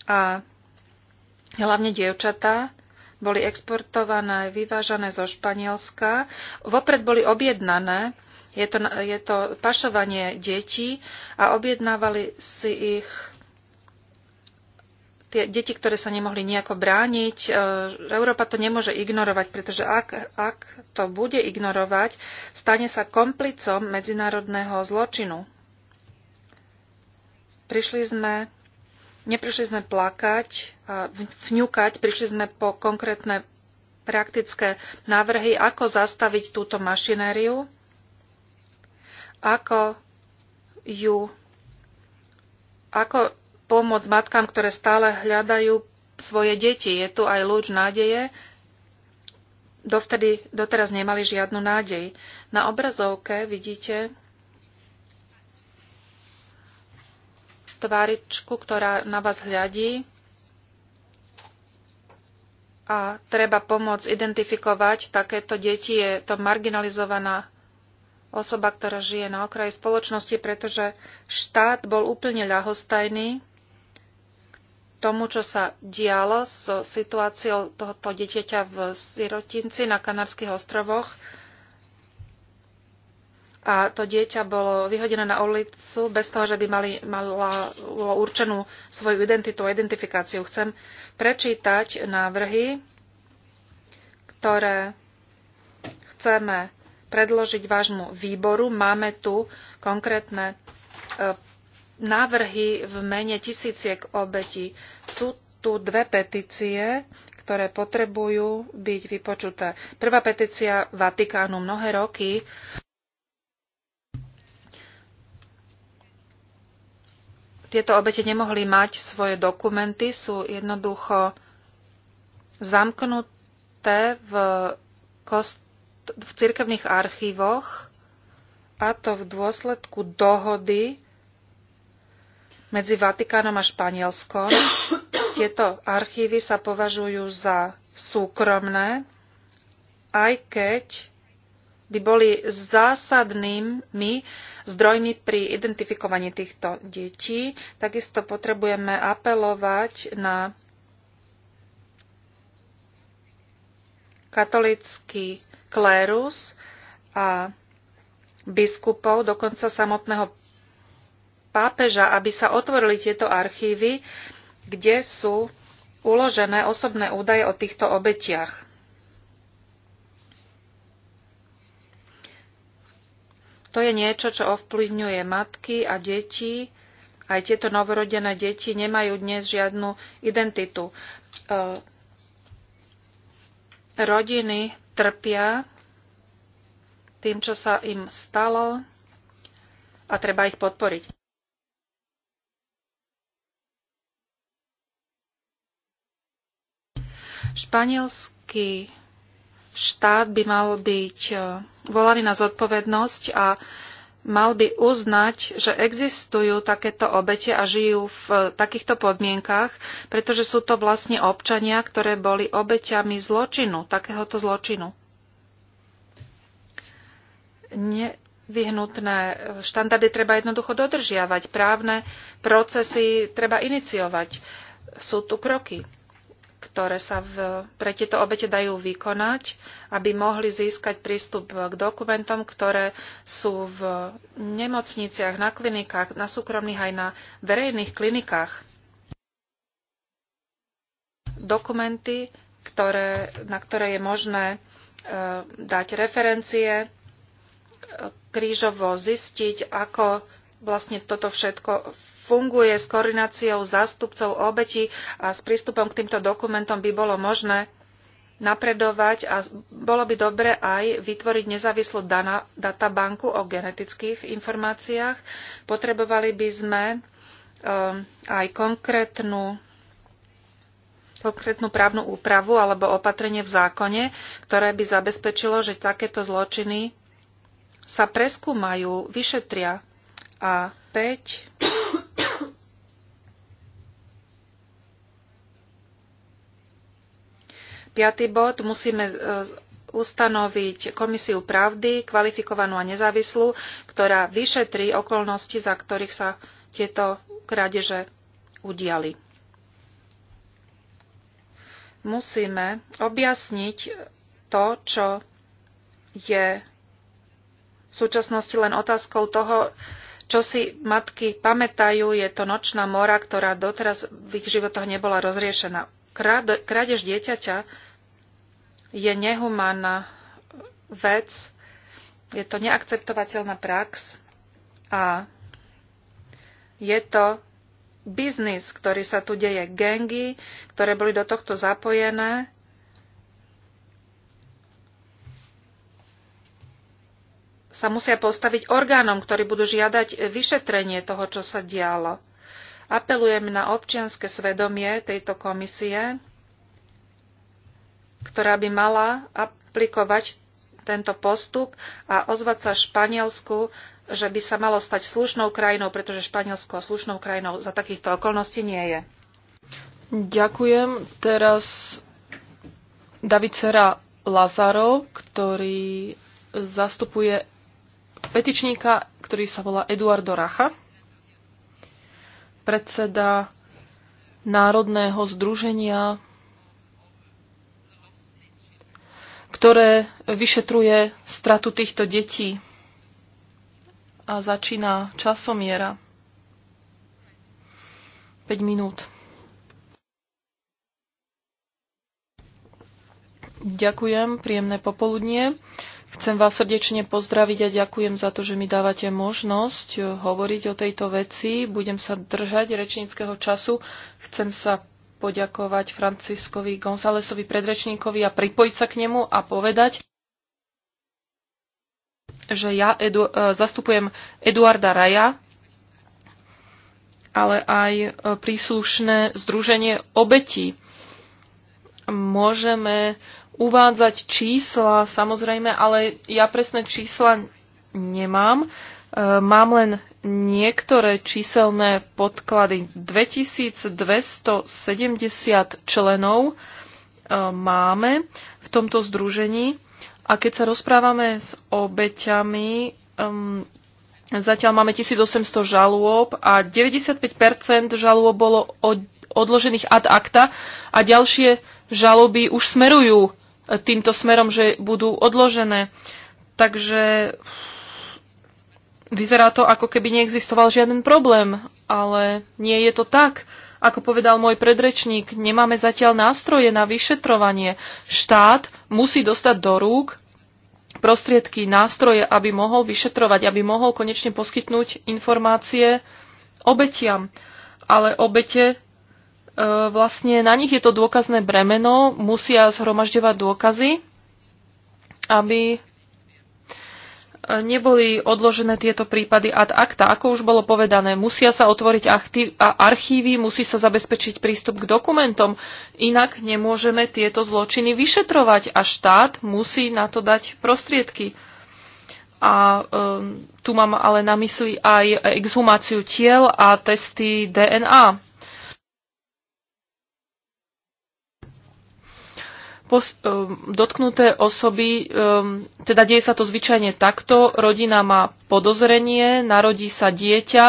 a hlavne dievčatá boli exportované, vyvážané zo Španielska. Vopred boli objednané je to, je to pašovanie detí a objednávali si ich tie deti, ktoré sa nemohli nejako brániť. E, Európa to nemôže ignorovať, pretože ak, ak to bude ignorovať, stane sa komplicom medzinárodného zločinu. Prišli sme, neprišli sme plakať, vňukať, prišli sme po konkrétne praktické návrhy, ako zastaviť túto mašinériu, ako ju ako pomoc matkám, ktoré stále hľadajú svoje deti. Je tu aj lúč nádeje. Dovtedy, doteraz nemali žiadnu nádej. Na obrazovke vidíte tváričku, ktorá na vás hľadí a treba pomôcť identifikovať takéto deti. Je to marginalizovaná osoba, ktorá žije na okraji spoločnosti, pretože štát bol úplne ľahostajný tomu, čo sa dialo s situáciou tohoto dieťaťa v Sirotinci na Kanárskych ostrovoch. A to dieťa bolo vyhodené na ulicu bez toho, že by mali, mala určenú svoju identitu a identifikáciu. Chcem prečítať návrhy, ktoré chceme predložiť vášmu výboru. Máme tu konkrétne e, návrhy v mene tisíciek obetí. Sú tu dve petície, ktoré potrebujú byť vypočuté. Prvá petícia Vatikánu mnohé roky tieto obete nemohli mať svoje dokumenty, sú jednoducho zamknuté v, kost- v cirkevných archívoch a to v dôsledku dohody medzi Vatikánom a Španielskom. Tieto archívy sa považujú za súkromné, aj keď by boli zásadnými zdrojmi pri identifikovaní týchto detí. Takisto potrebujeme apelovať na katolický klérus a biskupov, dokonca samotného pápeža, aby sa otvorili tieto archívy, kde sú uložené osobné údaje o týchto obetiach. To je niečo, čo ovplyvňuje matky a deti. Aj tieto novorodené deti nemajú dnes žiadnu identitu. E, rodiny trpia tým, čo sa im stalo a treba ich podporiť. Španielský štát by mal byť e, volaný na zodpovednosť a mal by uznať, že existujú takéto obete a žijú v e, takýchto podmienkach, pretože sú to vlastne občania, ktoré boli obeťami zločinu, takéhoto zločinu. Nevyhnutné štandardy treba jednoducho dodržiavať, právne procesy treba iniciovať. Sú tu kroky ktoré sa v, pre tieto obete dajú vykonať, aby mohli získať prístup k dokumentom, ktoré sú v nemocniciach, na klinikách, na súkromných aj na verejných klinikách. Dokumenty, ktoré, na ktoré je možné e, dať referencie, e, krížovo zistiť, ako vlastne toto všetko funguje s koordináciou zástupcov obetí a s prístupom k týmto dokumentom by bolo možné napredovať a bolo by dobre aj vytvoriť nezávislú dana, databanku o genetických informáciách. Potrebovali by sme um, aj konkrétnu konkrétnu právnu úpravu alebo opatrenie v zákone, ktoré by zabezpečilo, že takéto zločiny sa preskúmajú, vyšetria. A 5. Piatý bod, musíme e, ustanoviť komisiu pravdy, kvalifikovanú a nezávislú, ktorá vyšetrí okolnosti, za ktorých sa tieto krádeže udiali. Musíme objasniť to, čo je v súčasnosti len otázkou toho, čo si matky pamätajú, je to nočná mora, ktorá doteraz v ich životoch nebola rozriešená krádež dieťaťa je nehumánna vec, je to neakceptovateľná prax a je to biznis, ktorý sa tu deje, gengy, ktoré boli do tohto zapojené. sa musia postaviť orgánom, ktorí budú žiadať vyšetrenie toho, čo sa dialo. Apelujem na občianske svedomie tejto komisie, ktorá by mala aplikovať tento postup a ozvať sa Španielsku, že by sa malo stať slušnou krajinou, pretože Španielsko slušnou krajinou za takýchto okolností nie je. Ďakujem. Teraz David Sera Lazaro, ktorý zastupuje petičníka, ktorý sa volá Eduardo Racha predseda Národného združenia, ktoré vyšetruje stratu týchto detí a začína časomiera. 5 minút. Ďakujem, príjemné popoludnie. Chcem vás srdečne pozdraviť a ďakujem za to, že mi dávate možnosť eh, hovoriť o tejto veci. Budem sa držať rečníckého času. Chcem sa poďakovať Franciskovi Gonzálesovi predrečníkovi a pripojiť sa k nemu a povedať, že ja edu, eh, zastupujem Eduarda Raja, ale aj eh, príslušné združenie obetí. Môžeme uvádzať čísla, samozrejme, ale ja presné čísla nemám. E, mám len niektoré číselné podklady. 2270 členov e, máme v tomto združení a keď sa rozprávame s obeťami, um, zatiaľ máme 1800 žalôb a 95% žalôb bolo od, odložených ad acta a ďalšie žaloby už smerujú týmto smerom, že budú odložené. Takže vyzerá to, ako keby neexistoval žiaden problém, ale nie je to tak. Ako povedal môj predrečník, nemáme zatiaľ nástroje na vyšetrovanie. Štát musí dostať do rúk prostriedky, nástroje, aby mohol vyšetrovať, aby mohol konečne poskytnúť informácie obetiam. Ale obete E, vlastne na nich je to dôkazné bremeno, musia zhromažďovať dôkazy, aby e, neboli odložené tieto prípady ad acta. Ako už bolo povedané, musia sa otvoriť archívy, musí sa zabezpečiť prístup k dokumentom, inak nemôžeme tieto zločiny vyšetrovať a štát musí na to dať prostriedky. A um, tu mám ale na mysli aj exhumáciu tiel a testy DNA E, dotknuté osoby, e, teda deje sa to zvyčajne takto, rodina má podozrenie, narodí sa dieťa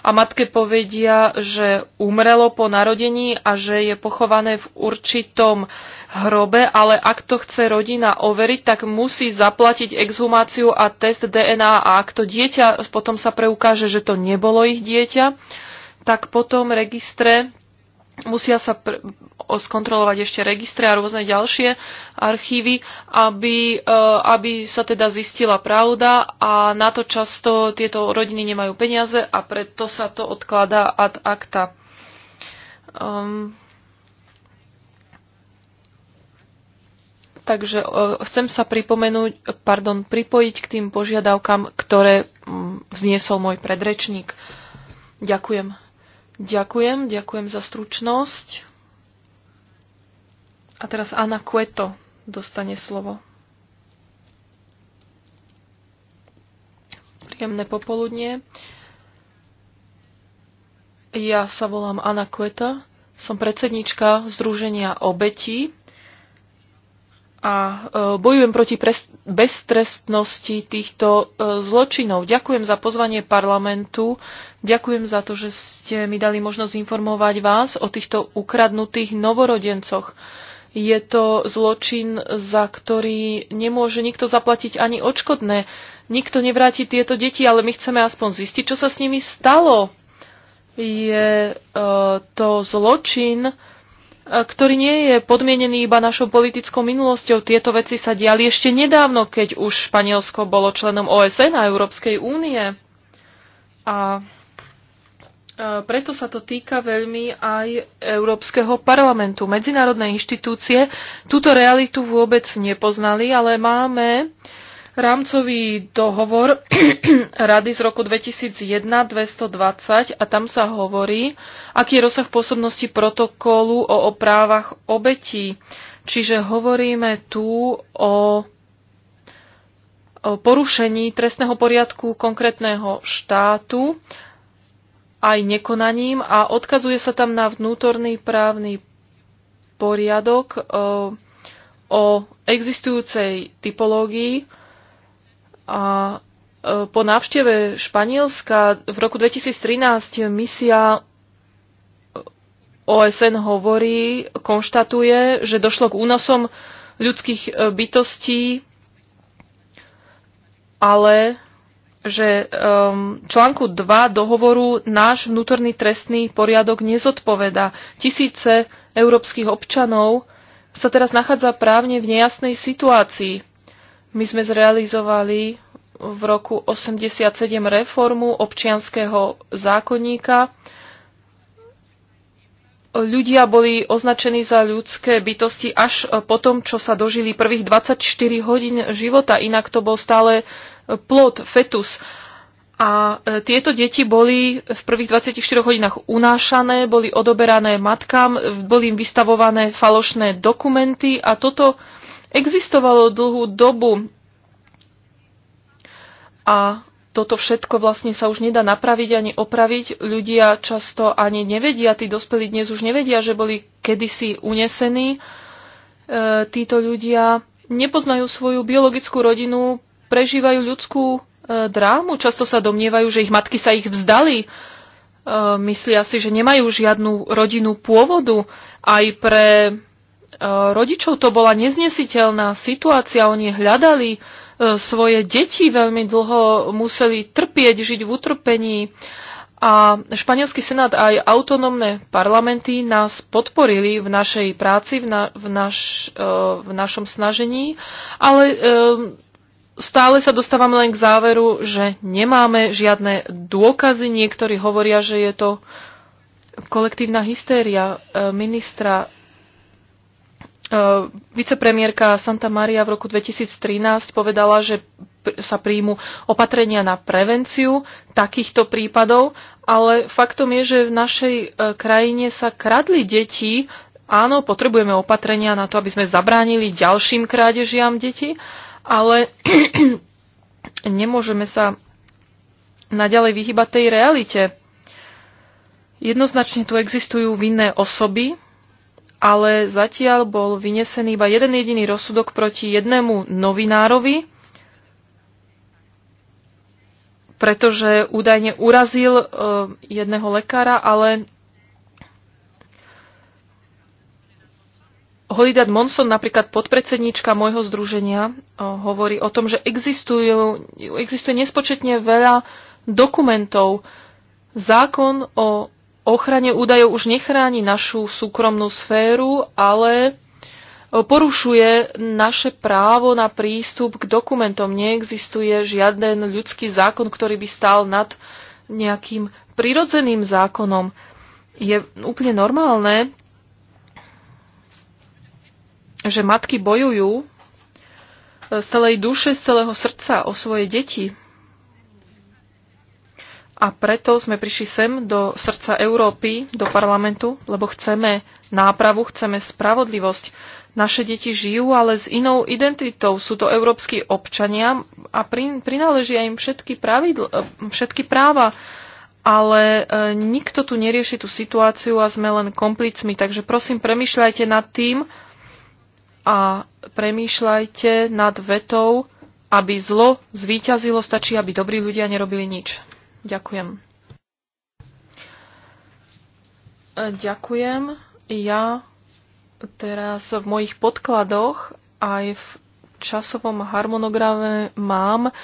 a matke povedia, že umrelo po narodení a že je pochované v určitom hrobe, ale ak to chce rodina overiť, tak musí zaplatiť exhumáciu a test DNA a ak to dieťa potom sa preukáže, že to nebolo ich dieťa, tak potom registre musia sa pr- skontrolovať ešte registre a rôzne ďalšie archívy, aby, e, aby sa teda zistila pravda a na to často tieto rodiny nemajú peniaze a preto sa to odkladá ad acta. Um, takže uh, chcem sa pripomenúť, pardon, pripojiť k tým požiadavkám, ktoré um, vzniesol môj predrečník. Ďakujem. Ďakujem, ďakujem za stručnosť. A teraz Ana Cueto dostane slovo. Príjemné popoludnie. Ja sa volám Ana Kueta, som predsednička Združenia obetí a e, bojujem proti beztrestnosti týchto e, zločinov. Ďakujem za pozvanie parlamentu, ďakujem za to, že ste mi dali možnosť informovať vás o týchto ukradnutých novorodencoch. Je to zločin, za ktorý nemôže nikto zaplatiť ani odškodné. Nikto nevráti tieto deti, ale my chceme aspoň zistiť, čo sa s nimi stalo. Je e, to zločin, E, ktorý nie je podmienený iba našou politickou minulosťou. Tieto veci sa diali ešte nedávno, keď už Španielsko bolo členom OSN a Európskej únie. A e, preto sa to týka veľmi aj Európskeho parlamentu. Medzinárodné inštitúcie túto realitu vôbec nepoznali, ale máme rámcový dohovor Rady z roku 2001-220 a tam sa hovorí, aký je rozsah pôsobnosti protokolu o, oprávach právach obetí. Čiže hovoríme tu o, porušení trestného poriadku konkrétneho štátu aj nekonaním a odkazuje sa tam na vnútorný právny poriadok e, o existujúcej typológii a e, po návšteve Španielska v roku 2013 misia e, OSN hovorí, konštatuje, že došlo k únosom ľudských e, bytostí, ale že um, článku 2 dohovoru náš vnútorný trestný poriadok nezodpoveda. Tisíce európskych občanov sa teraz nachádza právne v nejasnej situácii. My sme zrealizovali v roku 87 reformu občianského zákonníka. Ľudia boli označení za ľudské bytosti až po tom, čo sa dožili prvých 24 hodín života, inak to bol stále plod, fetus. A e, tieto deti boli v prvých 24 hodinách unášané, boli odoberané matkám, boli im vystavované falošné dokumenty a toto existovalo dlhú dobu a toto všetko vlastne sa už nedá napraviť ani opraviť. Ľudia často ani nevedia, tí dospelí dnes už nevedia, že boli kedysi unesení. E, títo ľudia nepoznajú svoju biologickú rodinu, prežívajú ľudskú e, drámu, často sa domnievajú, že ich matky sa ich vzdali. E, myslia si, že nemajú žiadnu rodinu pôvodu. Aj pre Eh, rodičov to bola neznesiteľná situácia. Oni hľadali eh, svoje deti veľmi dlho, museli trpieť, žiť v utrpení. A španielský senát aj autonómne parlamenty nás podporili v našej práci, v, na, v, naš, eh, v našom snažení, ale stále sa dostávame len k záveru, že nemáme žiadne dôkazy. Niektorí hovoria, že je to kolektívna hystéria ministra vicepremiérka Santa Maria v roku 2013 povedala, že sa príjmu opatrenia na prevenciu takýchto prípadov, ale faktom je, že v našej e, krajine sa kradli deti. Áno, potrebujeme opatrenia na to, aby sme zabránili ďalším krádežiam detí, ale nemôžeme sa naďalej vyhybať tej realite. Jednoznačne tu existujú vinné osoby, ale zatiaľ bol vynesený iba jeden jediný rozsudok proti jednému novinárovi, pretože údajne urazil uh, jedného lekára, ale Holidat Monson, napríklad podpredsedníčka môjho združenia, uh, hovorí o tom, že existujú, existuje nespočetne veľa dokumentov. Zákon o ochrane údajov už nechráni našu súkromnú sféru, ale e, porušuje naše právo na prístup k dokumentom. Neexistuje žiaden ľudský zákon, ktorý by stál nad nejakým prirodzeným zákonom. Je úplne normálne, že matky bojujú e, z celej duše, z celého srdca o svoje deti. A preto sme prišli sem do srdca Európy, do parlamentu, lebo chceme nápravu, chceme spravodlivosť. Naše deti žijú, ale s inou identitou. Sú to európsky občania a prináležia im všetky, pravidl, všetky práva. Ale e, nikto tu nerieši tú situáciu a sme len komplicmi. Takže prosím, premýšľajte nad tým a premýšľajte nad vetou, aby zlo zvíťazilo, stačí, aby dobrí ľudia nerobili nič. Ďakujem. E, ďakujem. Ja teraz v mojich podkladoch aj v časovom harmonograme mám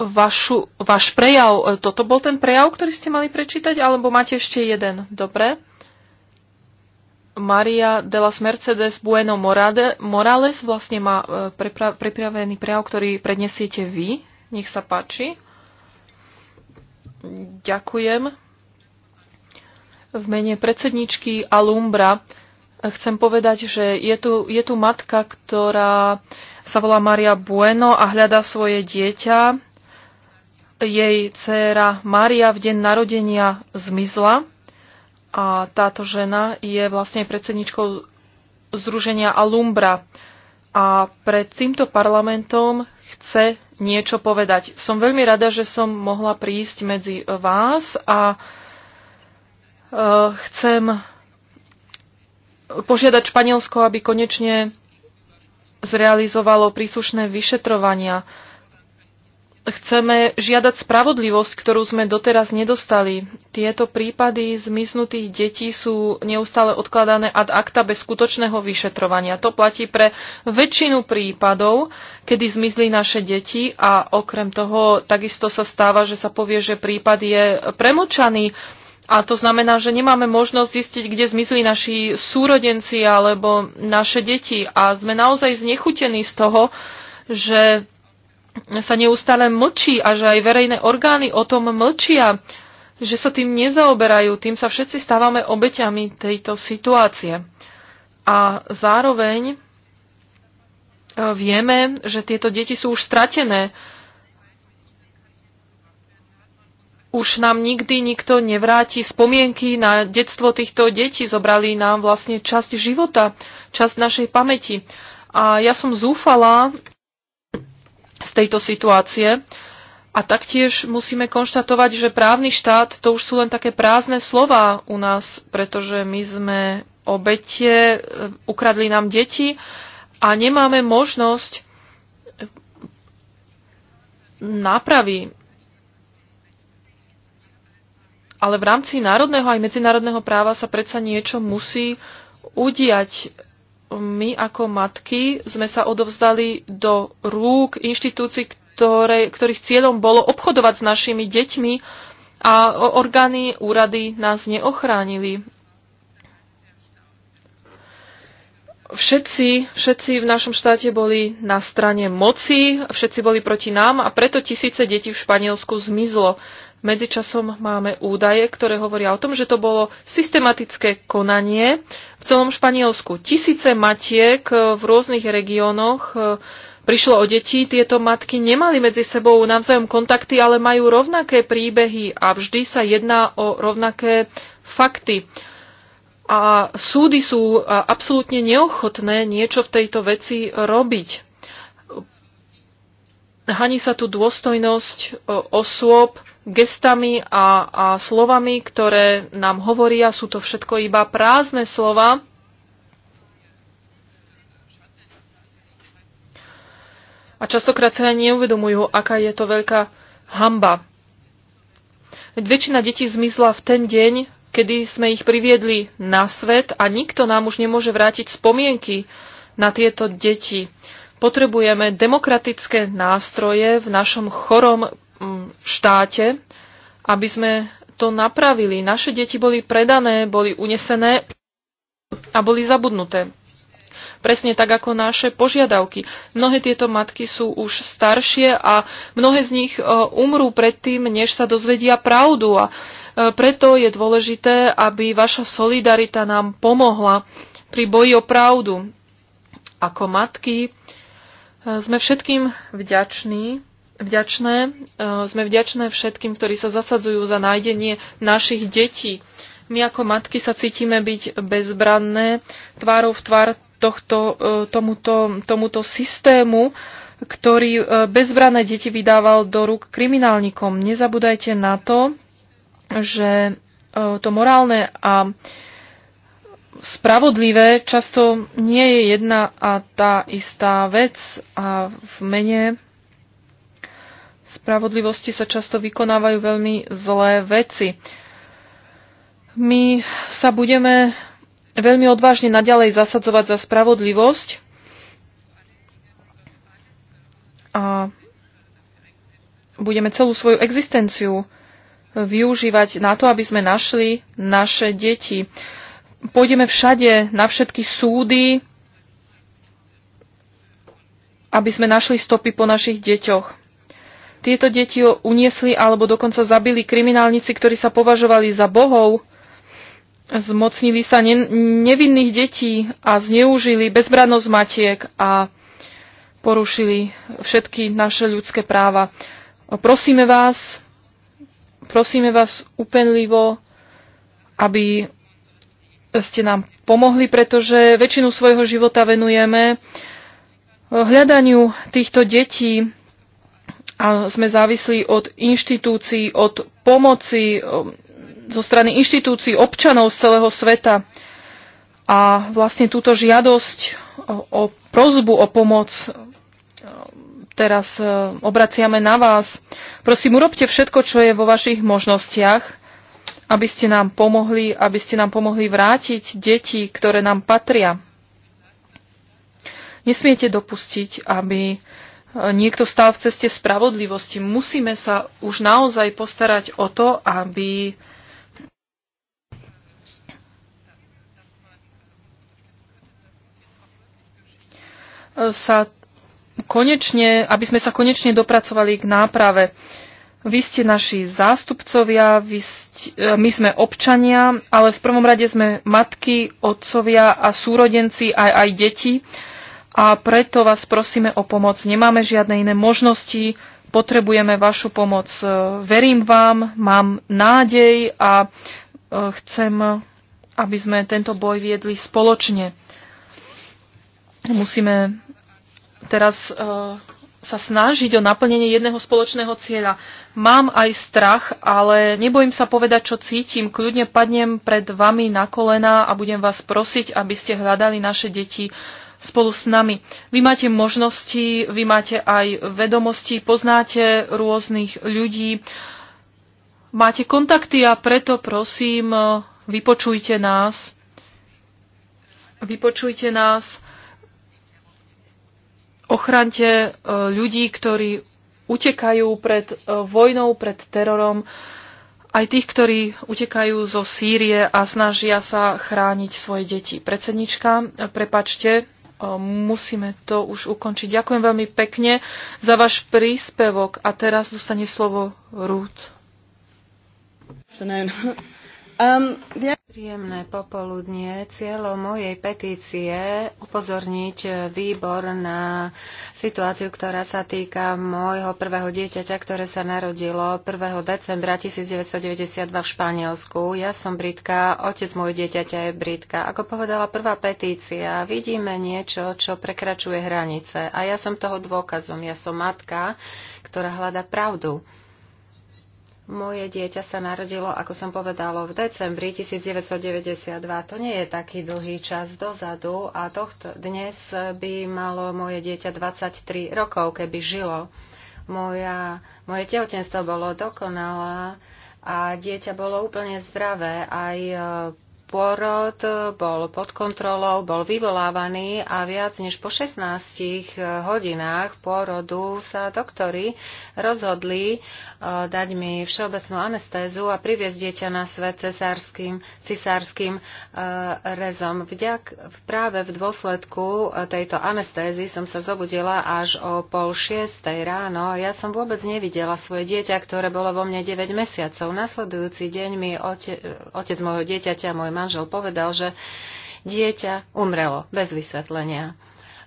vašu, váš prejav. E, toto bol ten prejav, ktorý ste mali prečítať, alebo máte ešte jeden? Dobre. Maria de las Mercedes Bueno Morade, Morales vlastne má e, pripravený prejav, ktorý predniesiete vy. Nech sa páči. Ďakujem. V mene predsedničky Alumbra chcem povedať, že je tu, je tu matka, ktorá sa volá Maria Bueno a hľadá svoje dieťa. Jej dcéra Maria v deň narodenia zmizla a táto žena je vlastne predsedničkou Združenia Alumbra a pred týmto parlamentom chce niečo povedať. Som veľmi rada, že som mohla prísť medzi eh, vás a eh, chcem požiadať Španielsko, aby konečne zrealizovalo príslušné vyšetrovania chceme žiadať spravodlivosť, ktorú sme doteraz nedostali. Tieto prípady zmiznutých detí sú neustále odkladané ad acta bez skutočného vyšetrovania. To platí pre väčšinu prípadov, kedy zmizli naše deti a okrem toho takisto sa stáva, že sa povie, že prípad je premočaný. A to znamená, že nemáme možnosť zistiť, kde zmizli naši súrodenci alebo naše deti. A sme naozaj znechutení z toho, že sa neustále mlčí a že aj verejné orgány o tom mlčia, že sa tým nezaoberajú, tým sa všetci stávame obeťami tejto situácie. A zároveň e, vieme, že tieto deti sú už stratené. Už nám nikdy nikto nevráti spomienky na detstvo týchto detí. Zobrali nám vlastne časť života, časť našej pamäti. A ja som zúfala, z tejto situácie. A taktiež musíme konštatovať, že právny štát to už sú len také prázdne slova u nás, pretože my sme obete, eh, ukradli nám deti a nemáme možnosť eh, nápravy. Ale v rámci národného aj medzinárodného práva sa predsa niečo musí udiať my ako matky sme sa odovzdali do rúk inštitúcií, ktoré, ktorých cieľom bolo obchodovať s našimi deťmi a orgány, úrady nás neochránili. Všetci, všetci v našom štáte boli na strane moci, všetci boli proti nám a preto tisíce detí v Španielsku zmizlo. Medzičasom máme údaje, ktoré hovoria o tom, že to bolo systematické konanie v celom Španielsku. Tisíce matiek eh, v rôznych regiónoch eh, prišlo o deti. Tieto matky nemali medzi sebou navzájom kontakty, ale majú rovnaké príbehy a vždy sa jedná o rovnaké fakty. A súdy sú eh, absolútne neochotné niečo v tejto veci robiť. Haní sa tu dôstojnosť osôb, gestami a, a slovami, ktoré nám hovoria. Sú to všetko iba prázdne slova. A častokrát sa aj neuvedomujú, aká je to veľká hamba. Väčšina detí zmizla v ten deň, kedy sme ich priviedli na svet a nikto nám už nemôže vrátiť spomienky na tieto deti. Potrebujeme demokratické nástroje v našom chorom v mm, štáte, aby sme to napravili. Naše deti boli predané, boli unesené a boli zabudnuté. Presne tak ako naše požiadavky. Mnohé tieto matky sú už staršie a mnohé z nich e, umrú predtým, než sa dozvedia pravdu. A e, preto je dôležité, aby vaša solidarita nám pomohla pri boji o pravdu. Ako matky e, sme všetkým vďační vďačné, e, sme vďačné všetkým, ktorí sa zasadzujú za nájdenie našich detí. My ako matky sa cítime byť bezbranné tvárou v tvár tohto, e, tomuto, tomuto systému, ktorý e, bezbranné deti vydával do rúk kriminálnikom. Nezabúdajte na to, že to morálne a spravodlivé často nie je jedna a tá istá vec a v mene spravodlivosti sa často vykonávajú veľmi zlé veci. My sa budeme veľmi odvážne naďalej zasadzovať za spravodlivosť a budeme celú svoju existenciu využívať na to, aby sme našli naše deti. Pôjdeme všade, na všetky súdy, aby sme našli stopy po našich deťoch. Tieto deti uniesli alebo dokonca zabili kriminálnici, ktorí sa považovali za bohov. Zmocnili sa ne- nevinných detí a zneužili bezbrannosť matiek a porušili všetky naše ľudské práva. Prosíme vás, prosíme vás upenlivo, aby ste nám pomohli, pretože väčšinu svojho života venujeme hľadaniu týchto detí a sme závislí od inštitúcií, od pomoci um, zo strany inštitúcií občanov z celého sveta. A vlastne túto žiadosť o, o prozbu o pomoc um, teraz um, obraciame na vás. Prosím, urobte všetko, čo je vo vašich možnostiach, aby ste nám pomohli, aby ste nám pomohli vrátiť deti, ktoré nám patria. Nesmiete dopustiť, aby niekto stál v ceste spravodlivosti. Musíme sa už naozaj postarať o to, aby sa konečne, aby sme sa konečne dopracovali k náprave. Vy ste naši zástupcovia, vy ste, my sme občania, ale v prvom rade sme matky, otcovia a súrodenci, aj, aj deti a preto vás prosíme o pomoc. Nemáme žiadne iné možnosti, potrebujeme vašu pomoc. E, verím vám, mám nádej a e, chcem, aby sme tento boj viedli spoločne. Musíme teraz e, sa snažiť o naplnenie jedného spoločného cieľa. Mám aj strach, ale nebojím sa povedať, čo cítim. Kľudne padnem pred vami na kolena a budem vás prosiť, aby ste hľadali naše deti spolu s nami. Vy máte možnosti, vy máte aj vedomosti, poznáte rôznych ľudí, máte kontakty a preto prosím, vypočujte nás. Vypočujte nás. Ochrante e, ľudí, ktorí utekajú pred e, vojnou, pred terorom, aj tých, ktorí utekajú zo Sýrie a snažia sa chrániť svoje deti. Predsednička, prepačte, musíme to už ukončiť. Ďakujem veľmi pekne za váš príspevok a teraz dostane slovo Ruth. Um, Príjemné popoludnie. Cieľom mojej petície upozorniť výbor na situáciu, ktorá sa týka môjho prvého dieťaťa, ktoré sa narodilo 1. decembra 1992 v Španielsku. Ja som Britka, otec môjho dieťaťa je Britka. Ako povedala prvá petícia, vidíme niečo, čo prekračuje hranice. A ja som toho dôkazom. Ja som matka, ktorá hľada pravdu. Moje dieťa sa narodilo, ako som povedala, v decembri 1992. To nie je taký dlhý čas dozadu a tohto, dnes by malo moje dieťa 23 rokov, keby žilo. Moja, moje tehotenstvo bolo dokonalé a dieťa bolo úplne zdravé. Aj pôrod eh, bol pod kontrolou, bol vyvolávaný a viac než po 16 eh, hodinách pôrodu sa doktori rozhodli eh, dať mi všeobecnú anestézu a priviesť dieťa na svet cesárským, cisárským rezom. Vďak, práve v dôsledku tejto anestézy som sa zobudila až o pol šiestej ráno. Ja som vôbec nevidela svoje dieťa, ktoré bolo vo mne 9 mesiacov. Nasledujúci deň mi ote, otec môjho dieťaťa, môj manžel povedal, že dieťa umrelo bez vysvetlenia.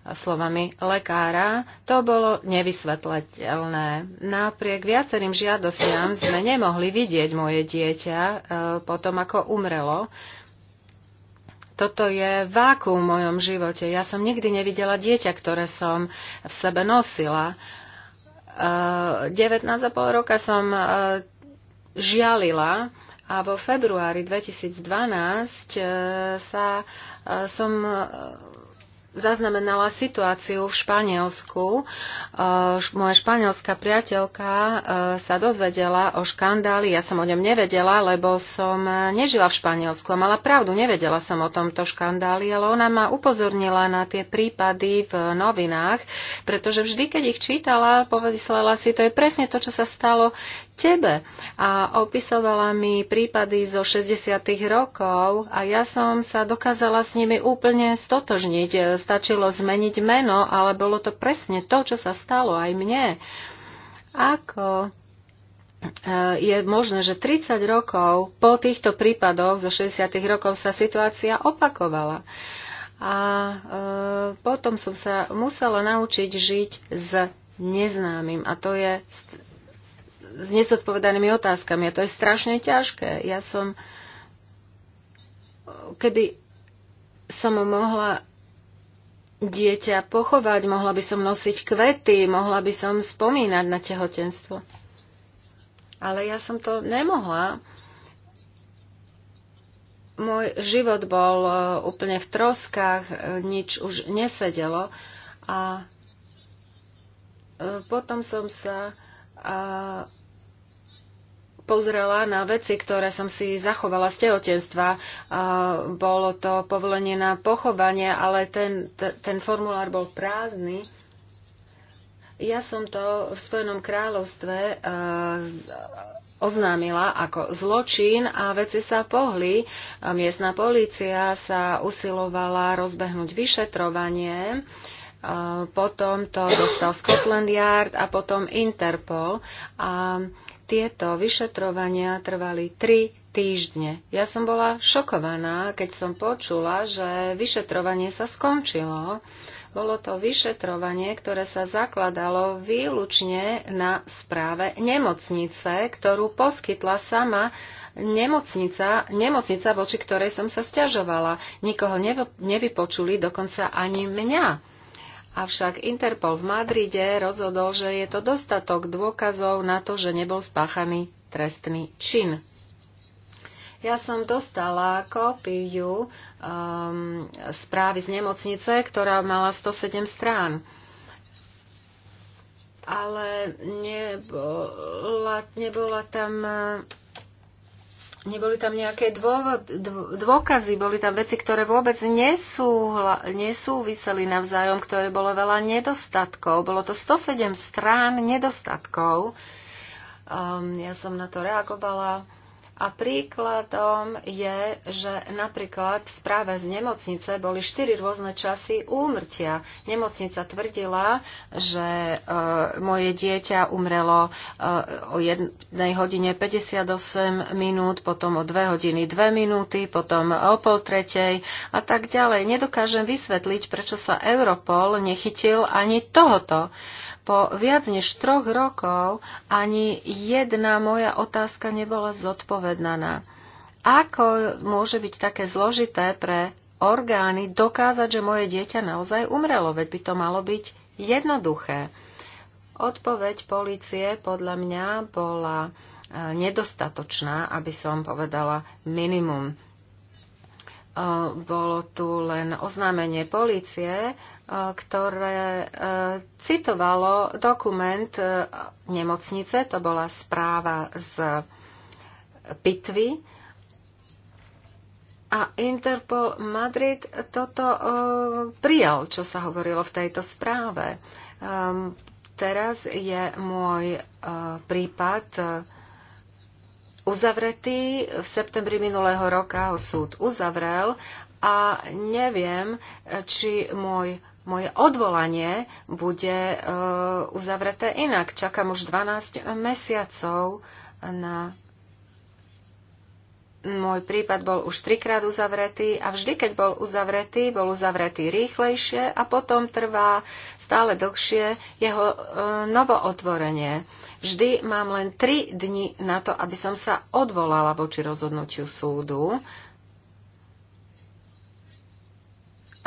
Slovami lekára to bolo nevysvetleteľné. Napriek viacerým žiadostiam sme nemohli vidieť moje dieťa e, potom, ako umrelo. Toto je vákuum v mojom živote. Ja som nikdy nevidela dieťa, ktoré som v sebe nosila. 19,5 e, roka som e, žialila a vo februári 2012 e, sa e, som e, zaznamenala situáciu v Španielsku. Moja španielská priateľka sa dozvedela o škandáli. Ja som o ňom nevedela, lebo som nežila v Španielsku a mala pravdu, nevedela som o tomto škandáli, ale ona ma upozornila na tie prípady v novinách, pretože vždy, keď ich čítala, povedala si, to je presne to, čo sa stalo tebe a opisovala mi prípady zo 60. rokov a ja som sa dokázala s nimi úplne stotožniť. Stačilo zmeniť meno, ale bolo to presne to, čo sa stalo aj mne. Ako eh, je možné, že 30 rokov po týchto prípadoch zo 60. rokov sa situácia opakovala. A e, potom som sa musela naučiť žiť s neznámym. A to je s nezodpovedanými otázkami. A to je strašne ťažké. Ja som, keby som mohla dieťa pochovať, mohla by som nosiť kvety, mohla by som spomínať na tehotenstvo. Ale ja som to nemohla. Môj život bol e, úplne v troskách, e, nič už nesedelo a e, potom som sa pozrela na veci, ktoré som si zachovala z tehotenstva. Bolo to povolenie na pochovanie, ale ten, ten formulár bol prázdny. Ja som to v Spojenom kráľovstve e, oznámila ako zločin a veci sa pohli. Miestna polícia sa usilovala rozbehnúť vyšetrovanie e, potom to dostal Scotland Yard a potom Interpol. A tieto vyšetrovania trvali tri týždne. Ja som bola šokovaná, keď som počula, že vyšetrovanie sa skončilo. Bolo to vyšetrovanie, ktoré sa zakladalo výlučne na správe nemocnice, ktorú poskytla sama nemocnica, nemocnica voči ktorej som sa stiažovala. Nikoho nevypočuli, dokonca ani mňa. Avšak Interpol v Madride rozhodol, že je to dostatok dôkazov na to, že nebol spáchaný trestný čin. Ja som dostala kópiu um, správy z nemocnice, ktorá mala 107 strán. Ale nebola, nebola tam Neboli tam nejaké dôvod, dôkazy, boli tam veci, ktoré vôbec nesúhla, nesúviseli navzájom, ktoré bolo veľa nedostatkov. Bolo to 107 strán nedostatkov. Um, ja som na to reagovala a príkladom je, že napríklad v správe z nemocnice boli štyri rôzne časy úmrtia. Nemocnica tvrdila, že e, moje dieťa umrelo e, o 1 hodine 58 minút, potom o 2 hodiny 2 minúty, potom o pol tretej a tak ďalej. Nedokážem vysvetliť, prečo sa Europol nechytil ani tohoto. E, po viac než troch rokov ani jedna moja otázka nebola zodpovedaná. Ako môže byť také zložité pre orgány dokázať, že moje dieťa naozaj umrelo, veď by to malo byť jednoduché? Odpoveď policie podľa mňa bola eh, nedostatočná, aby som povedala minimum. E, bolo tu len oznámenie policie, e, ktoré e, citovalo dokument nemocnice, to bola správa z pitvy. A Interpol Madrid toto prijal, čo sa hovorilo v tejto správe. Ehm, teraz je môj prípad uzavretý. V septembri minulého roka ho súd uzavrel a neviem, či môj, moje odvolanie bude e, uzavreté inak. Čakám už 12 mesiacov na. Môj prípad bol už trikrát uzavretý a vždy, keď bol uzavretý, bol uzavretý rýchlejšie a potom trvá stále dlhšie jeho e, novootvorenie. Vždy mám len 3 dni na to, aby som sa odvolala voči rozhodnutiu súdu.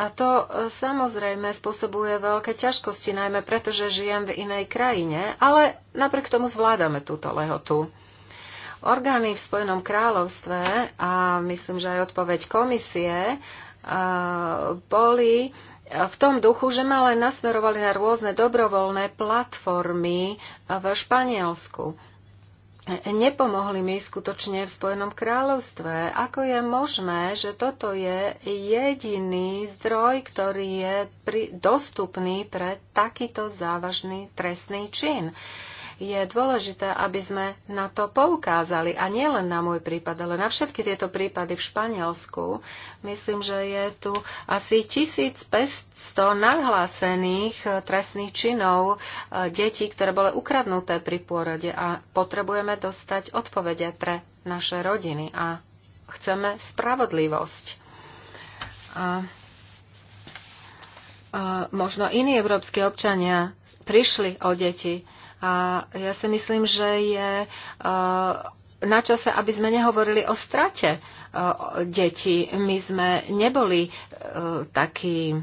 A to e, samozrejme spôsobuje veľké ťažkosti, najmä preto, že žijem v inej krajine, ale napriek tomu zvládame túto lehotu. Orgány v Spojenom kráľovstve a myslím, že aj odpoveď komisie e, boli v tom duchu, že ma len nasmerovali na rôzne dobrovoľné platformy v Španielsku. Nepomohli mi skutočne v Spojenom kráľovstve. Ako je možné, že toto je jediný zdroj, ktorý je pri, dostupný pre takýto závažný trestný čin? Uh, je dôležité, aby sme na to poukázali. A nie len na môj prípad, ale na všetky tieto prípady v Španielsku. Myslím, že je tu asi 1500 nahlásených eh, trestných činov eh, detí, ktoré boli ukradnuté pri pôrode a potrebujeme dostať odpovede pre naše rodiny a chceme spravodlivosť. A eh, možno iní európsky občania prišli o deti a ja si myslím, že je eh, na čase, aby sme nehovorili o strate eh, detí. My sme neboli eh, takí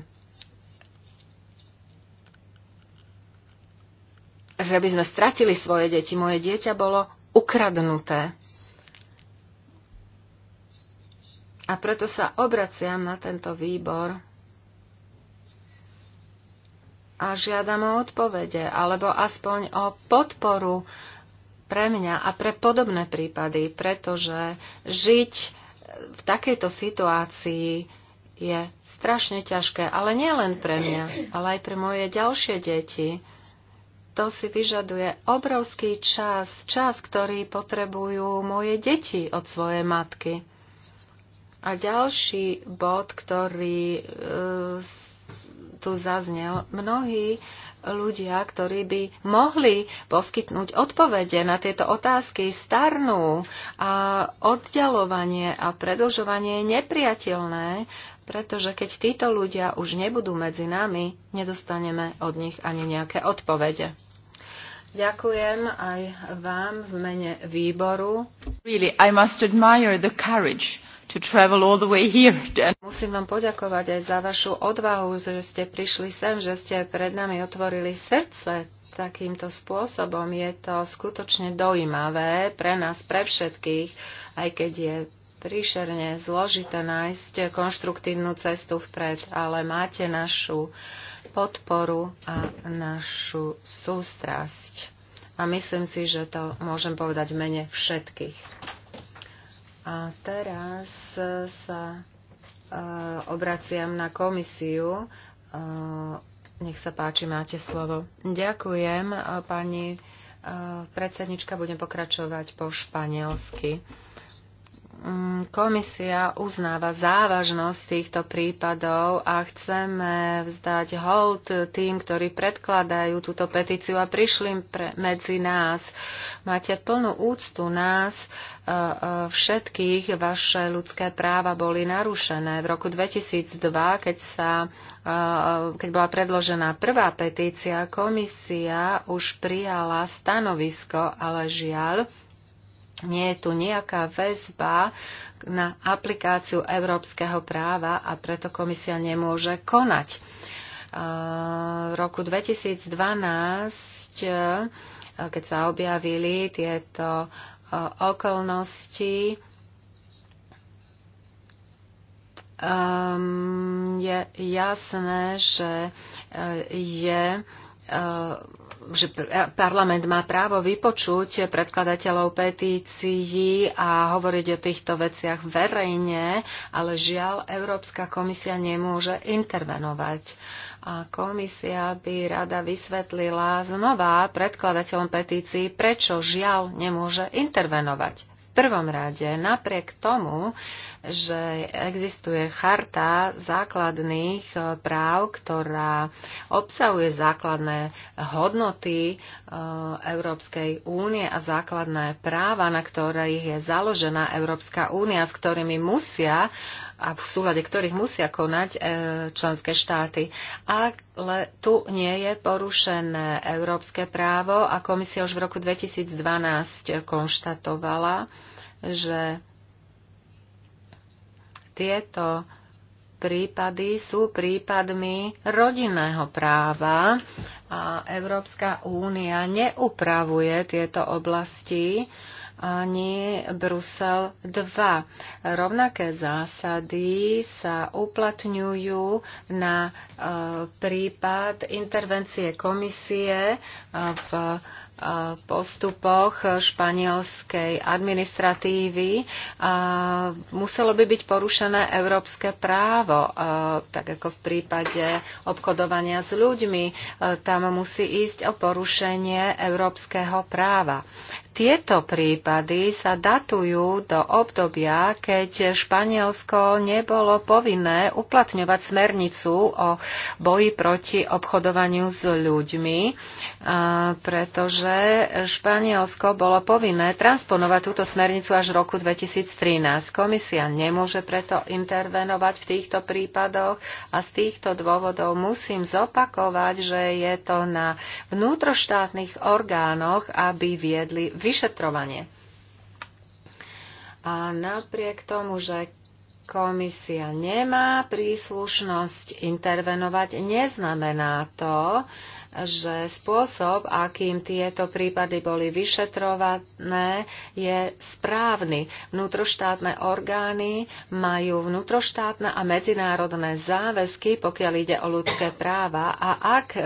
že by sme stratili svoje deti. Moje dieťa bolo ukradnuté. A preto sa obraciam na tento výbor a žiadam o odpovede, alebo aspoň o podporu pre mňa a pre podobné prípady, pretože žiť v takejto situácii je strašne ťažké, ale nie len pre mňa, ale aj pre moje ďalšie deti. To si vyžaduje obrovský čas, čas, ktorý potrebujú moje deti od svojej matky. A ďalší bod, ktorý e, tu zaznel, mnohí ľudia, ktorí by mohli poskytnúť odpovede na tieto otázky, starnú a oddialovanie a predlžovanie je nepriateľné, pretože keď títo ľudia už nebudú medzi nami, nedostaneme od nich ani nejaké odpovede. Ďakujem aj vám v mene výboru. Really, I must admire the courage to travel all the way here. Musím vám poďakovať aj za vašu odvahu, že ste prišli sem, že ste pred nami otvorili srdce takýmto spôsobom. Je to skutočne dojímavé pre nás, pre všetkých, aj keď je príšerne zložité nájsť konštruktívnu cestu vpred, ale máte našu podporu a našu sústrasť. A myslím si, že to môžem povedať v mene všetkých. A teraz e, sa e, obraciam na komisiu. E, nech sa páči, máte slovo. Ďakujem, pani predsednička. Budem pokračovať po španielsky. Mm, komisia uznáva závažnosť týchto prípadov a chceme vzdať hold tým, ktorí predkladajú túto petíciu a prišli pre, medzi nás. Máte plnú úctu nás, e, e, všetkých vaše ľudské práva boli narušené. V roku 2002, keď, sa, e, keď bola predložená prvá petícia, komisia už prijala stanovisko, ale žiaľ, nie je tu nejaká väzba na aplikáciu európskeho práva a preto komisia nemôže konať. V roku 2012, keď sa objavili tieto okolnosti, um, je jasné, že e, je e, že parlament má právo vypočuť predkladateľov petícií a hovoriť o týchto veciach verejne, ale žiaľ Európska komisia nemôže intervenovať. A komisia by rada vysvetlila znova predkladateľom petícií, prečo žiaľ nemôže intervenovať prvom rade, napriek tomu, že existuje charta základných e, práv, ktorá obsahuje základné hodnoty e, Európskej únie a základné práva, na ktorých je založená Európska únia, s ktorými musia a v súlade ktorých musia konať e, členské štáty. Ale tu nie je porušené európske právo a komisia už v roku 2012 konštatovala, že tieto prípady sú prípadmi rodinného práva a Európska únia neupravuje tieto oblasti ani Brusel 2. Rovnaké zásady sa uplatňujú na e, prípad intervencie komisie e, v e, postupoch španielskej administratívy muselo by byť porušené európske právo, tak ako v prípade obchodovania s ľuďmi. Tam musí ísť o porušenie európskeho práva. Tieto prípady sa datujú do obdobia, keď Španielsko nebolo povinné uplatňovať smernicu o boji proti obchodovaniu s ľuďmi, pretože Španielsko bolo povinné transponovať túto smernicu až v roku 2013. Komisia nemôže preto intervenovať v týchto prípadoch a z týchto dôvodov musím zopakovať, že je to na vnútroštátnych orgánoch, aby viedli vyšetrovanie. A napriek tomu, že komisia nemá príslušnosť intervenovať, neznamená to, že spôsob, akým tieto prípady boli vyšetrované, je správny. Vnútroštátne orgány majú vnútroštátne a medzinárodné záväzky, pokiaľ ide o ľudské práva a ak e,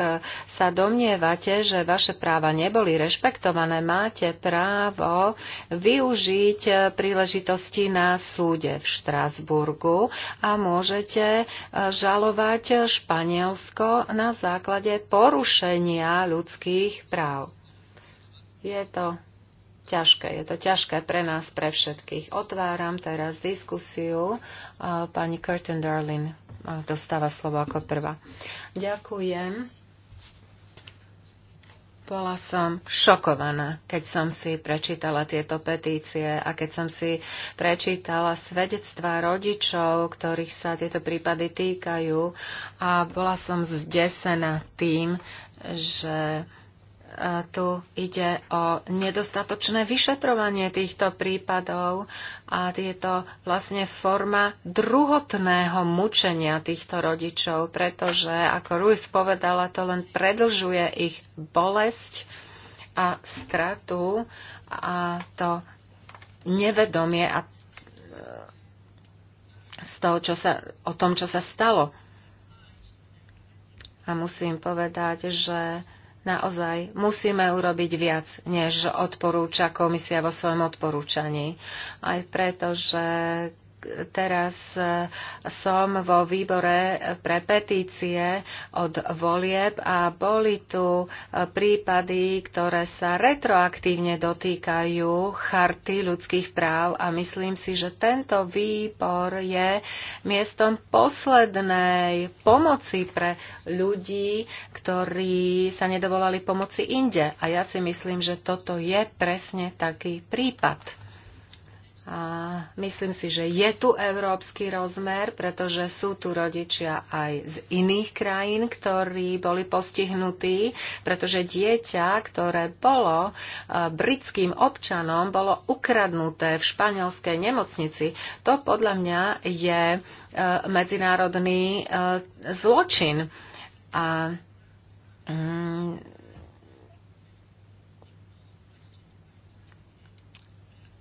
sa domnievate, že vaše práva neboli rešpektované, máte právo využiť e, príležitosti na súde v Štrasburgu a môžete e, žalovať Španielsko na základe porušenia porušenia ľudských práv. Je to ťažké, je to ťažké pre nás, pre všetkých. Otváram teraz diskusiu. Pani Curtin Darlin dostáva slovo ako prvá. Ďakujem. Bola som šokovaná, keď som si prečítala tieto petície a keď som si prečítala svedectvá rodičov, ktorých sa tieto prípady týkajú a bola som zdesená tým, že e, tu ide o nedostatočné vyšetrovanie týchto prípadov a je to vlastne forma druhotného mučenia týchto rodičov, pretože, ako Ruiz povedala, to len predlžuje ich bolesť a stratu a to nevedomie a e, z toho, čo sa, o tom, čo sa stalo. A musím povedať, že naozaj musíme urobiť viac, než odporúča komisia vo svojom odporúčaní. Aj preto, že teraz e, som vo výbore pre petície od volieb a boli tu e, prípady, ktoré sa retroaktívne dotýkajú charty ľudských práv a myslím si, že tento výbor je miestom poslednej pomoci pre ľudí, ktorí sa nedovolali pomoci inde. A ja si myslím, že toto je presne taký prípad. A myslím si, že je tu európsky rozmer, pretože sú tu rodičia aj z iných krajín, ktorí boli postihnutí, pretože dieťa, ktoré bolo e, britským občanom, bolo ukradnuté v španielskej nemocnici. To podľa mňa je e, medzinárodný e, zločin. A mm,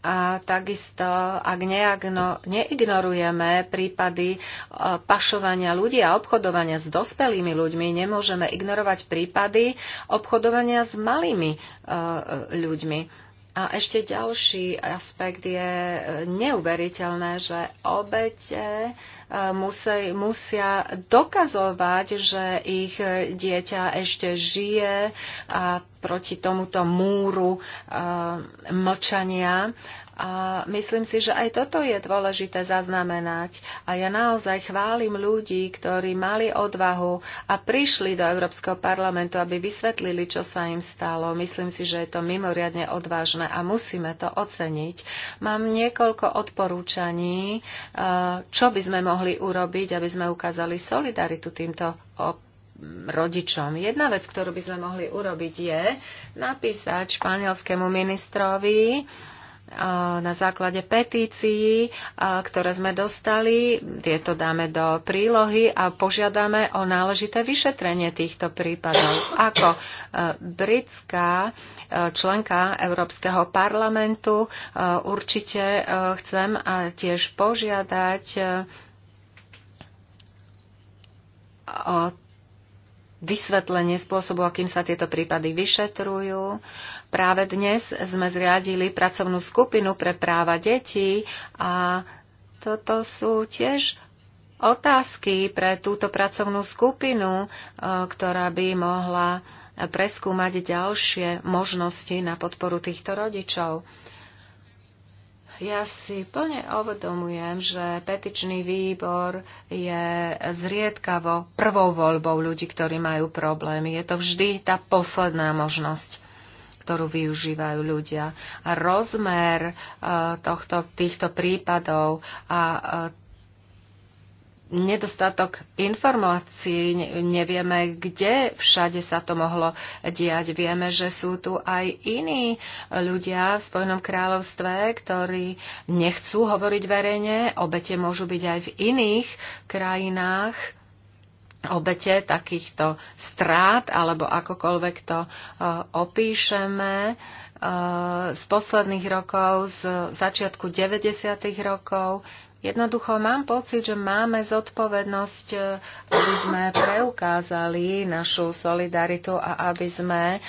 A takisto, ak neagno, neignorujeme prípady e, pašovania ľudí a obchodovania s dospelými ľuďmi, nemôžeme ignorovať prípady obchodovania s malými e, e, ľuďmi a ešte ďalší aspekt je e, neuveriteľné, že obete e, musí, musia dokazovať, že ich dieťa ešte žije a proti tomuto múru e, mlčania a myslím si, že aj toto je dôležité zaznamenať. A ja naozaj chválim ľudí, ktorí mali odvahu a prišli do Európskeho parlamentu, aby vysvetlili, čo sa im stalo. Myslím si, že je to mimoriadne odvážne a musíme to oceniť. Mám niekoľko odporúčaní, eh, čo by sme mohli urobiť, aby sme ukázali solidaritu týmto rodičom. Jedna vec, ktorú by sme mohli urobiť, je napísať španielskému ministrovi, na základe petícií, ktoré sme dostali. Tieto dáme do prílohy a požiadame o náležité vyšetrenie týchto prípadov. Ako e, britská e, členka Európskeho parlamentu e, určite chcem tiež požiadať o vysvetlenie spôsobu, akým sa tieto prípady vyšetrujú, Práve dnes sme zriadili pracovnú skupinu pre práva detí a toto sú tiež otázky pre túto pracovnú skupinu, e, ktorá by mohla preskúmať ďalšie možnosti na podporu týchto rodičov. Ja si plne ovedomujem, že petičný výbor je zriedkavo prvou voľbou ľudí, ktorí majú problémy. Je to vždy tá posledná možnosť ktorú využívajú ľudia. A rozmer e, tohto, týchto prípadov a e, nedostatok informácií, nevieme, kde všade sa to mohlo diať. Vieme, že sú tu aj iní ľudia v Spojenom kráľovstve, ktorí nechcú hovoriť verejne. Obete môžu byť aj v iných krajinách obete takýchto strát, alebo akokoľvek to e, opíšeme, e, z posledných rokov, z začiatku 90. rokov, Jednoducho mám pocit, že máme zodpovednosť, eh, aby sme preukázali našu solidaritu a aby sme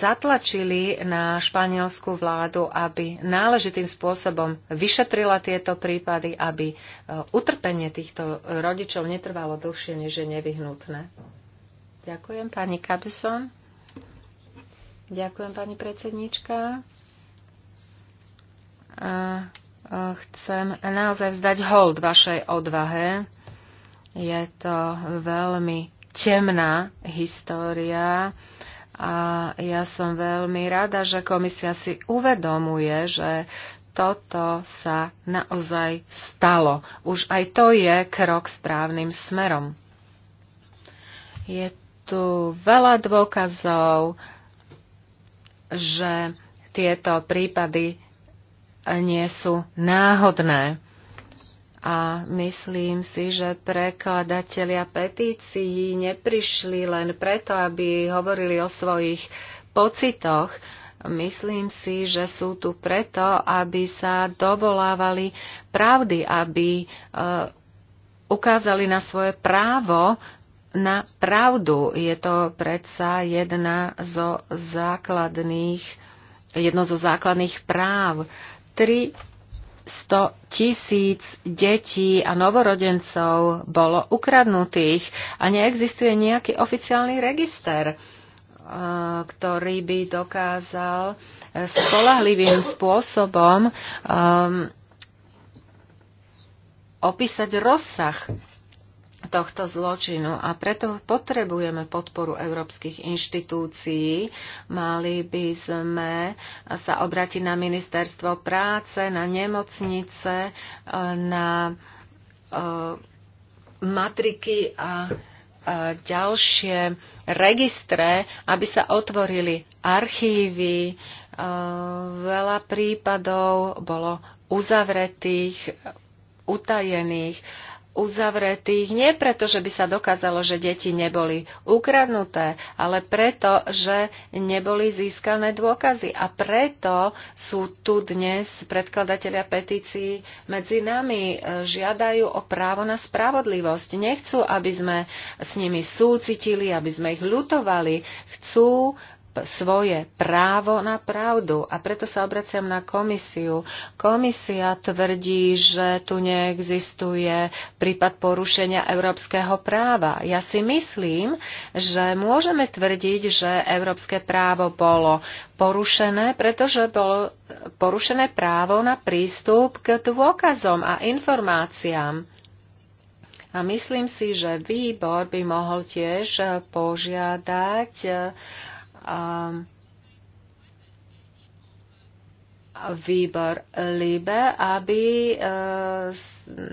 zatlačili na španielskú vládu, aby náležitým spôsobom vyšetrila tieto prípady, aby eh, utrpenie týchto rodičov netrvalo dlhšie, než je nevyhnutné. Ďakujem, pani Kabison. Ďakujem, pani predsednička. Eh, chcem naozaj vzdať hold vašej odvahe. Je to veľmi temná história a ja som veľmi rada, že komisia si uvedomuje, že toto sa naozaj stalo. Už aj to je krok správnym smerom. Je tu veľa dôkazov, že tieto prípady nie sú náhodné. A myslím si, že prekladatelia petícií neprišli len preto, aby hovorili o svojich pocitoch. Myslím si, že sú tu preto, aby sa dovolávali pravdy, aby e, ukázali na svoje právo na pravdu. Je to predsa jedna zo základných, jedno zo základných práv. 300 tisíc detí a novorodencov bolo ukradnutých a neexistuje nejaký oficiálny register, eh, ktorý by dokázal eh, spolahlivým spôsobom ehm, opísať rozsah tohto zločinu a preto potrebujeme podporu európskych inštitúcií. Mali by sme sa obratiť na ministerstvo práce, na nemocnice, e, na e, matriky a e, ďalšie registre, aby sa otvorili archívy. Veľa prípadov bolo uzavretých, utajených uzavretých nie preto, že by sa dokázalo, že deti neboli ukradnuté, ale preto, že neboli získané dôkazy. A preto sú tu dnes predkladatelia petícií medzi nami, e, žiadajú o právo na spravodlivosť. Nechcú, aby sme s nimi súcitili, aby sme ich ľutovali. Chcú svoje právo na pravdu. A preto sa obraciam na komisiu. Komisia tvrdí, že tu neexistuje prípad porušenia európskeho práva. Ja si myslím, že môžeme tvrdiť, že európske právo bolo porušené, pretože bolo porušené právo na prístup k dôkazom a informáciám. A myslím si, že výbor by mohol tiež požiadať výbor LIBE, aby e,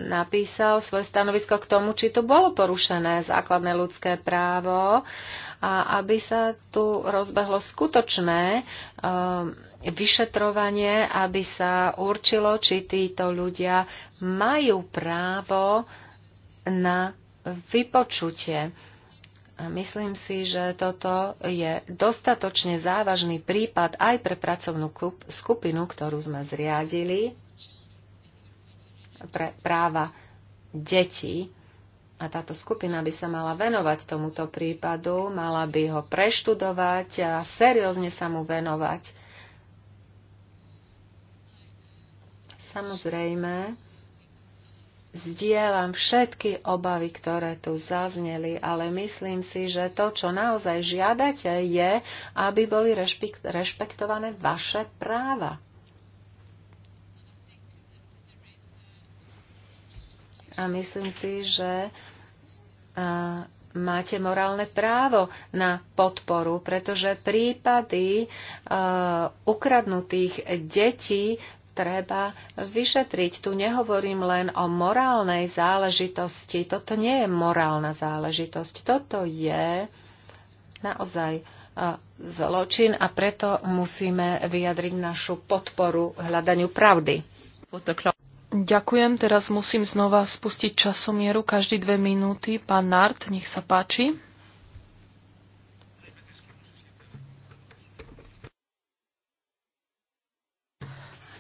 napísal svoje stanovisko k tomu, či tu bolo porušené základné ľudské právo a aby sa tu rozbehlo skutočné e, vyšetrovanie, aby sa určilo, či títo ľudia majú právo na vypočutie Myslím si, že toto je dostatočne závažný prípad aj pre pracovnú skupinu, ktorú sme zriadili pre práva detí. A táto skupina by sa mala venovať tomuto prípadu, mala by ho preštudovať a seriózne sa mu venovať. Samozrejme, Zdieľam všetky obavy, ktoré tu zazneli, ale myslím si, že to, čo naozaj žiadate, je, aby boli rešpektované vaše práva. A myslím si, že máte morálne právo na podporu, pretože prípady uh, ukradnutých detí treba vyšetriť. Tu nehovorím len o morálnej záležitosti. Toto nie je morálna záležitosť. Toto je naozaj e, zločin a preto musíme vyjadriť našu podporu hľadaniu pravdy. Ďakujem, teraz musím znova spustiť časomieru každý dve minúty. Pán Nart, nech sa páči.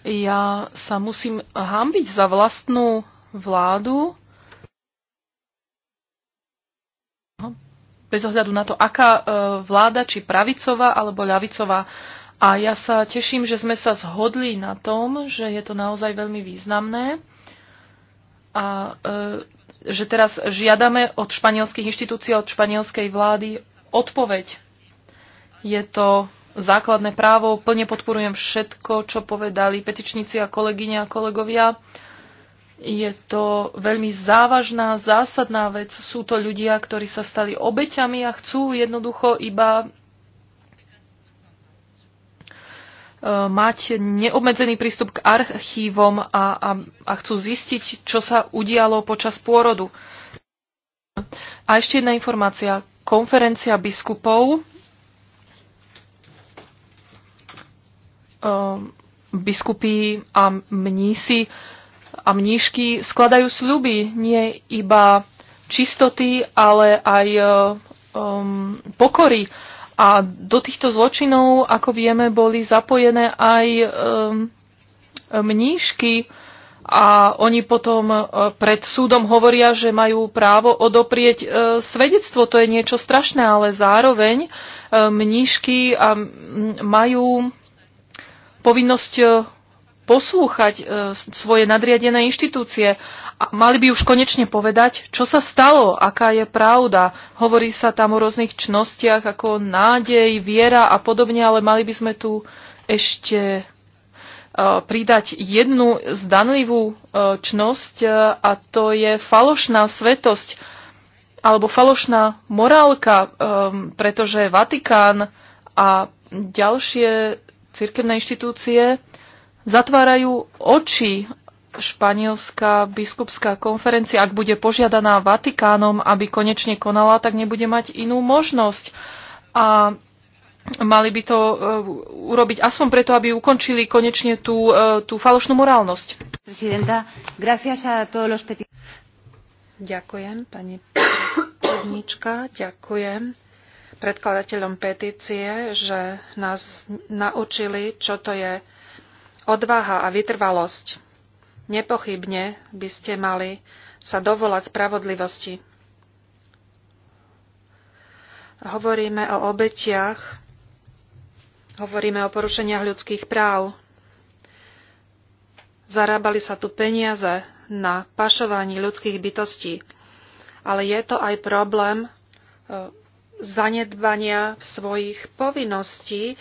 Ja sa musím hambiť za vlastnú vládu, bez ohľadu na to, aká e, vláda, či pravicová alebo ľavicová. A ja sa teším, že sme sa zhodli na tom, že je to naozaj veľmi významné a e, že teraz žiadame od španielských inštitúcií, od španielskej vlády odpoveď. Je to základné právo. Plne podporujem všetko, čo povedali petičníci a kolegyne a kolegovia. Je to veľmi závažná, zásadná vec. Sú to ľudia, ktorí sa stali obeťami a chcú jednoducho iba e, mať neobmedzený prístup k archívom a, a, a chcú zistiť, čo sa udialo počas pôrodu. A ešte jedna informácia. Konferencia biskupov Ehm, biskupy a mnísi a mníšky skladajú sľuby nie iba čistoty, ale aj um, pokory. A do týchto zločinov, ako vieme, boli zapojené aj um, mníšky a oni potom e, pred súdom hovoria, že majú právo odoprieť e, svedectvo. To je niečo strašné, ale zároveň e, mníšky a, m, majú povinnosť e, poslúchať e, svoje nadriadené inštitúcie. A mali by už konečne povedať, čo sa stalo, aká je pravda. Hovorí sa tam o rôznych čnostiach ako nádej, viera a podobne, ale mali by sme tu ešte e, pridať jednu zdanlivú čnosť a to je falošná svetosť alebo falošná morálka, pretože Vatikán a ďalšie cirkevné inštitúcie zatvárajú oči Španielská biskupská konferencia, ak bude požiadaná Vatikánom, aby konečne konala, tak nebude mať inú možnosť. A mali by to e, urobiť aspoň preto, aby ukončili konečne tú, e, tú falošnú morálnosť. Ďakujem, pani prednička, Ďakujem predkladateľom petície, že nás naučili, čo to je odvaha a vytrvalosť. Nepochybne by ste mali sa dovolať spravodlivosti. Hovoríme o obetiach, hovoríme o porušeniach ľudských práv. Zarábali sa tu peniaze na pašovaní ľudských bytostí, ale je to aj problém e, zanedbania svojich povinností.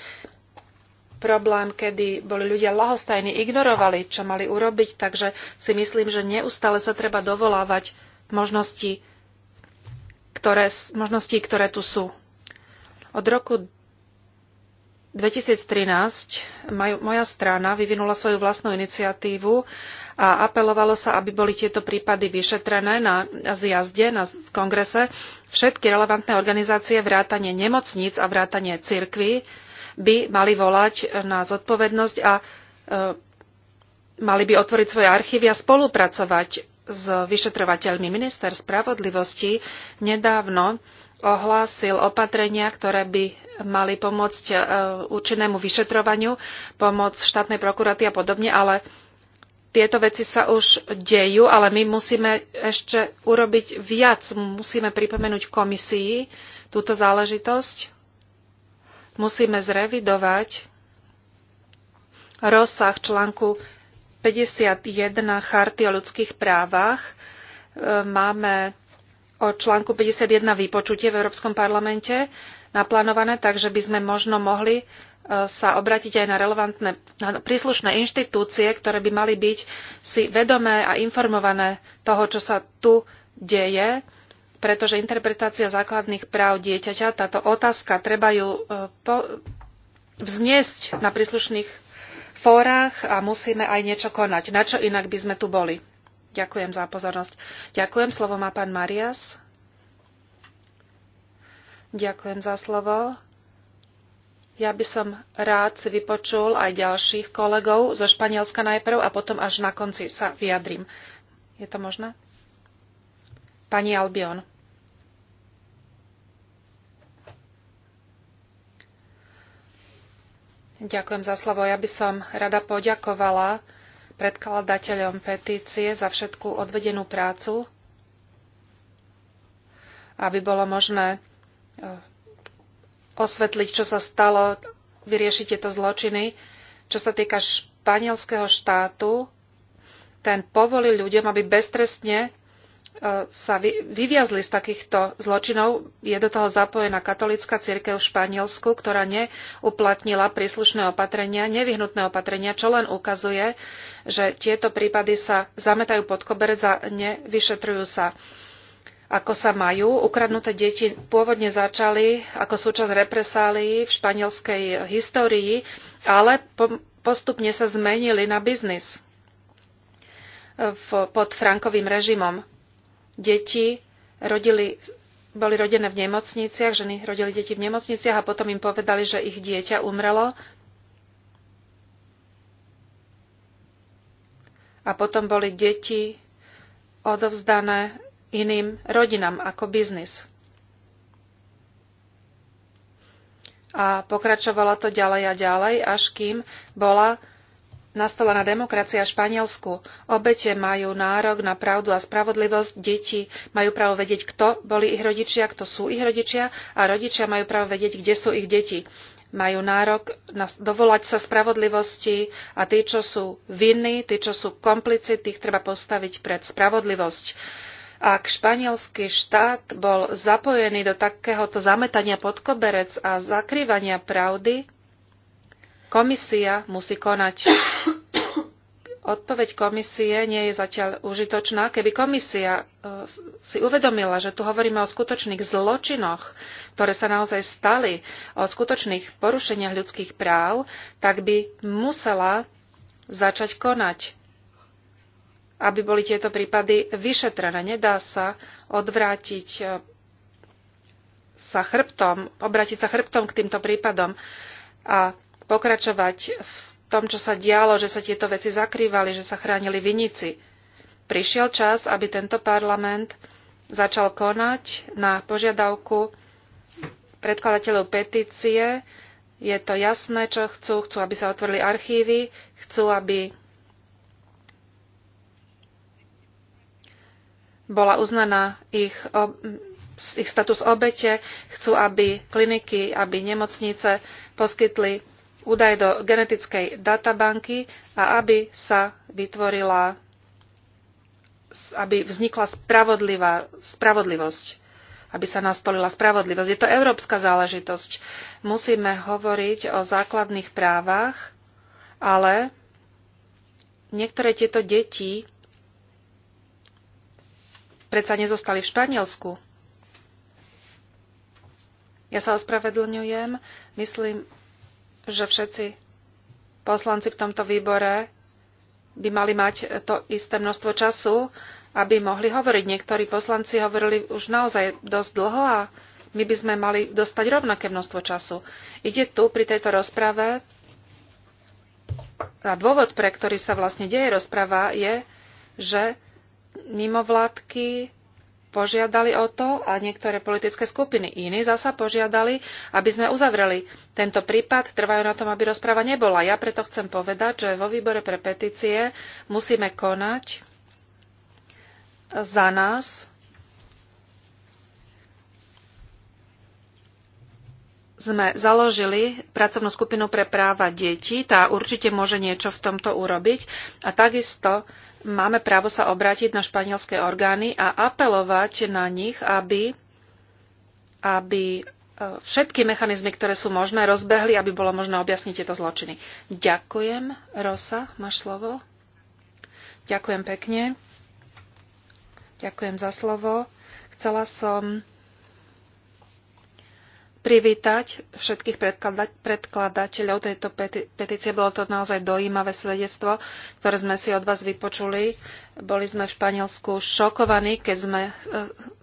Problém, kedy boli ľudia lahostajní, ignorovali, čo mali urobiť, takže si myslím, že neustále sa treba dovolávať možnosti, ktoré, možnosti, ktoré tu sú. Od roku 2013 maj, moja strana vyvinula svoju vlastnú iniciatívu a apelovalo sa, aby boli tieto prípady vyšetrené na zjazde, na kongrese. Všetky relevantné organizácie, vrátanie nemocníc a vrátanie cirkvy by mali volať na zodpovednosť a e, mali by otvoriť svoje archívy a spolupracovať s vyšetrovateľmi. Minister spravodlivosti nedávno ohlásil opatrenia, ktoré by mali pomôcť e, účinnému vyšetrovaniu, pomoc štátnej prokuraty a podobne, ale tieto veci sa už dejú, ale my musíme ešte urobiť viac. Musíme pripomenúť komisii túto záležitosť. Musíme zrevidovať rozsah článku 51 Charty o ľudských právach. E, máme o článku 51 vypočutie v Európskom parlamente naplánované, takže by sme možno mohli sa obrátiť aj na relevantné na príslušné inštitúcie, ktoré by mali byť si vedomé a informované toho, čo sa tu deje, pretože interpretácia základných práv dieťaťa, táto otázka, treba ju e, po, vzniesť na príslušných fórach a musíme aj niečo konať. Na čo inak by sme tu boli? Ďakujem za pozornosť. Ďakujem. Slovo má pán Marias. Ďakujem za slovo. Ja by som rád si vypočul aj ďalších kolegov zo Španielska najprv a potom až na konci sa vyjadrím. Je to možné? Pani Albion. Ďakujem za slovo. Ja by som rada poďakovala predkladateľom petície za všetkú odvedenú prácu, aby bolo možné eh, osvetliť, čo sa stalo, vyriešiť tieto zločiny. Čo sa týka španielského štátu, ten povolí ľuďom, aby beztrestne e, sa vyviazli z takýchto zločinov. Je do toho zapojená katolická církev v Španielsku, ktorá neuplatnila príslušné opatrenia, nevyhnutné opatrenia, čo len ukazuje, že tieto prípady sa zametajú pod koberec a nevyšetrujú sa ako sa majú. Ukradnuté deti pôvodne začali ako súčasť represálií v španielskej histórii, ale po, postupne sa zmenili na biznis eh, v, pod Frankovým režimom. Deti rodili, boli rodené v nemocniciach, ženy rodili deti v nemocniciach a potom im povedali, že ich dieťa umrelo. A potom boli deti odovzdané iným rodinám ako biznis. A pokračovala to ďalej a ďalej, až kým bola nastolená demokracia v Španielsku. Obete majú nárok na pravdu a spravodlivosť, deti majú právo vedieť, kto boli ich rodičia, kto sú ich rodičia a rodičia majú právo vedieť, kde sú ich deti. Majú nárok na dovolať sa spravodlivosti a tí, čo sú vinní, tí, čo sú komplici, tých treba postaviť pred spravodlivosť ak španielský štát bol zapojený do takéhoto zametania pod koberec a zakrývania pravdy, komisia musí konať. Odpoveď komisie nie je zatiaľ užitočná. Keby komisia e, si uvedomila, že tu hovoríme o skutočných zločinoch, ktoré sa naozaj stali, o skutočných porušeniach ľudských práv, tak by musela začať konať aby boli tieto prípady vyšetrené. Nedá sa odvrátiť eh, sa chrbtom, obrátiť sa chrbtom k týmto prípadom a pokračovať v tom, čo sa dialo, že sa tieto veci zakrývali, že sa chránili vinici. Prišiel čas, aby tento parlament začal konať na požiadavku predkladateľov petície. Je to jasné, čo chcú. Chcú, aby sa otvorili archívy, chcú, aby bola uznaná ich, ich status obete, chcú, aby kliniky, aby nemocnice poskytli údaj do genetickej databanky a aby sa vytvorila, aby vznikla spravodlivá spravodlivosť aby sa nastolila spravodlivosť. Je to európska záležitosť. Musíme hovoriť o základných právach, ale niektoré tieto deti predsa nezostali v Španielsku. Ja sa ospravedlňujem. Myslím, že všetci poslanci v tomto výbore by mali mať to isté množstvo času, aby mohli hovoriť. Niektorí poslanci hovorili už naozaj dosť dlho a my by sme mali dostať rovnaké množstvo času. Ide tu pri tejto rozprave a dôvod, pre ktorý sa vlastne deje rozprava, je, že mimovládky požiadali o to a niektoré politické skupiny. Iní zasa požiadali, aby sme uzavreli tento prípad. Trvajú na tom, aby rozpráva nebola. Ja preto chcem povedať, že vo výbore pre petície musíme konať za nás sme založili pracovnú skupinu pre práva detí. Tá určite môže niečo v tomto urobiť. A takisto máme právo sa obrátiť na španielské orgány a apelovať na nich, aby, aby e, všetky mechanizmy, ktoré sú možné, rozbehli, aby bolo možné objasniť tieto zločiny. Ďakujem. Rosa, máš slovo? Ďakujem pekne. Ďakujem za slovo. Chcela som privítať všetkých predkladateľov tejto petície. Bolo to naozaj dojímavé svedectvo, ktoré sme si od vás vypočuli. Boli sme v Španielsku šokovaní, keď sme e,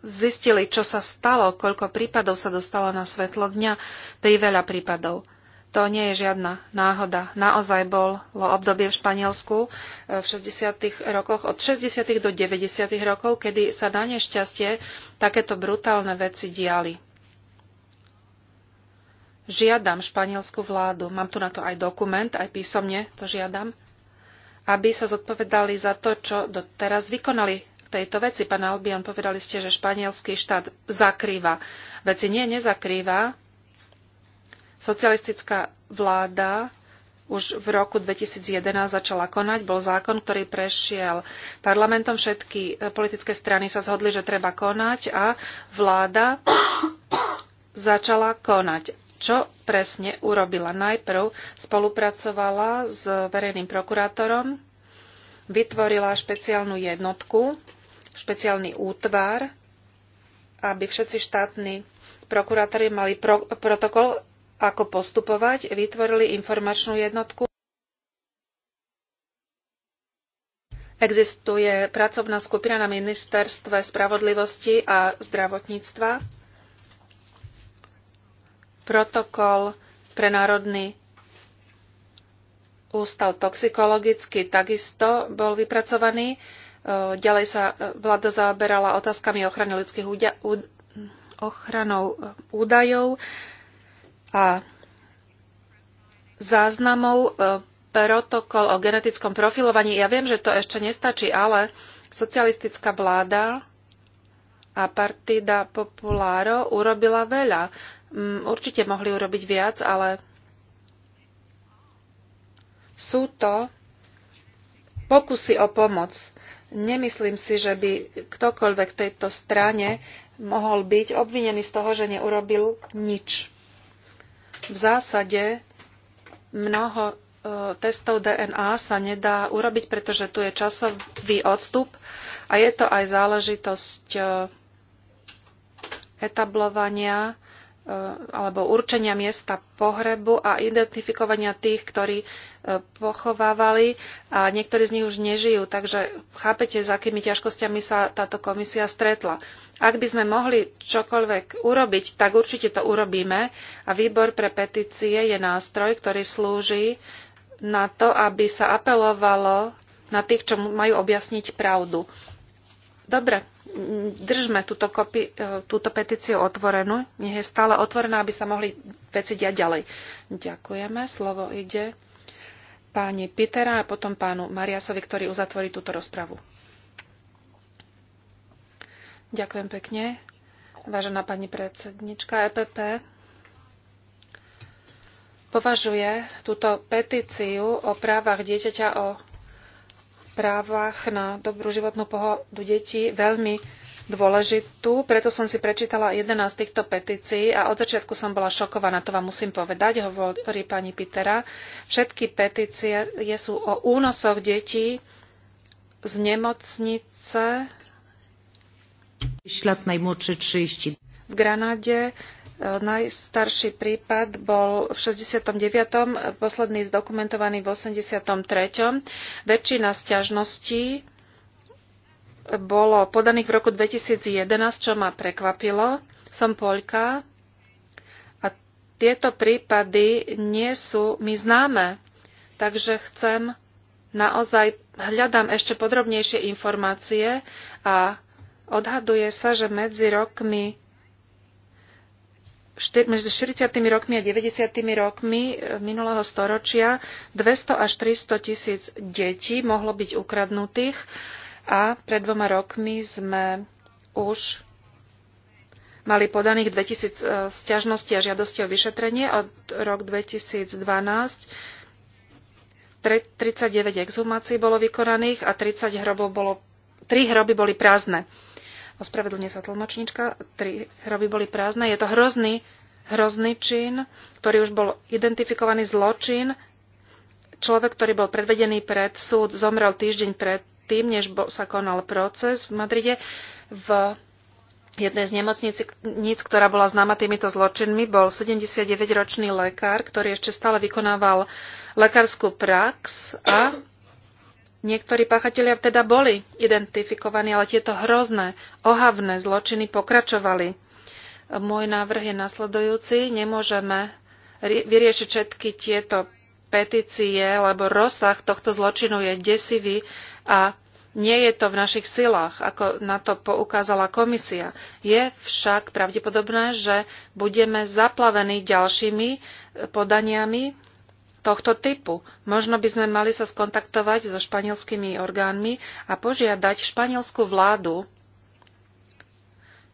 zistili, čo sa stalo, koľko prípadov sa dostalo na svetlo dňa, pri veľa prípadov. To nie je žiadna náhoda. Naozaj bolo obdobie v Španielsku e, v 60. rokoch, od 60. do 90. rokov, kedy sa na nešťastie takéto brutálne veci diali žiadam španielsku vládu, mám tu na to aj dokument, aj písomne to žiadam, aby sa zodpovedali za to, čo doteraz vykonali v tejto veci. Pán Albion, povedali ste, že španielský štát zakrýva. Veci nie, nezakrýva. Socialistická vláda už v roku 2011 začala konať. Bol zákon, ktorý prešiel parlamentom. Všetky e, politické strany sa zhodli, že treba konať a vláda začala konať čo presne urobila. Najprv spolupracovala s verejným prokurátorom, vytvorila špeciálnu jednotku, špeciálny útvar, aby všetci štátni prokurátori mali pro, protokol, ako postupovať, vytvorili informačnú jednotku. Existuje pracovná skupina na ministerstve spravodlivosti a zdravotníctva protokol pre Národný ústav toxikologicky takisto bol vypracovaný. E, ďalej sa e, vláda zaoberala otázkami ochrany ľudských ochranou e, údajov a záznamov protokol o genetickom profilovaní. Ja viem, že to ešte nestačí, ale socialistická vláda a partida Populáro urobila veľa. Mm, určite mohli urobiť viac, ale sú to pokusy o pomoc. Nemyslím si, že by ktokoľvek v tejto strane mohol byť obvinený z toho, že neurobil nič. V zásade mnoho e, testov DNA sa nedá urobiť, pretože tu je časový odstup a je to aj záležitosť e, etablovania Eh, alebo určenia miesta pohrebu a identifikovania tých, ktorí eh, pochovávali a niektorí z nich už nežijú. Takže chápete, s akými ťažkosťami sa táto komisia stretla. Ak by sme mohli čokoľvek urobiť, tak určite to urobíme a výbor pre petície je nástroj, ktorý slúži na to, aby sa apelovalo na tých, čo majú objasniť pravdu. Dobre, držme túto, kopi, e, túto petíciu otvorenú, nech je stále otvorená, aby sa mohli veci diať ďalej. Ďakujeme. Slovo ide páni Pitera a potom pánu Mariasovi, ktorý uzatvorí túto rozpravu. Ďakujem pekne. Vážená pani predsednička EPP považuje túto petíciu o právach dieťaťa o právach na dobrú životnú pohodu detí veľmi dôležitú, preto som si prečítala 11 z týchto petícií a od začiatku som bola šokovaná, to vám musím povedať, hovorí pani Pitera. Všetky petície sú o únosoch detí z nemocnice v Granade Najstarší prípad bol v 69., posledný zdokumentovaný v 83. Väčšina sťažností bolo podaných v roku 2011, čo ma prekvapilo. Som Poľka a tieto prípady nie sú mi známe, takže chcem naozaj hľadám ešte podrobnejšie informácie a odhaduje sa, že medzi rokmi medzi 40. rokmi a 90. rokmi e, minulého storočia 200 až 300 tisíc detí mohlo byť ukradnutých a pred dvoma rokmi sme už mali podaných 2000 e, stiažností a žiadosti o vyšetrenie od rok 2012 39 exhumácií bolo vykonaných a 30 hrobov bolo, 3 hroby boli prázdne. Ospravedlne sa tlmočnička, tri hroby boli prázdne. Je to hrozný, hrozný čin, ktorý už bol identifikovaný zločin. Človek, ktorý bol predvedený pred súd, zomrel týždeň pred tým, než sa konal proces v Madride. V jednej z nemocníc, ktorá bola známa týmito zločinmi, bol 79-ročný lekár, ktorý ešte stále vykonával lekárskú prax a Niektorí pachatelia teda boli identifikovaní, ale tieto hrozné, ohavné zločiny pokračovali. Môj návrh je nasledujúci. Nemôžeme vyriešiť všetky tieto petície, lebo rozsah tohto zločinu je desivý a nie je to v našich silách, ako na to poukázala komisia. Je však pravdepodobné, že budeme zaplavení ďalšími podaniami tohto typu. Možno by sme mali sa skontaktovať so španielskými orgánmi a požiadať španielskú vládu,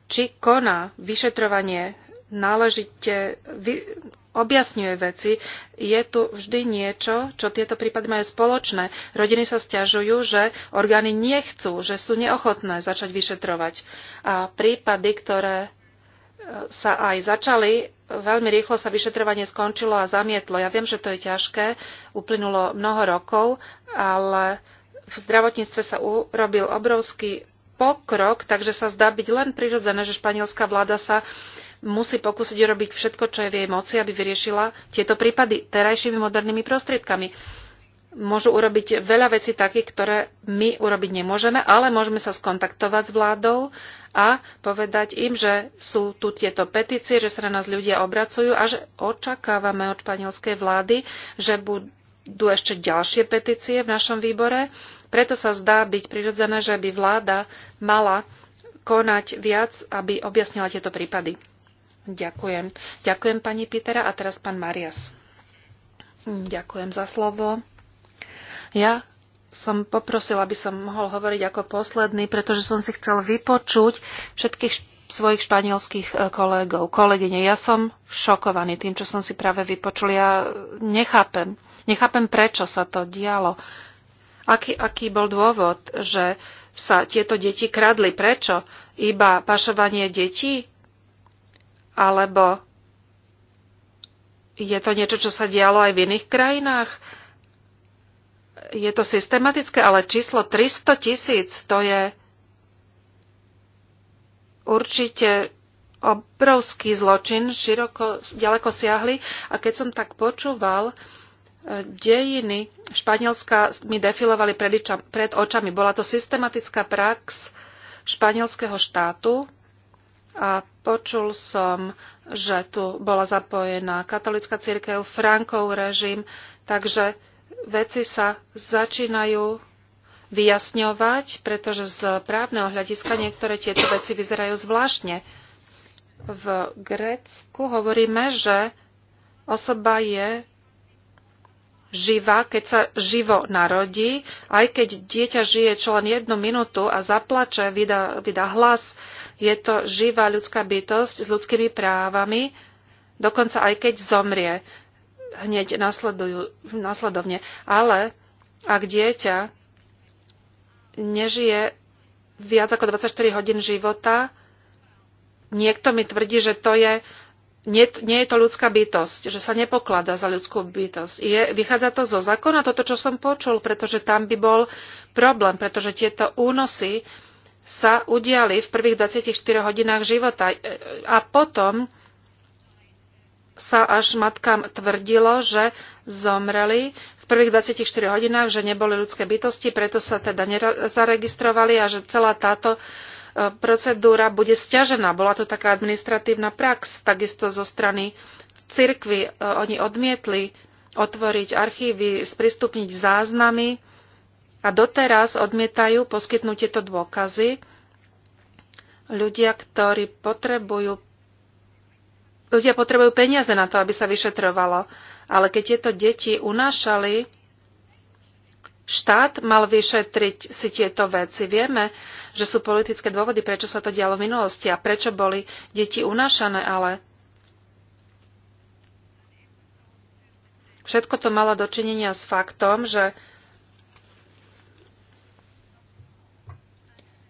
či koná vyšetrovanie náležite vy, objasňuje veci. Je tu vždy niečo, čo tieto prípady majú spoločné. Rodiny sa stiažujú, že orgány nechcú, že sú neochotné začať vyšetrovať. A prípady, ktoré sa aj začali, veľmi rýchlo sa vyšetrovanie skončilo a zamietlo. Ja viem, že to je ťažké, uplynulo mnoho rokov, ale v zdravotníctve sa urobil obrovský pokrok, takže sa zdá byť len prirodzené, že španielská vláda sa musí pokúsiť urobiť všetko, čo je v jej moci, aby vyriešila tieto prípady terajšími modernými prostriedkami môžu urobiť veľa vecí takých, ktoré my urobiť nemôžeme, ale môžeme sa skontaktovať s vládou a povedať im, že sú tu tieto petície, že sa na nás ľudia obracujú a že očakávame od španielskej vlády, že budú ešte ďalšie petície v našom výbore. Preto sa zdá byť prirodzené, že by vláda mala konať viac, aby objasnila tieto prípady. Ďakujem. Ďakujem pani Pitera a teraz pán Marias. Hm, ďakujem za slovo. Ja som poprosila, aby som mohol hovoriť ako posledný, pretože som si chcel vypočuť všetkých svojich španielských e, kolegov, kolegyne. Ja som šokovaný tým, čo som si práve vypočul. Ja nechápem, nechápem, prečo sa to dialo. Aký, aký bol dôvod, že sa tieto deti kradli? Prečo? Iba pašovanie detí? Alebo je to niečo, čo sa dialo aj v iných krajinách? je to systematické, ale číslo 300 tisíc to je určite obrovský zločin, široko, ďaleko siahli. A keď som tak počúval, e, dejiny Španielska mi defilovali pred, pred očami. Bola to systematická prax španielského štátu a počul som, že tu bola zapojená katolická církev, Frankov režim, takže veci sa začínajú vyjasňovať, pretože z právneho hľadiska niektoré tieto veci vyzerajú zvláštne. V Grécku hovoríme, že osoba je živá, keď sa živo narodí, aj keď dieťa žije čo len jednu minútu a zaplače, vydá, vydá hlas, je to živá ľudská bytosť s ľudskými právami, dokonca aj keď zomrie hneď nasledujú, nasledovne. Ale ak dieťa nežije viac ako 24 hodín života, niekto mi tvrdí, že to je, nie, nie je to ľudská bytosť, že sa nepoklada za ľudskú bytosť. Je, vychádza to zo zákona, toto, čo som počul, pretože tam by bol problém, pretože tieto únosy sa udiali v prvých 24 hodinách života e, e, a potom sa až matkám tvrdilo, že zomreli v prvých 24 hodinách, že neboli ľudské bytosti, preto sa teda nezaregistrovali a že celá táto e, procedúra bude stiažená. Bola to taká administratívna prax, takisto zo strany cirkvy. E, oni odmietli otvoriť archívy, sprístupniť záznamy a doteraz odmietajú poskytnúť tieto dôkazy. Ľudia, ktorí potrebujú ľudia potrebujú peniaze na to, aby sa vyšetrovalo. Ale keď tieto deti unášali, štát mal vyšetriť si tieto veci. Vieme, že sú politické dôvody, prečo sa to dialo v minulosti a prečo boli deti unášané, ale všetko to malo dočinenia s faktom, že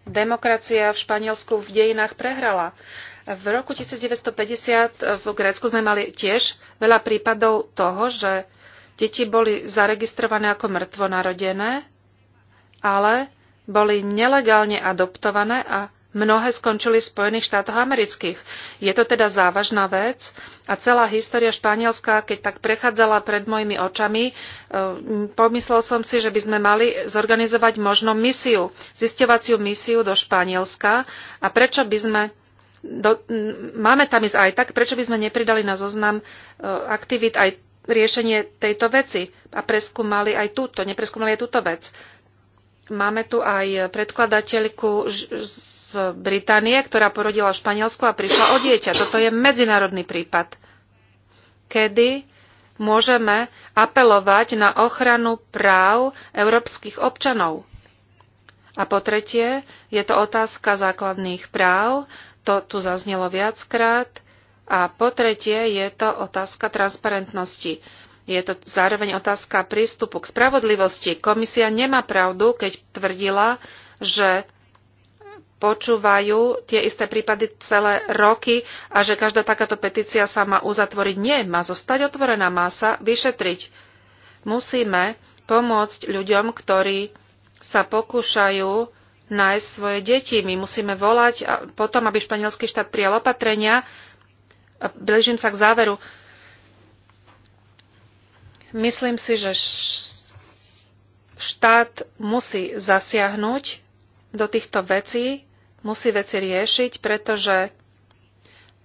demokracia v Španielsku v dejinách prehrala. V roku 1950 v Grécku sme mali tiež veľa prípadov toho, že deti boli zaregistrované ako mŕtvonarodené, ale boli nelegálne adoptované a mnohé skončili v Spojených štátoch amerických. Je to teda závažná vec a celá história Španielska, keď tak prechádzala pred mojimi očami, e, pomyslel som si, že by sme mali zorganizovať možno misiu, zisťovaciu misiu do Španielska a prečo by sme do, máme tam ísť aj tak, prečo by sme nepridali na zoznam e, aktivít aj riešenie tejto veci a preskúmali aj túto, nepreskúmali aj túto vec. Máme tu aj predkladateľku z Británie, ktorá porodila v Španielsku a prišla o dieťa. Toto je medzinárodný prípad, kedy môžeme apelovať na ochranu práv európskych občanov. A po tretie, je to otázka základných práv, to tu zaznelo viackrát. A po tretie je to otázka transparentnosti. Je to zároveň otázka prístupu k spravodlivosti. Komisia nemá pravdu, keď tvrdila, že počúvajú tie isté prípady celé roky a že každá takáto petícia sa má uzatvoriť. Nie, má zostať otvorená, má sa vyšetriť. Musíme pomôcť ľuďom, ktorí sa pokúšajú nájsť svoje deti. My musíme volať potom, aby španielský štát prijal opatrenia. Blížim sa k záveru. Myslím si, že štát musí zasiahnuť do týchto vecí, musí veci riešiť, pretože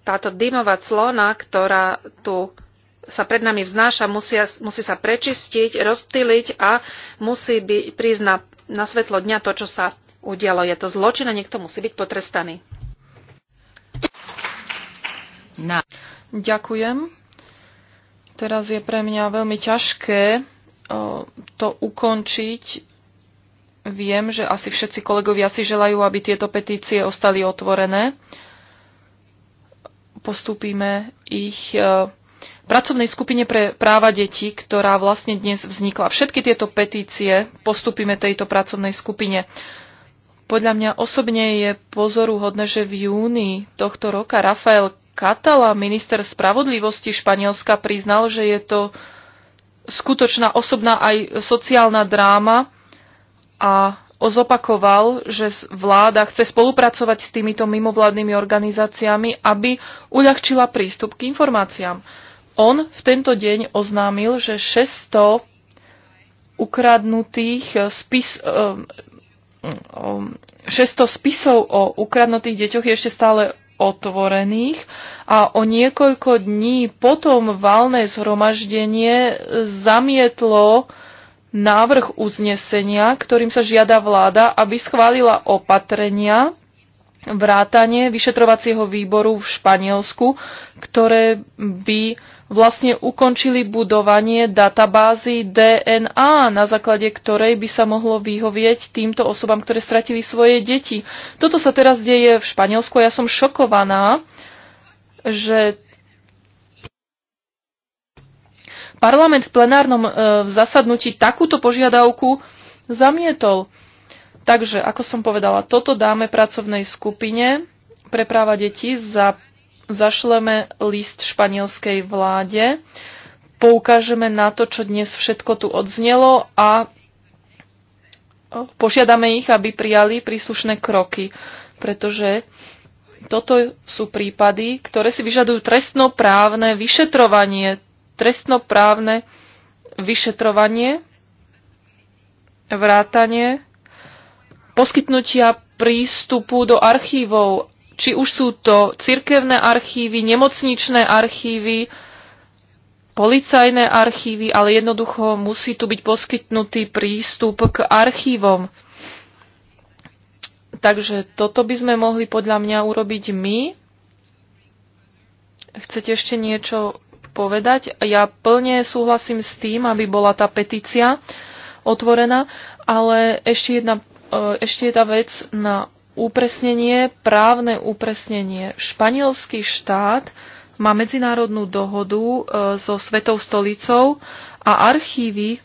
táto dymová clona, ktorá tu sa pred nami vznáša, musia, musí sa prečistiť, rozptýliť a musí by, prísť na, na svetlo dňa to, čo sa udialo. Je to zločin a niekto musí byť potrestaný. Na. Ďakujem. Teraz je pre mňa veľmi ťažké to ukončiť. Viem, že asi všetci kolegovia si želajú, aby tieto petície ostali otvorené. Postupíme ich pracovnej skupine pre práva detí, ktorá vlastne dnes vznikla. Všetky tieto petície postupíme tejto pracovnej skupine. Podľa mňa osobne je pozoruhodné, že v júni tohto roka Rafael Katala, minister spravodlivosti Španielska, priznal, že je to skutočná osobná aj sociálna dráma a zopakoval, že vláda chce spolupracovať s týmito mimovládnymi organizáciami, aby uľahčila prístup k informáciám. On v tento deň oznámil, že 600 ukradnutých spis, eh, 600 spisov o ukradnutých deťoch je ešte stále otvorených a o niekoľko dní potom valné zhromaždenie zamietlo návrh uznesenia, ktorým sa žiada vláda, aby schválila opatrenia vrátanie vyšetrovacieho výboru v Španielsku, ktoré by vlastne ukončili budovanie databázy DNA, na základe ktorej by sa mohlo vyhovieť týmto osobám, ktoré stratili svoje deti. Toto sa teraz deje v Španielsku a ja som šokovaná, že parlament v plenárnom e, zasadnutí takúto požiadavku zamietol. Takže, ako som povedala, toto dáme pracovnej skupine pre práva detí za zašleme list španielskej vláde, poukážeme na to, čo dnes všetko tu odznelo a požiadame ich, aby prijali príslušné kroky, pretože toto sú prípady, ktoré si vyžadujú trestnoprávne vyšetrovanie, trestnoprávne vyšetrovanie, vrátanie, poskytnutia prístupu do archívov či už sú to cirkevné archívy, nemocničné archívy, policajné archívy, ale jednoducho musí tu byť poskytnutý prístup k archívom. Takže toto by sme mohli podľa mňa urobiť my. Chcete ešte niečo povedať? Ja plne súhlasím s tým, aby bola tá petícia otvorená, ale ešte jedna, e, ešte jedna vec na upresnenie, právne upresnenie. Španielský štát má medzinárodnú dohodu e, so Svetou stolicou a archívy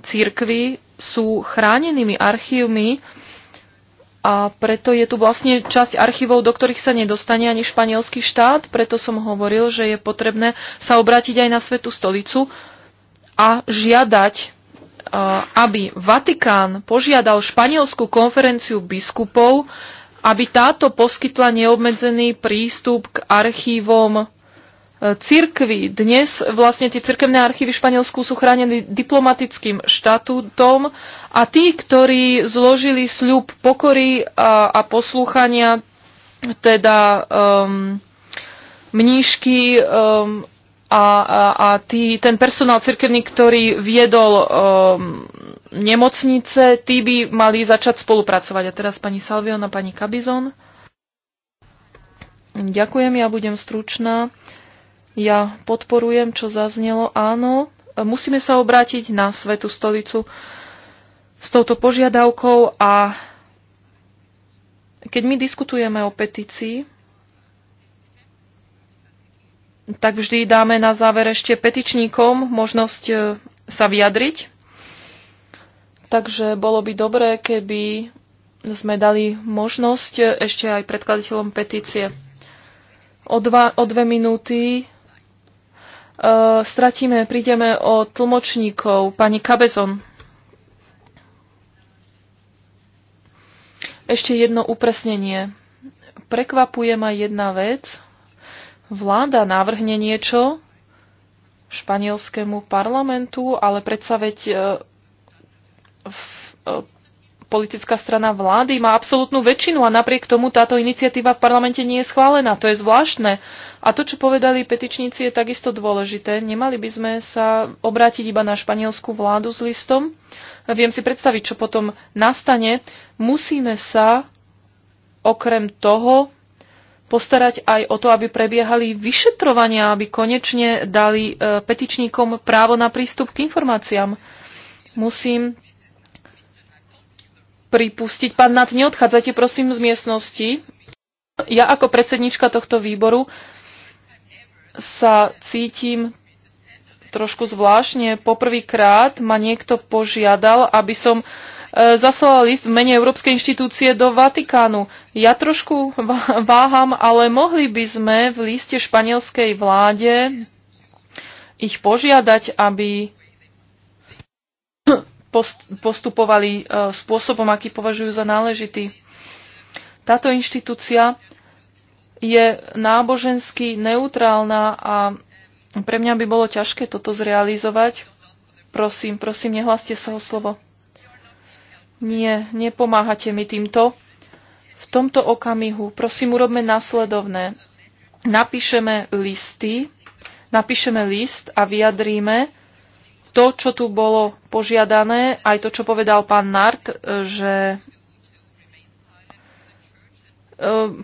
církvy sú chránenými archívmi a preto je tu vlastne časť archívov, do ktorých sa nedostane ani španielský štát, preto som hovoril, že je potrebné sa obrátiť aj na Svetú stolicu a žiadať aby Vatikán požiadal španielskú konferenciu biskupov, aby táto poskytla neobmedzený prístup k archívom e, cirkvi. Dnes vlastne tie cirkevné archívy v Španielsku sú chránené diplomatickým štatútom a tí, ktorí zložili sľub pokory a, a poslúchania, teda um, mníšky, um, a, a, a tí, ten personál cirkevný, ktorý viedol um, nemocnice, tí by mali začať spolupracovať. A teraz pani Salvion a pani Kabizon. Ďakujem, ja budem stručná. Ja podporujem, čo zaznelo. Áno, musíme sa obrátiť na Svetu stolicu s touto požiadavkou a keď my diskutujeme o petícii, tak vždy dáme na záver ešte petičníkom možnosť e, sa vyjadriť. Takže bolo by dobré, keby sme dali možnosť e, ešte aj predkladateľom petície. O, dva, o dve minúty e, stratíme, prídeme o tlmočníkov. Pani Kabezon. Ešte jedno upresnenie. Prekvapuje ma jedna vec vláda navrhne niečo španielskému parlamentu, ale predsa veď e, e, politická strana vlády má absolútnu väčšinu a napriek tomu táto iniciatíva v parlamente nie je schválená. To je zvláštne. A to, čo povedali petičníci, je takisto dôležité. Nemali by sme sa obrátiť iba na španielskú vládu s listom. Viem si predstaviť, čo potom nastane. Musíme sa okrem toho postarať aj o to, aby prebiehali vyšetrovania, aby konečne dali e, petičníkom právo na prístup k informáciám. Musím pripustiť. Pán Nat, neodchádzajte prosím z miestnosti. Ja ako predsednička tohto výboru sa cítim trošku zvláštne. Poprvýkrát ma niekto požiadal, aby som uh, E, zaslala list v mene Európskej inštitúcie do Vatikánu. Ja trošku váham, ale mohli by sme v liste španielskej vláde ich požiadať, aby postupovali e, spôsobom, aký považujú za náležitý. Táto inštitúcia je nábožensky neutrálna a pre mňa by bolo ťažké toto zrealizovať. Prosím, prosím, nehláste sa o slovo. Nie, nepomáhate mi týmto. V tomto okamihu, prosím, urobme následovné. Napíšeme listy, napíšeme list a vyjadríme to, čo tu bolo požiadané, aj to, čo povedal pán Nart, e, že e,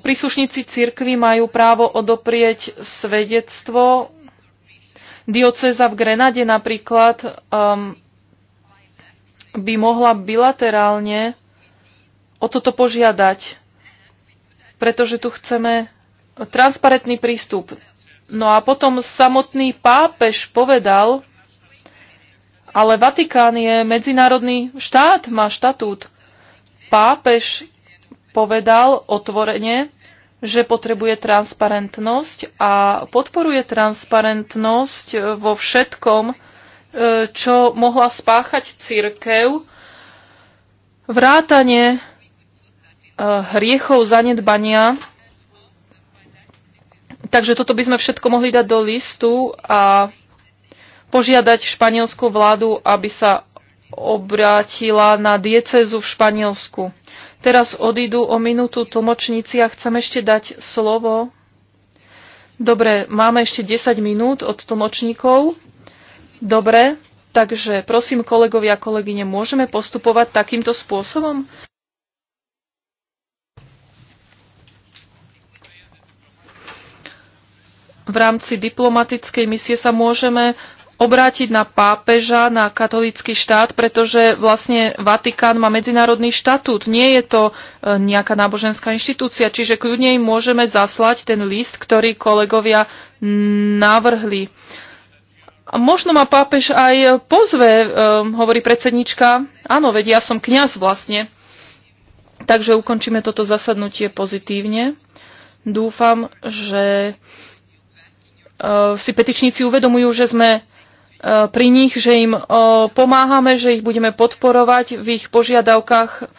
príslušníci cirkvy majú právo odoprieť svedectvo. Dioceza v Grenade napríklad um, by mohla bilaterálne o toto požiadať, pretože tu chceme transparentný prístup. No a potom samotný pápež povedal, ale Vatikán je medzinárodný štát, má štatút. Pápež povedal otvorene, že potrebuje transparentnosť a podporuje transparentnosť vo všetkom, čo mohla spáchať církev, vrátanie e, hriechov zanedbania. Takže toto by sme všetko mohli dať do listu a požiadať španielskú vládu, aby sa obrátila na diecezu v Španielsku. Teraz odídu o minútu tlmočníci a chcem ešte dať slovo. Dobre, máme ešte 10 minút od tlmočníkov. Dobre, takže prosím kolegovia a kolegyne, môžeme postupovať takýmto spôsobom? V rámci diplomatickej misie sa môžeme obrátiť na pápeža, na katolícky štát, pretože vlastne Vatikán má medzinárodný štatút. Nie je to e, nejaká náboženská inštitúcia, čiže kľudne im môžeme zaslať ten list, ktorý kolegovia navrhli. Možno ma pápež aj pozve, um, hovorí predsednička. Áno, veď ja som kňaz vlastne. Takže ukončíme toto zasadnutie pozitívne. Dúfam, že uh, si petičníci uvedomujú, že sme uh, pri nich, že im uh, pomáhame, že ich budeme podporovať v ich požiadavkách,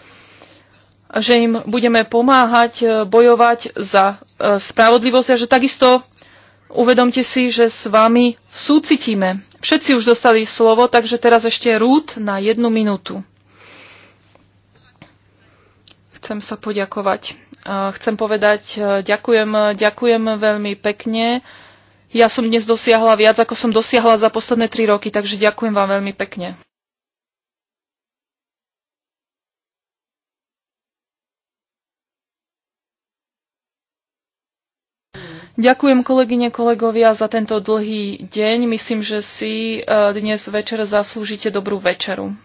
že im budeme pomáhať bojovať za spravodlivosť a že takisto Uvedomte si, že s vami súcitíme. Všetci už dostali slovo, takže teraz ešte rút na jednu minútu. Chcem sa poďakovať. Chcem povedať, e, ďakujem, ďakujem veľmi pekne. Ja som dnes dosiahla viac, ako som dosiahla za posledné tri roky, takže ďakujem vám veľmi pekne. Ďakujem kolegyne, kolegovia za tento dlhý deň. Myslím, že si eh, dnes večer zaslúžite dobrú večeru.